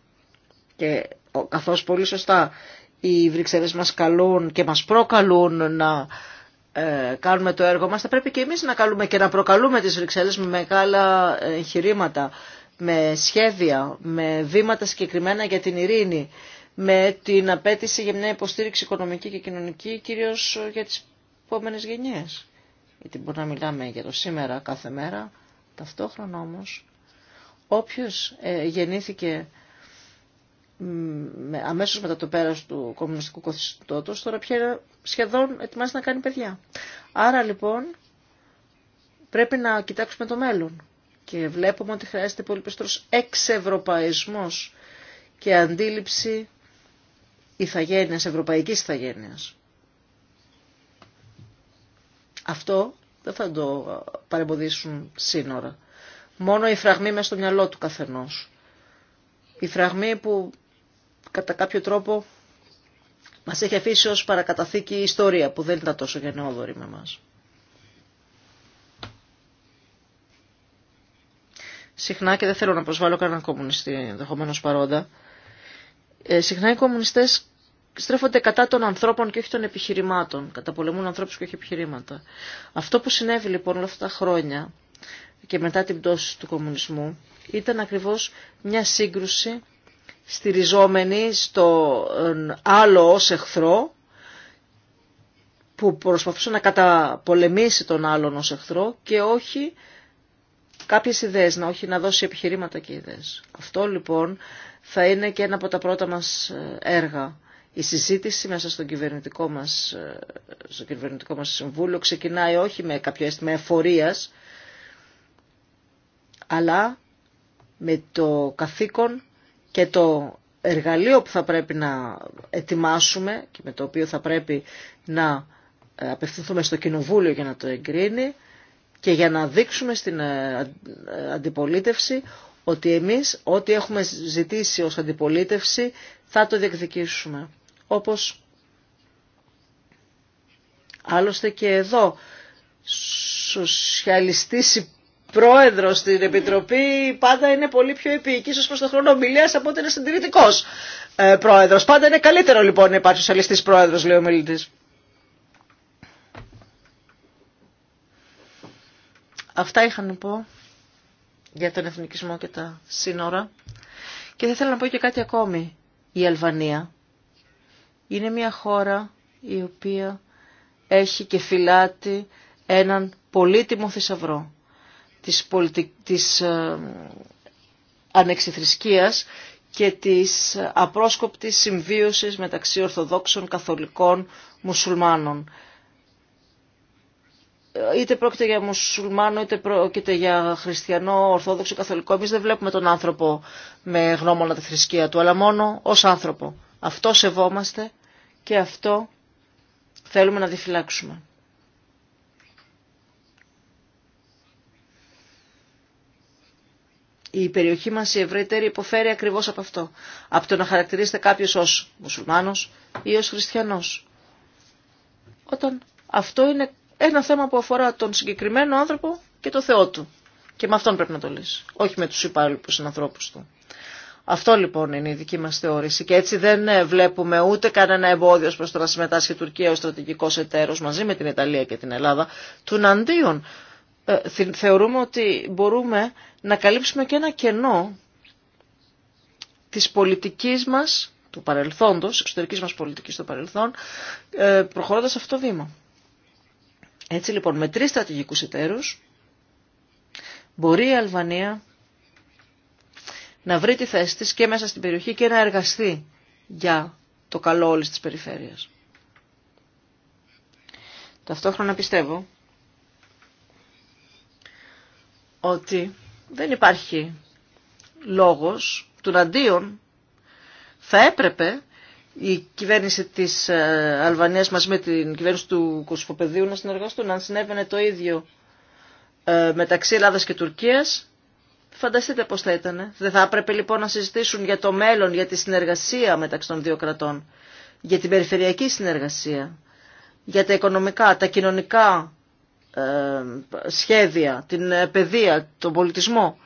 Και καθώς πολύ σωστά οι Βρυξέλλες μας καλούν και μας προκαλούν να ε, κάνουμε το έργο μας, θα πρέπει και εμείς να καλούμε και να προκαλούμε τις Βρυξέλλες με μεγάλα εγχειρήματα, με σχέδια, με βήματα συγκεκριμένα για την ειρήνη, με την απέτηση για μια υποστήριξη οικονομική και κοινωνική, κυρίως για τις επόμενε γενιές. Γιατί μπορούμε να μιλάμε για το σήμερα κάθε μέρα, ταυτόχρονα όμως όποιος ε, γεννήθηκε αμέσως μετά το πέρας του κομμουνιστικού κοθιστότος, τώρα πια σχεδόν ετοιμάζεται να κάνει παιδιά. Άρα λοιπόν πρέπει να κοιτάξουμε το μέλλον. Και βλέπουμε ότι χρειάζεται πολύ περισσότερος εξευρωπαϊσμός και αντίληψη ηθαγένειας, ευρωπαϊκής ηθαγένειας. Αυτό δεν θα το παρεμποδίσουν σύνορα. Μόνο η φραγμή μέσα στο μυαλό του καθενός. Η φραγμή που κατά κάποιο τρόπο μας έχει αφήσει ως παρακαταθήκη ιστορία που δεν ήταν τόσο γενναιόδορη με μας. Συχνά και δεν θέλω να προσβάλλω κανέναν κομμουνιστή ενδεχομένω παρόντα. Ε, συχνά οι κομμουνιστές στρέφονται κατά των ανθρώπων και όχι των επιχειρημάτων. Καταπολεμούν ανθρώπους και όχι επιχειρήματα. Αυτό που συνέβη λοιπόν όλα αυτά τα χρόνια και μετά την πτώση του κομμουνισμού ήταν ακριβώς μια σύγκρουση στηριζόμενη στο ε, άλλο ως εχθρό που προσπαθούσε να καταπολεμήσει τον άλλον ως εχθρό και όχι κάποιες ιδέες, να όχι να δώσει επιχειρήματα και ιδέες. Αυτό λοιπόν θα είναι και ένα από τα πρώτα μας ε, έργα. Η συζήτηση μέσα στον κυβερνητικό μας, ε, στο κυβερνητικό μας συμβούλιο ξεκινάει όχι με κάποιο αίσθημα εφορίας, αλλά με το καθήκον και το εργαλείο που θα πρέπει να ετοιμάσουμε και με το οποίο θα πρέπει να ε, απευθυνθούμε στο Κοινοβούλιο για να το εγκρίνει και για να δείξουμε στην ε, ε, αντιπολίτευση ότι εμείς ό,τι έχουμε ζητήσει ως αντιπολίτευση θα το διεκδικήσουμε. Όπως άλλωστε και εδώ σοσιαλιστής πρόεδρο στην Επιτροπή πάντα είναι πολύ πιο επίοικη ω προ το χρόνο ομιλία από ότι είναι συντηρητικό ε, πρόεδρο. Πάντα είναι καλύτερο λοιπόν να υπάρχει σοσιαλιστή πρόεδρο, λέει ο μιλητή. Αυτά είχα να πω για τον εθνικισμό και τα σύνορα. Και θα ήθελα να πω και κάτι ακόμη. Η Αλβανία είναι μια χώρα η οποία έχει και φυλάτη έναν πολύτιμο θησαυρό της, πολιτικ... της ε, ανεξιθρησκείας και της απρόσκοπτης συμβίωσης μεταξύ Ορθοδόξων, Καθολικών, Μουσουλμάνων. Ε, είτε πρόκειται για μουσουλμάνο, είτε πρόκειται για χριστιανό, ορθόδοξο, καθολικό. Εμείς δεν βλέπουμε τον άνθρωπο με γνώμονα τη θρησκεία του, αλλά μόνο ως άνθρωπο. Αυτό σεβόμαστε και αυτό θέλουμε να διφυλάξουμε. η περιοχή μας η ευρύτερη υποφέρει ακριβώς από αυτό. Από το να χαρακτηρίζεται κάποιος ως μουσουλμάνος ή ως χριστιανός. Όταν αυτό είναι ένα θέμα που αφορά τον συγκεκριμένο άνθρωπο και το Θεό του. Και με αυτόν πρέπει να το λύσει. Όχι με τους υπάλληλους ανθρώπου του. Αυτό λοιπόν είναι η δική μας θεώρηση και έτσι δεν ε, βλέπουμε ούτε κανένα εμπόδιο προς το να συμμετάσχει η Τουρκία ως στρατηγικός εταίρος μαζί με την Ιταλία και την Ελλάδα. Τουναντίον ε, θεωρούμε ότι μπορούμε να καλύψουμε και ένα κενό της πολιτικής μας, του παρελθόντος, εξωτερικής μας πολιτικής του παρελθόν, ε, προχωρώντας αυτό το βήμα. Έτσι λοιπόν, με τρεις στρατηγικούς εταίρους, μπορεί η Αλβανία να βρει τη θέση της και μέσα στην περιοχή και να εργαστεί για το καλό όλης της περιφέρειας. Ταυτόχρονα πιστεύω ότι δεν υπάρχει λόγος του αντίον θα έπρεπε η κυβέρνηση της ε, Αλβανίας μαζί με την κυβέρνηση του Κοσμοπεδίου να συνεργαστούν. Αν συνέβαινε το ίδιο ε, μεταξύ Ελλάδας και Τουρκίας, φανταστείτε πώς θα ήταν. Δεν θα έπρεπε λοιπόν να συζητήσουν για το μέλλον, για τη συνεργασία μεταξύ των δύο κρατών, για την περιφερειακή συνεργασία, για τα οικονομικά, τα κοινωνικά ε, σχέδια, την ε, παιδεία, τον πολιτισμό.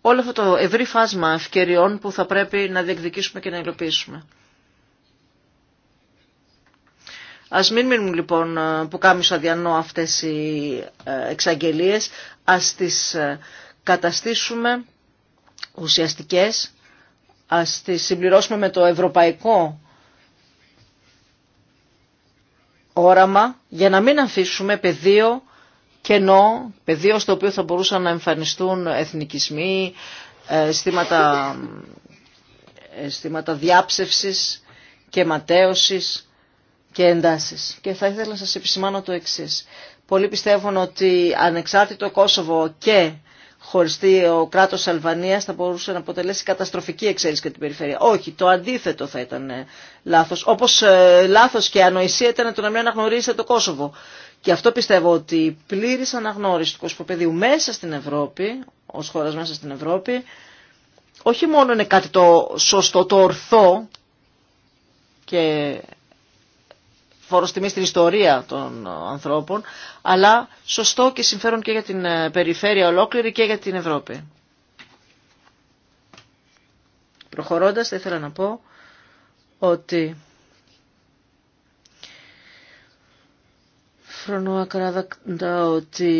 Όλο αυτό το ευρύ φάσμα ευκαιριών που θα πρέπει να διεκδικήσουμε και να υλοποιήσουμε. Ας μην μείνουν λοιπόν ε, που κάμισα διανό αυτές οι εξαγγελίες, ας τις καταστήσουμε ουσιαστικές, ας τις συμπληρώσουμε με το ευρωπαϊκό όραμα για να μην αφήσουμε πεδίο κενό, πεδίο στο οποίο θα μπορούσαν να εμφανιστούν εθνικισμοί, ε, αισθήματα, ε, αισθήματα διάψευσης και ματέωσης και εντάσεις. Και θα ήθελα να σας επισημάνω το εξής. Πολλοί πιστεύουν ότι ανεξάρτητο Κόσοβο και χωριστεί ο κράτος Αλβανίας θα μπορούσε να αποτελέσει καταστροφική εξέλιξη για την περιφέρεια. Όχι, το αντίθετο θα ήταν ε, λάθος. Όπως ε, λάθος και ανοησία ήταν το να μην αναγνωρίσετε το Κόσοβο. Και αυτό πιστεύω ότι η πλήρης αναγνώριση του κοσμοπεδίου μέσα στην Ευρώπη, ως χώρα μέσα στην Ευρώπη, όχι μόνο είναι κάτι το σωστό, το ορθό και φόρος στην ιστορία των ανθρώπων, αλλά σωστό και συμφέρον και για την ε, περιφέρεια ολόκληρη και για την Ευρώπη. Προχωρώντας, θα ήθελα να πω ότι ταυτόχρονα ακράδαντα ότι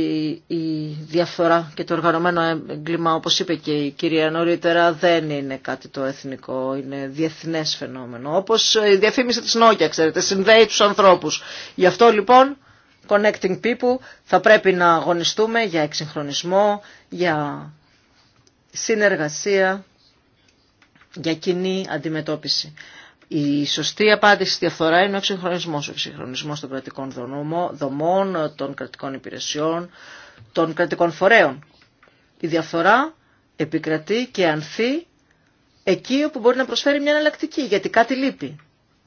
η διαφορά και το οργανωμένο έγκλημα, όπως είπε και η κυρία νωρίτερα, δεν είναι κάτι το εθνικό, είναι διεθνές φαινόμενο. Όπως η διαφήμιση της Νόκια, ξέρετε, συνδέει τους ανθρώπους. Γι' αυτό λοιπόν, connecting people, θα πρέπει να αγωνιστούμε για εξυγχρονισμό, για συνεργασία, για κοινή αντιμετώπιση. Η σωστή απάντηση στη διαφθορά είναι ο εξυγχρονισμός. Ο εξυγχρονισμός των κρατικών δομών, των κρατικών υπηρεσιών, των κρατικών φορέων. Η διαφθορά επικρατεί και ανθεί εκεί όπου μπορεί να προσφέρει μια εναλλακτική, γιατί κάτι λείπει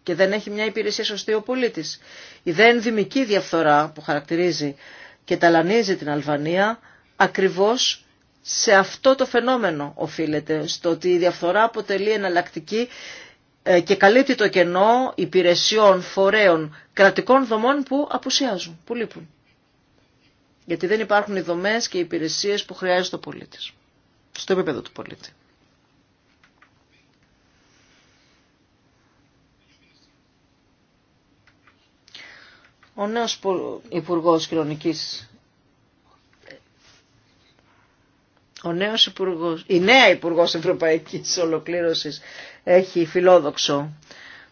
και δεν έχει μια υπηρεσία σωστή ο πολίτης. Η δε ενδυμική διαφθορά που χαρακτηρίζει και ταλανίζει την Αλβανία ακριβώς σε αυτό το φαινόμενο οφείλεται, στο ότι η διαφθορά αποτελεί εναλλακτική ε, και καλύπτει το κενό υπηρεσιών, φορέων, κρατικών δομών που απουσιάζουν, που λείπουν. Γιατί δεν υπάρχουν οι δομές και οι υπηρεσίες που χρειάζεται ο πολίτης, στο επίπεδο του πολίτη. Ο νέος Υπουργός Κοινωνικής Ο νέος υπουργός, η νέα Υπουργός Ευρωπαϊκής Ολοκλήρωσης έχει φιλόδοξο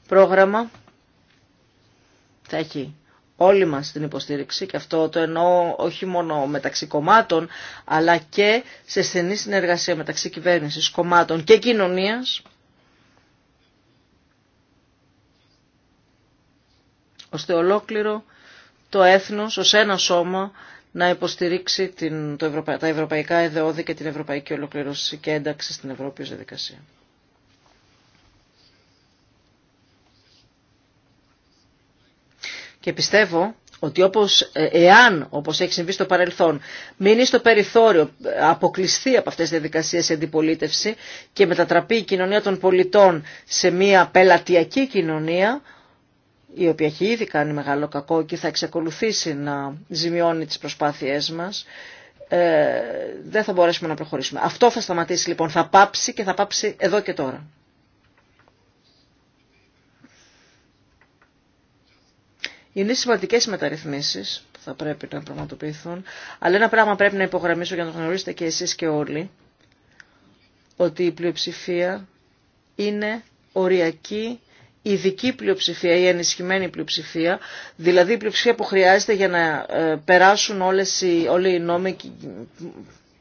πρόγραμμα. Θα έχει όλη μας την υποστήριξη και αυτό το εννοώ όχι μόνο μεταξύ κομμάτων αλλά και σε στενή συνεργασία μεταξύ κυβέρνησης, κομμάτων και κοινωνίας ώστε ολόκληρο το έθνος ως ένα σώμα να υποστηρίξει την, το τα ευρωπαϊκά εδεώδη και την ευρωπαϊκή ολοκληρώση και ένταξη στην Ευρώπη ως διαδικασία. Και πιστεύω ότι όπως, ε, εάν, όπως έχει συμβεί στο παρελθόν, μείνει στο περιθώριο, ε, αποκλειστεί από αυτές τις διαδικασίες η αντιπολίτευση και μετατραπεί η κοινωνία των πολιτών σε μια πελατειακή κοινωνία, η οποία έχει ήδη κάνει μεγάλο κακό και θα εξακολουθήσει να ζημιώνει τις προσπάθειές μας, ε, δεν θα μπορέσουμε να προχωρήσουμε. Αυτό θα σταματήσει λοιπόν, θα πάψει και θα πάψει εδώ και τώρα. Είναι σημαντικέ οι μεταρρυθμίσει που θα πρέπει να πραγματοποιηθούν. Αλλά ένα πράγμα πρέπει να υπογραμμίσω για να το γνωρίσετε και εσεί και όλοι. Ότι η πλειοψηφία είναι οριακή ειδική πλειοψηφία ή ενισχυμένη πλειοψηφία, δηλαδή η πλειοψηφία που χρειάζεται για να ε, περάσουν όλες οι, όλοι οι νόμοι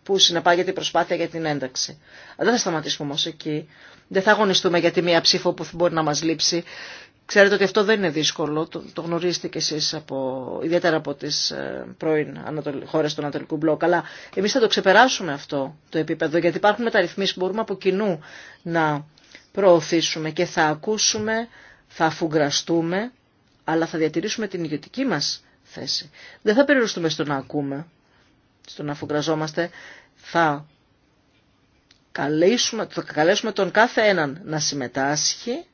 που συνεπάγεται η προσπάθεια για την ένταξη. Δεν θα σταματήσουμε όμως εκεί. Δεν θα αγωνιστούμε για τη μία ψήφο που μπορεί να μας λείψει. Ξέρετε ότι αυτό δεν είναι δύσκολο, το, το γνωρίζετε κι εσείς από, ιδιαίτερα από τις ε, πρώην χώρες του Ανατολικού Μπλοκ, αλλά εμείς θα το ξεπεράσουμε αυτό το επίπεδο, γιατί υπάρχουν μεταρρυθμίσεις που μπορούμε από κοινού να προωθήσουμε και θα ακούσουμε, θα αφουγκραστούμε, αλλά θα διατηρήσουμε την ιδιωτική μας θέση. Δεν θα περιοριστούμε στο να ακούμε, στο να αφουγκραζόμαστε, θα καλέσουμε, θα καλέσουμε τον κάθε έναν να συμμετάσχει,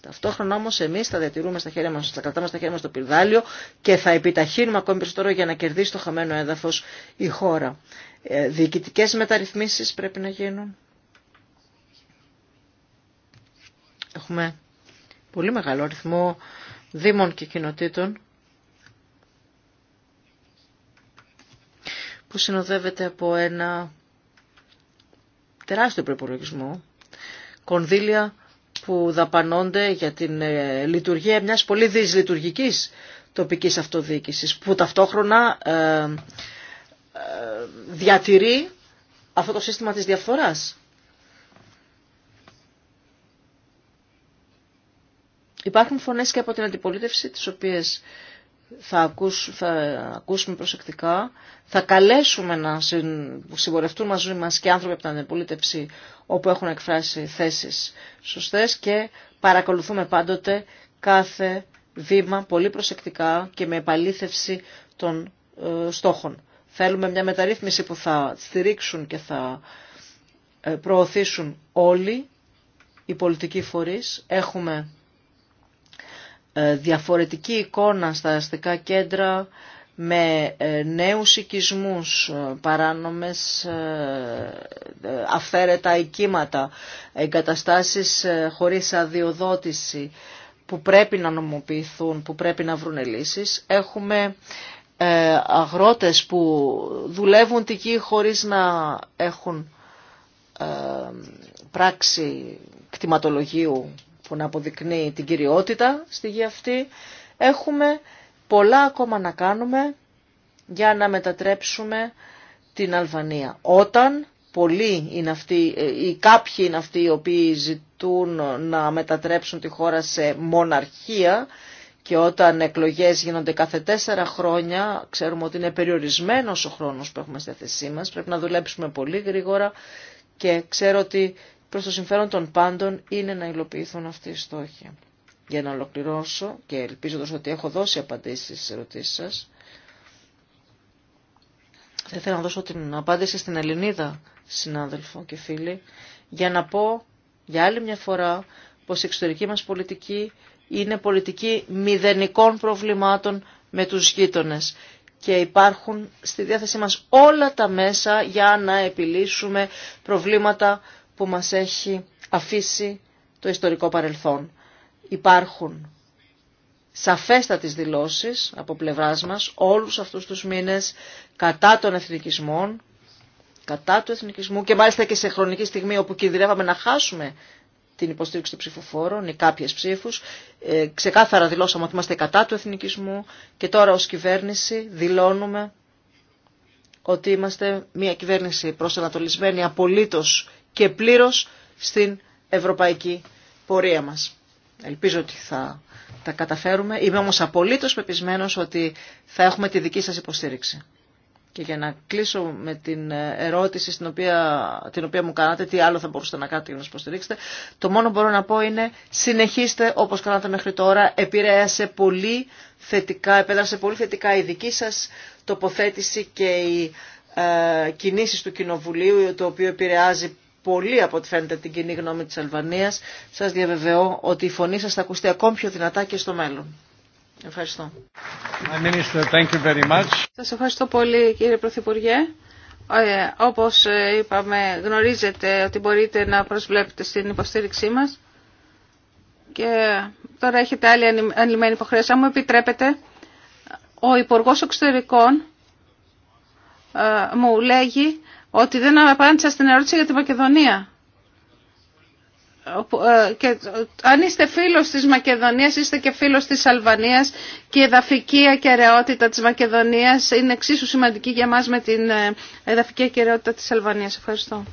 Ταυτόχρονα όμω εμεί θα διατηρούμε στα χέρια μα, θα κρατάμε στα χέρια μα το πυρδάλιο και θα επιταχύνουμε ακόμη περισσότερο για να κερδίσει το χαμένο έδαφο η χώρα. Ε, Διοικητικέ μεταρρυθμίσει πρέπει να γίνουν. έχουμε πολύ μεγάλο αριθμό δήμων και κοινοτήτων που συνοδεύεται από ένα τεράστιο προπολογισμό, κονδύλια που δαπανώνται για την ε, λειτουργία μιας πολύ δυσλειτουργικής τοπικής αυτοδιοίκησης, που ταυτόχρονα ε, ε, διατηρεί αυτό το σύστημα της διαφθοράς. Υπάρχουν φωνές και από την αντιπολίτευση, τις οποίες θα, ακούσουμε, προσεκτικά. Θα καλέσουμε να συμπορευτούν μαζί μας και άνθρωποι από την αντιπολίτευση όπου έχουν εκφράσει θέσεις σωστές και παρακολουθούμε πάντοτε κάθε βήμα πολύ προσεκτικά και με επαλήθευση των ε, στόχων. Θέλουμε μια μεταρρύθμιση που θα στηρίξουν και θα ε, προωθήσουν όλοι οι πολιτικοί φορείς. Έχουμε ε, διαφορετική εικόνα στα αστικά κέντρα με ε, νέους οικισμούς, ε, παράνομες αφαίρετα οικήματα, εγκαταστάσεις χωρίς αδειοδότηση που πρέπει να νομοποιηθούν, που πρέπει να βρουν λύσεις. Έχουμε αγρότες που δουλεύουν τη γη χωρίς να έχουν πράξη κτηματολογίου που να αποδεικνύει την κυριότητα στη γη αυτή. Έχουμε πολλά ακόμα να κάνουμε για να μετατρέψουμε την Αλβανία. Όταν πολλοί είναι αυτοί ε, ή κάποιοι είναι αυτοί οι οποίοι ζητούν να μετατρέψουν τη χώρα σε μοναρχία και όταν εκλογές γίνονται κάθε τέσσερα χρόνια, ξέρουμε ότι είναι περιορισμένος ο χρόνος που έχουμε στη θέση μας, πρέπει να δουλέψουμε πολύ γρήγορα και ξέρω ότι προς το συμφέρον των πάντων είναι να υλοποιηθούν αυτοί οι στόχοι. Για να ολοκληρώσω και ελπίζοντας ότι έχω δώσει απαντήσεις στις ερωτήσεις σας, θα ήθελα να δώσω την απάντηση στην Ελληνίδα, συνάδελφο και φίλοι... για να πω για άλλη μια φορά πως η εξωτερική μας πολιτική είναι πολιτική μηδενικών προβλημάτων με τους γείτονες και υπάρχουν στη διάθεσή μας όλα τα μέσα για να επιλύσουμε προβλήματα που μας έχει αφήσει το ιστορικό παρελθόν. Υπάρχουν σαφέστατες δηλώσεις από πλευράς μας όλους αυτούς τους μήνες κατά των εθνικισμών, κατά του εθνικισμού και μάλιστα και σε χρονική στιγμή όπου κινδυνεύαμε να χάσουμε την υποστήριξη των ψηφοφόρων ή κάποιες ψήφους. Ε, ξεκάθαρα δηλώσαμε ότι είμαστε κατά του εθνικισμού και τώρα ως κυβέρνηση δηλώνουμε ότι είμαστε μια κυβέρνηση προσανατολισμένη απολύτως και πλήρως στην ευρωπαϊκή πορεία μας. Ελπίζω ότι θα τα καταφέρουμε. Είμαι όμως απολύτως πεπισμένος ότι θα έχουμε τη δική σας υποστήριξη. Και για να κλείσω με την ερώτηση στην οποία, την οποία μου κάνατε, τι άλλο θα μπορούσατε να κάνετε για να σας υποστηρίξετε, το μόνο που μπορώ να πω είναι συνεχίστε όπως κάνατε μέχρι τώρα, επηρέασε πολύ θετικά, επέδρασε πολύ θετικά η δική σας τοποθέτηση και οι ε, κινήσεις του Κοινοβουλίου, το οποίο επηρεάζει πολύ από ό,τι φαίνεται την κοινή γνώμη της Αλβανίας. Σας διαβεβαιώ ότι η φωνή σας θα ακουστεί ακόμη πιο δυνατά και στο μέλλον. Ευχαριστώ. Minister, thank you very much. Σας ευχαριστώ πολύ κύριε Πρωθυπουργέ. Ε, όπως ε, είπαμε γνωρίζετε ότι μπορείτε να προσβλέπετε στην υποστήριξή μας και τώρα έχετε άλλη ανημενή υποχρέωση. Αν μου επιτρέπετε, ο Υπουργός Εξωτερικών ε, μου λέγει ότι δεν απάντησα στην ερώτηση για τη Μακεδονία. Ε, αν είστε φίλος της Μακεδονίας, είστε και φίλος της Αλβανίας και η εδαφική ακαιρεότητα της Μακεδονίας είναι εξίσου σημαντική για μας με την ε, εδαφική ακαιρεότητα της Αλβανίας. Ευχαριστώ.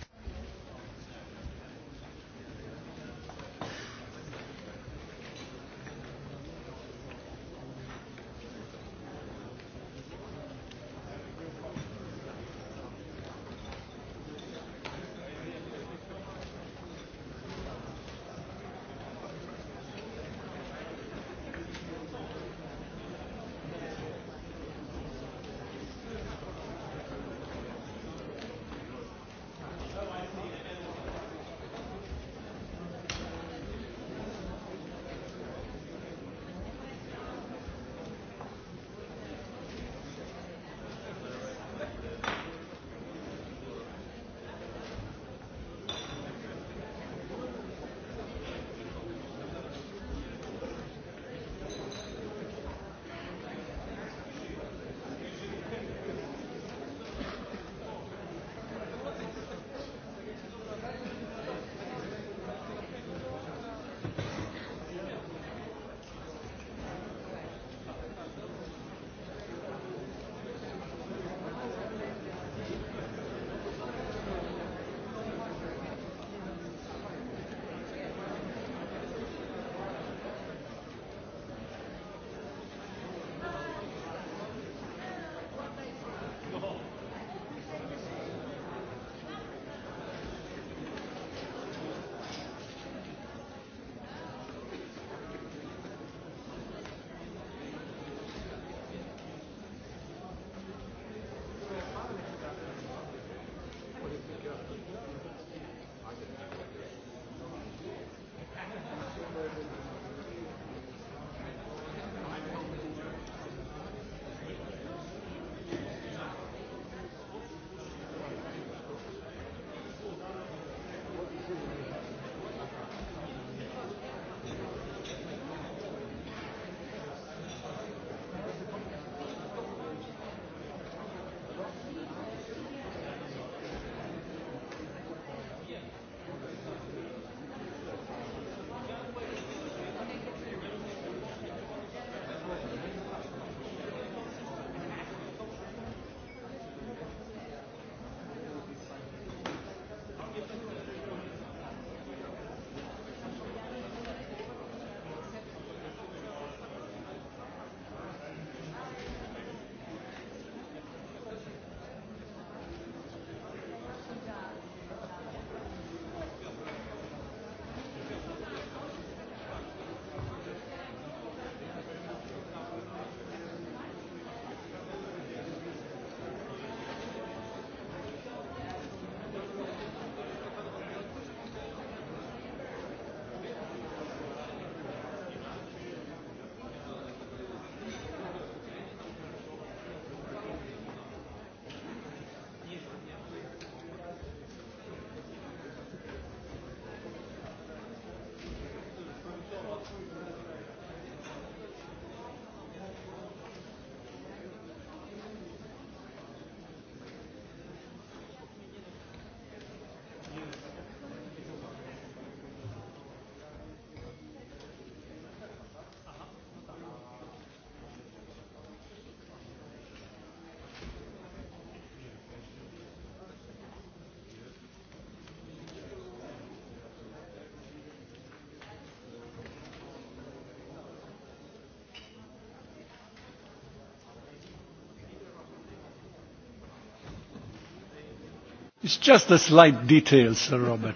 It's just a slight detail, Sir Robert.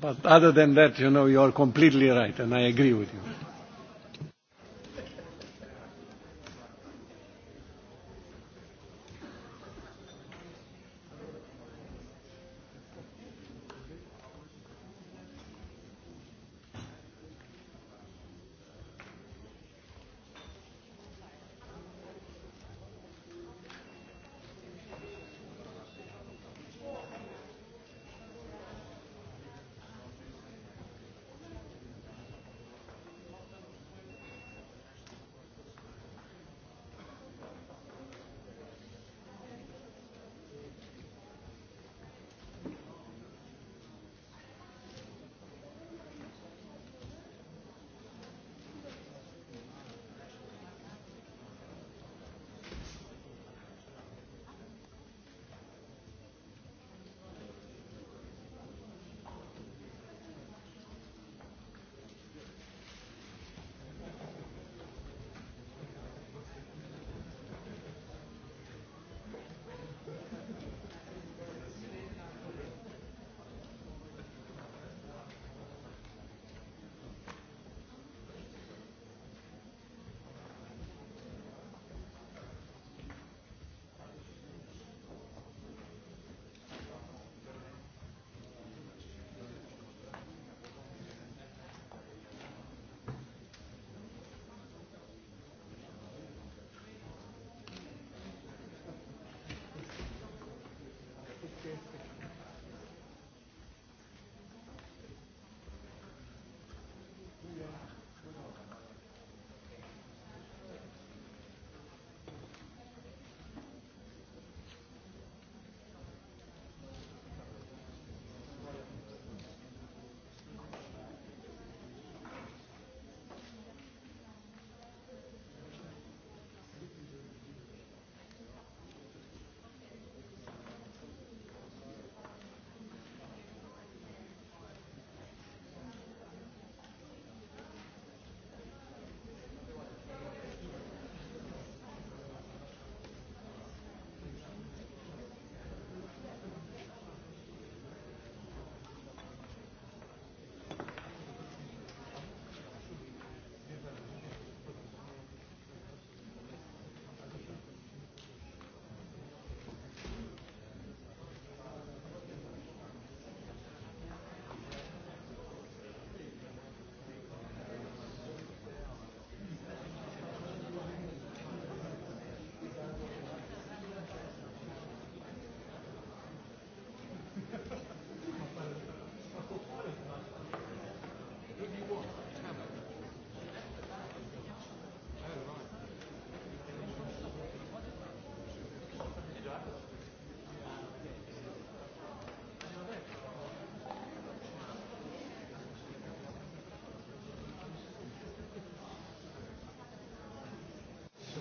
But other than that, you know, you are completely right, and I agree with you.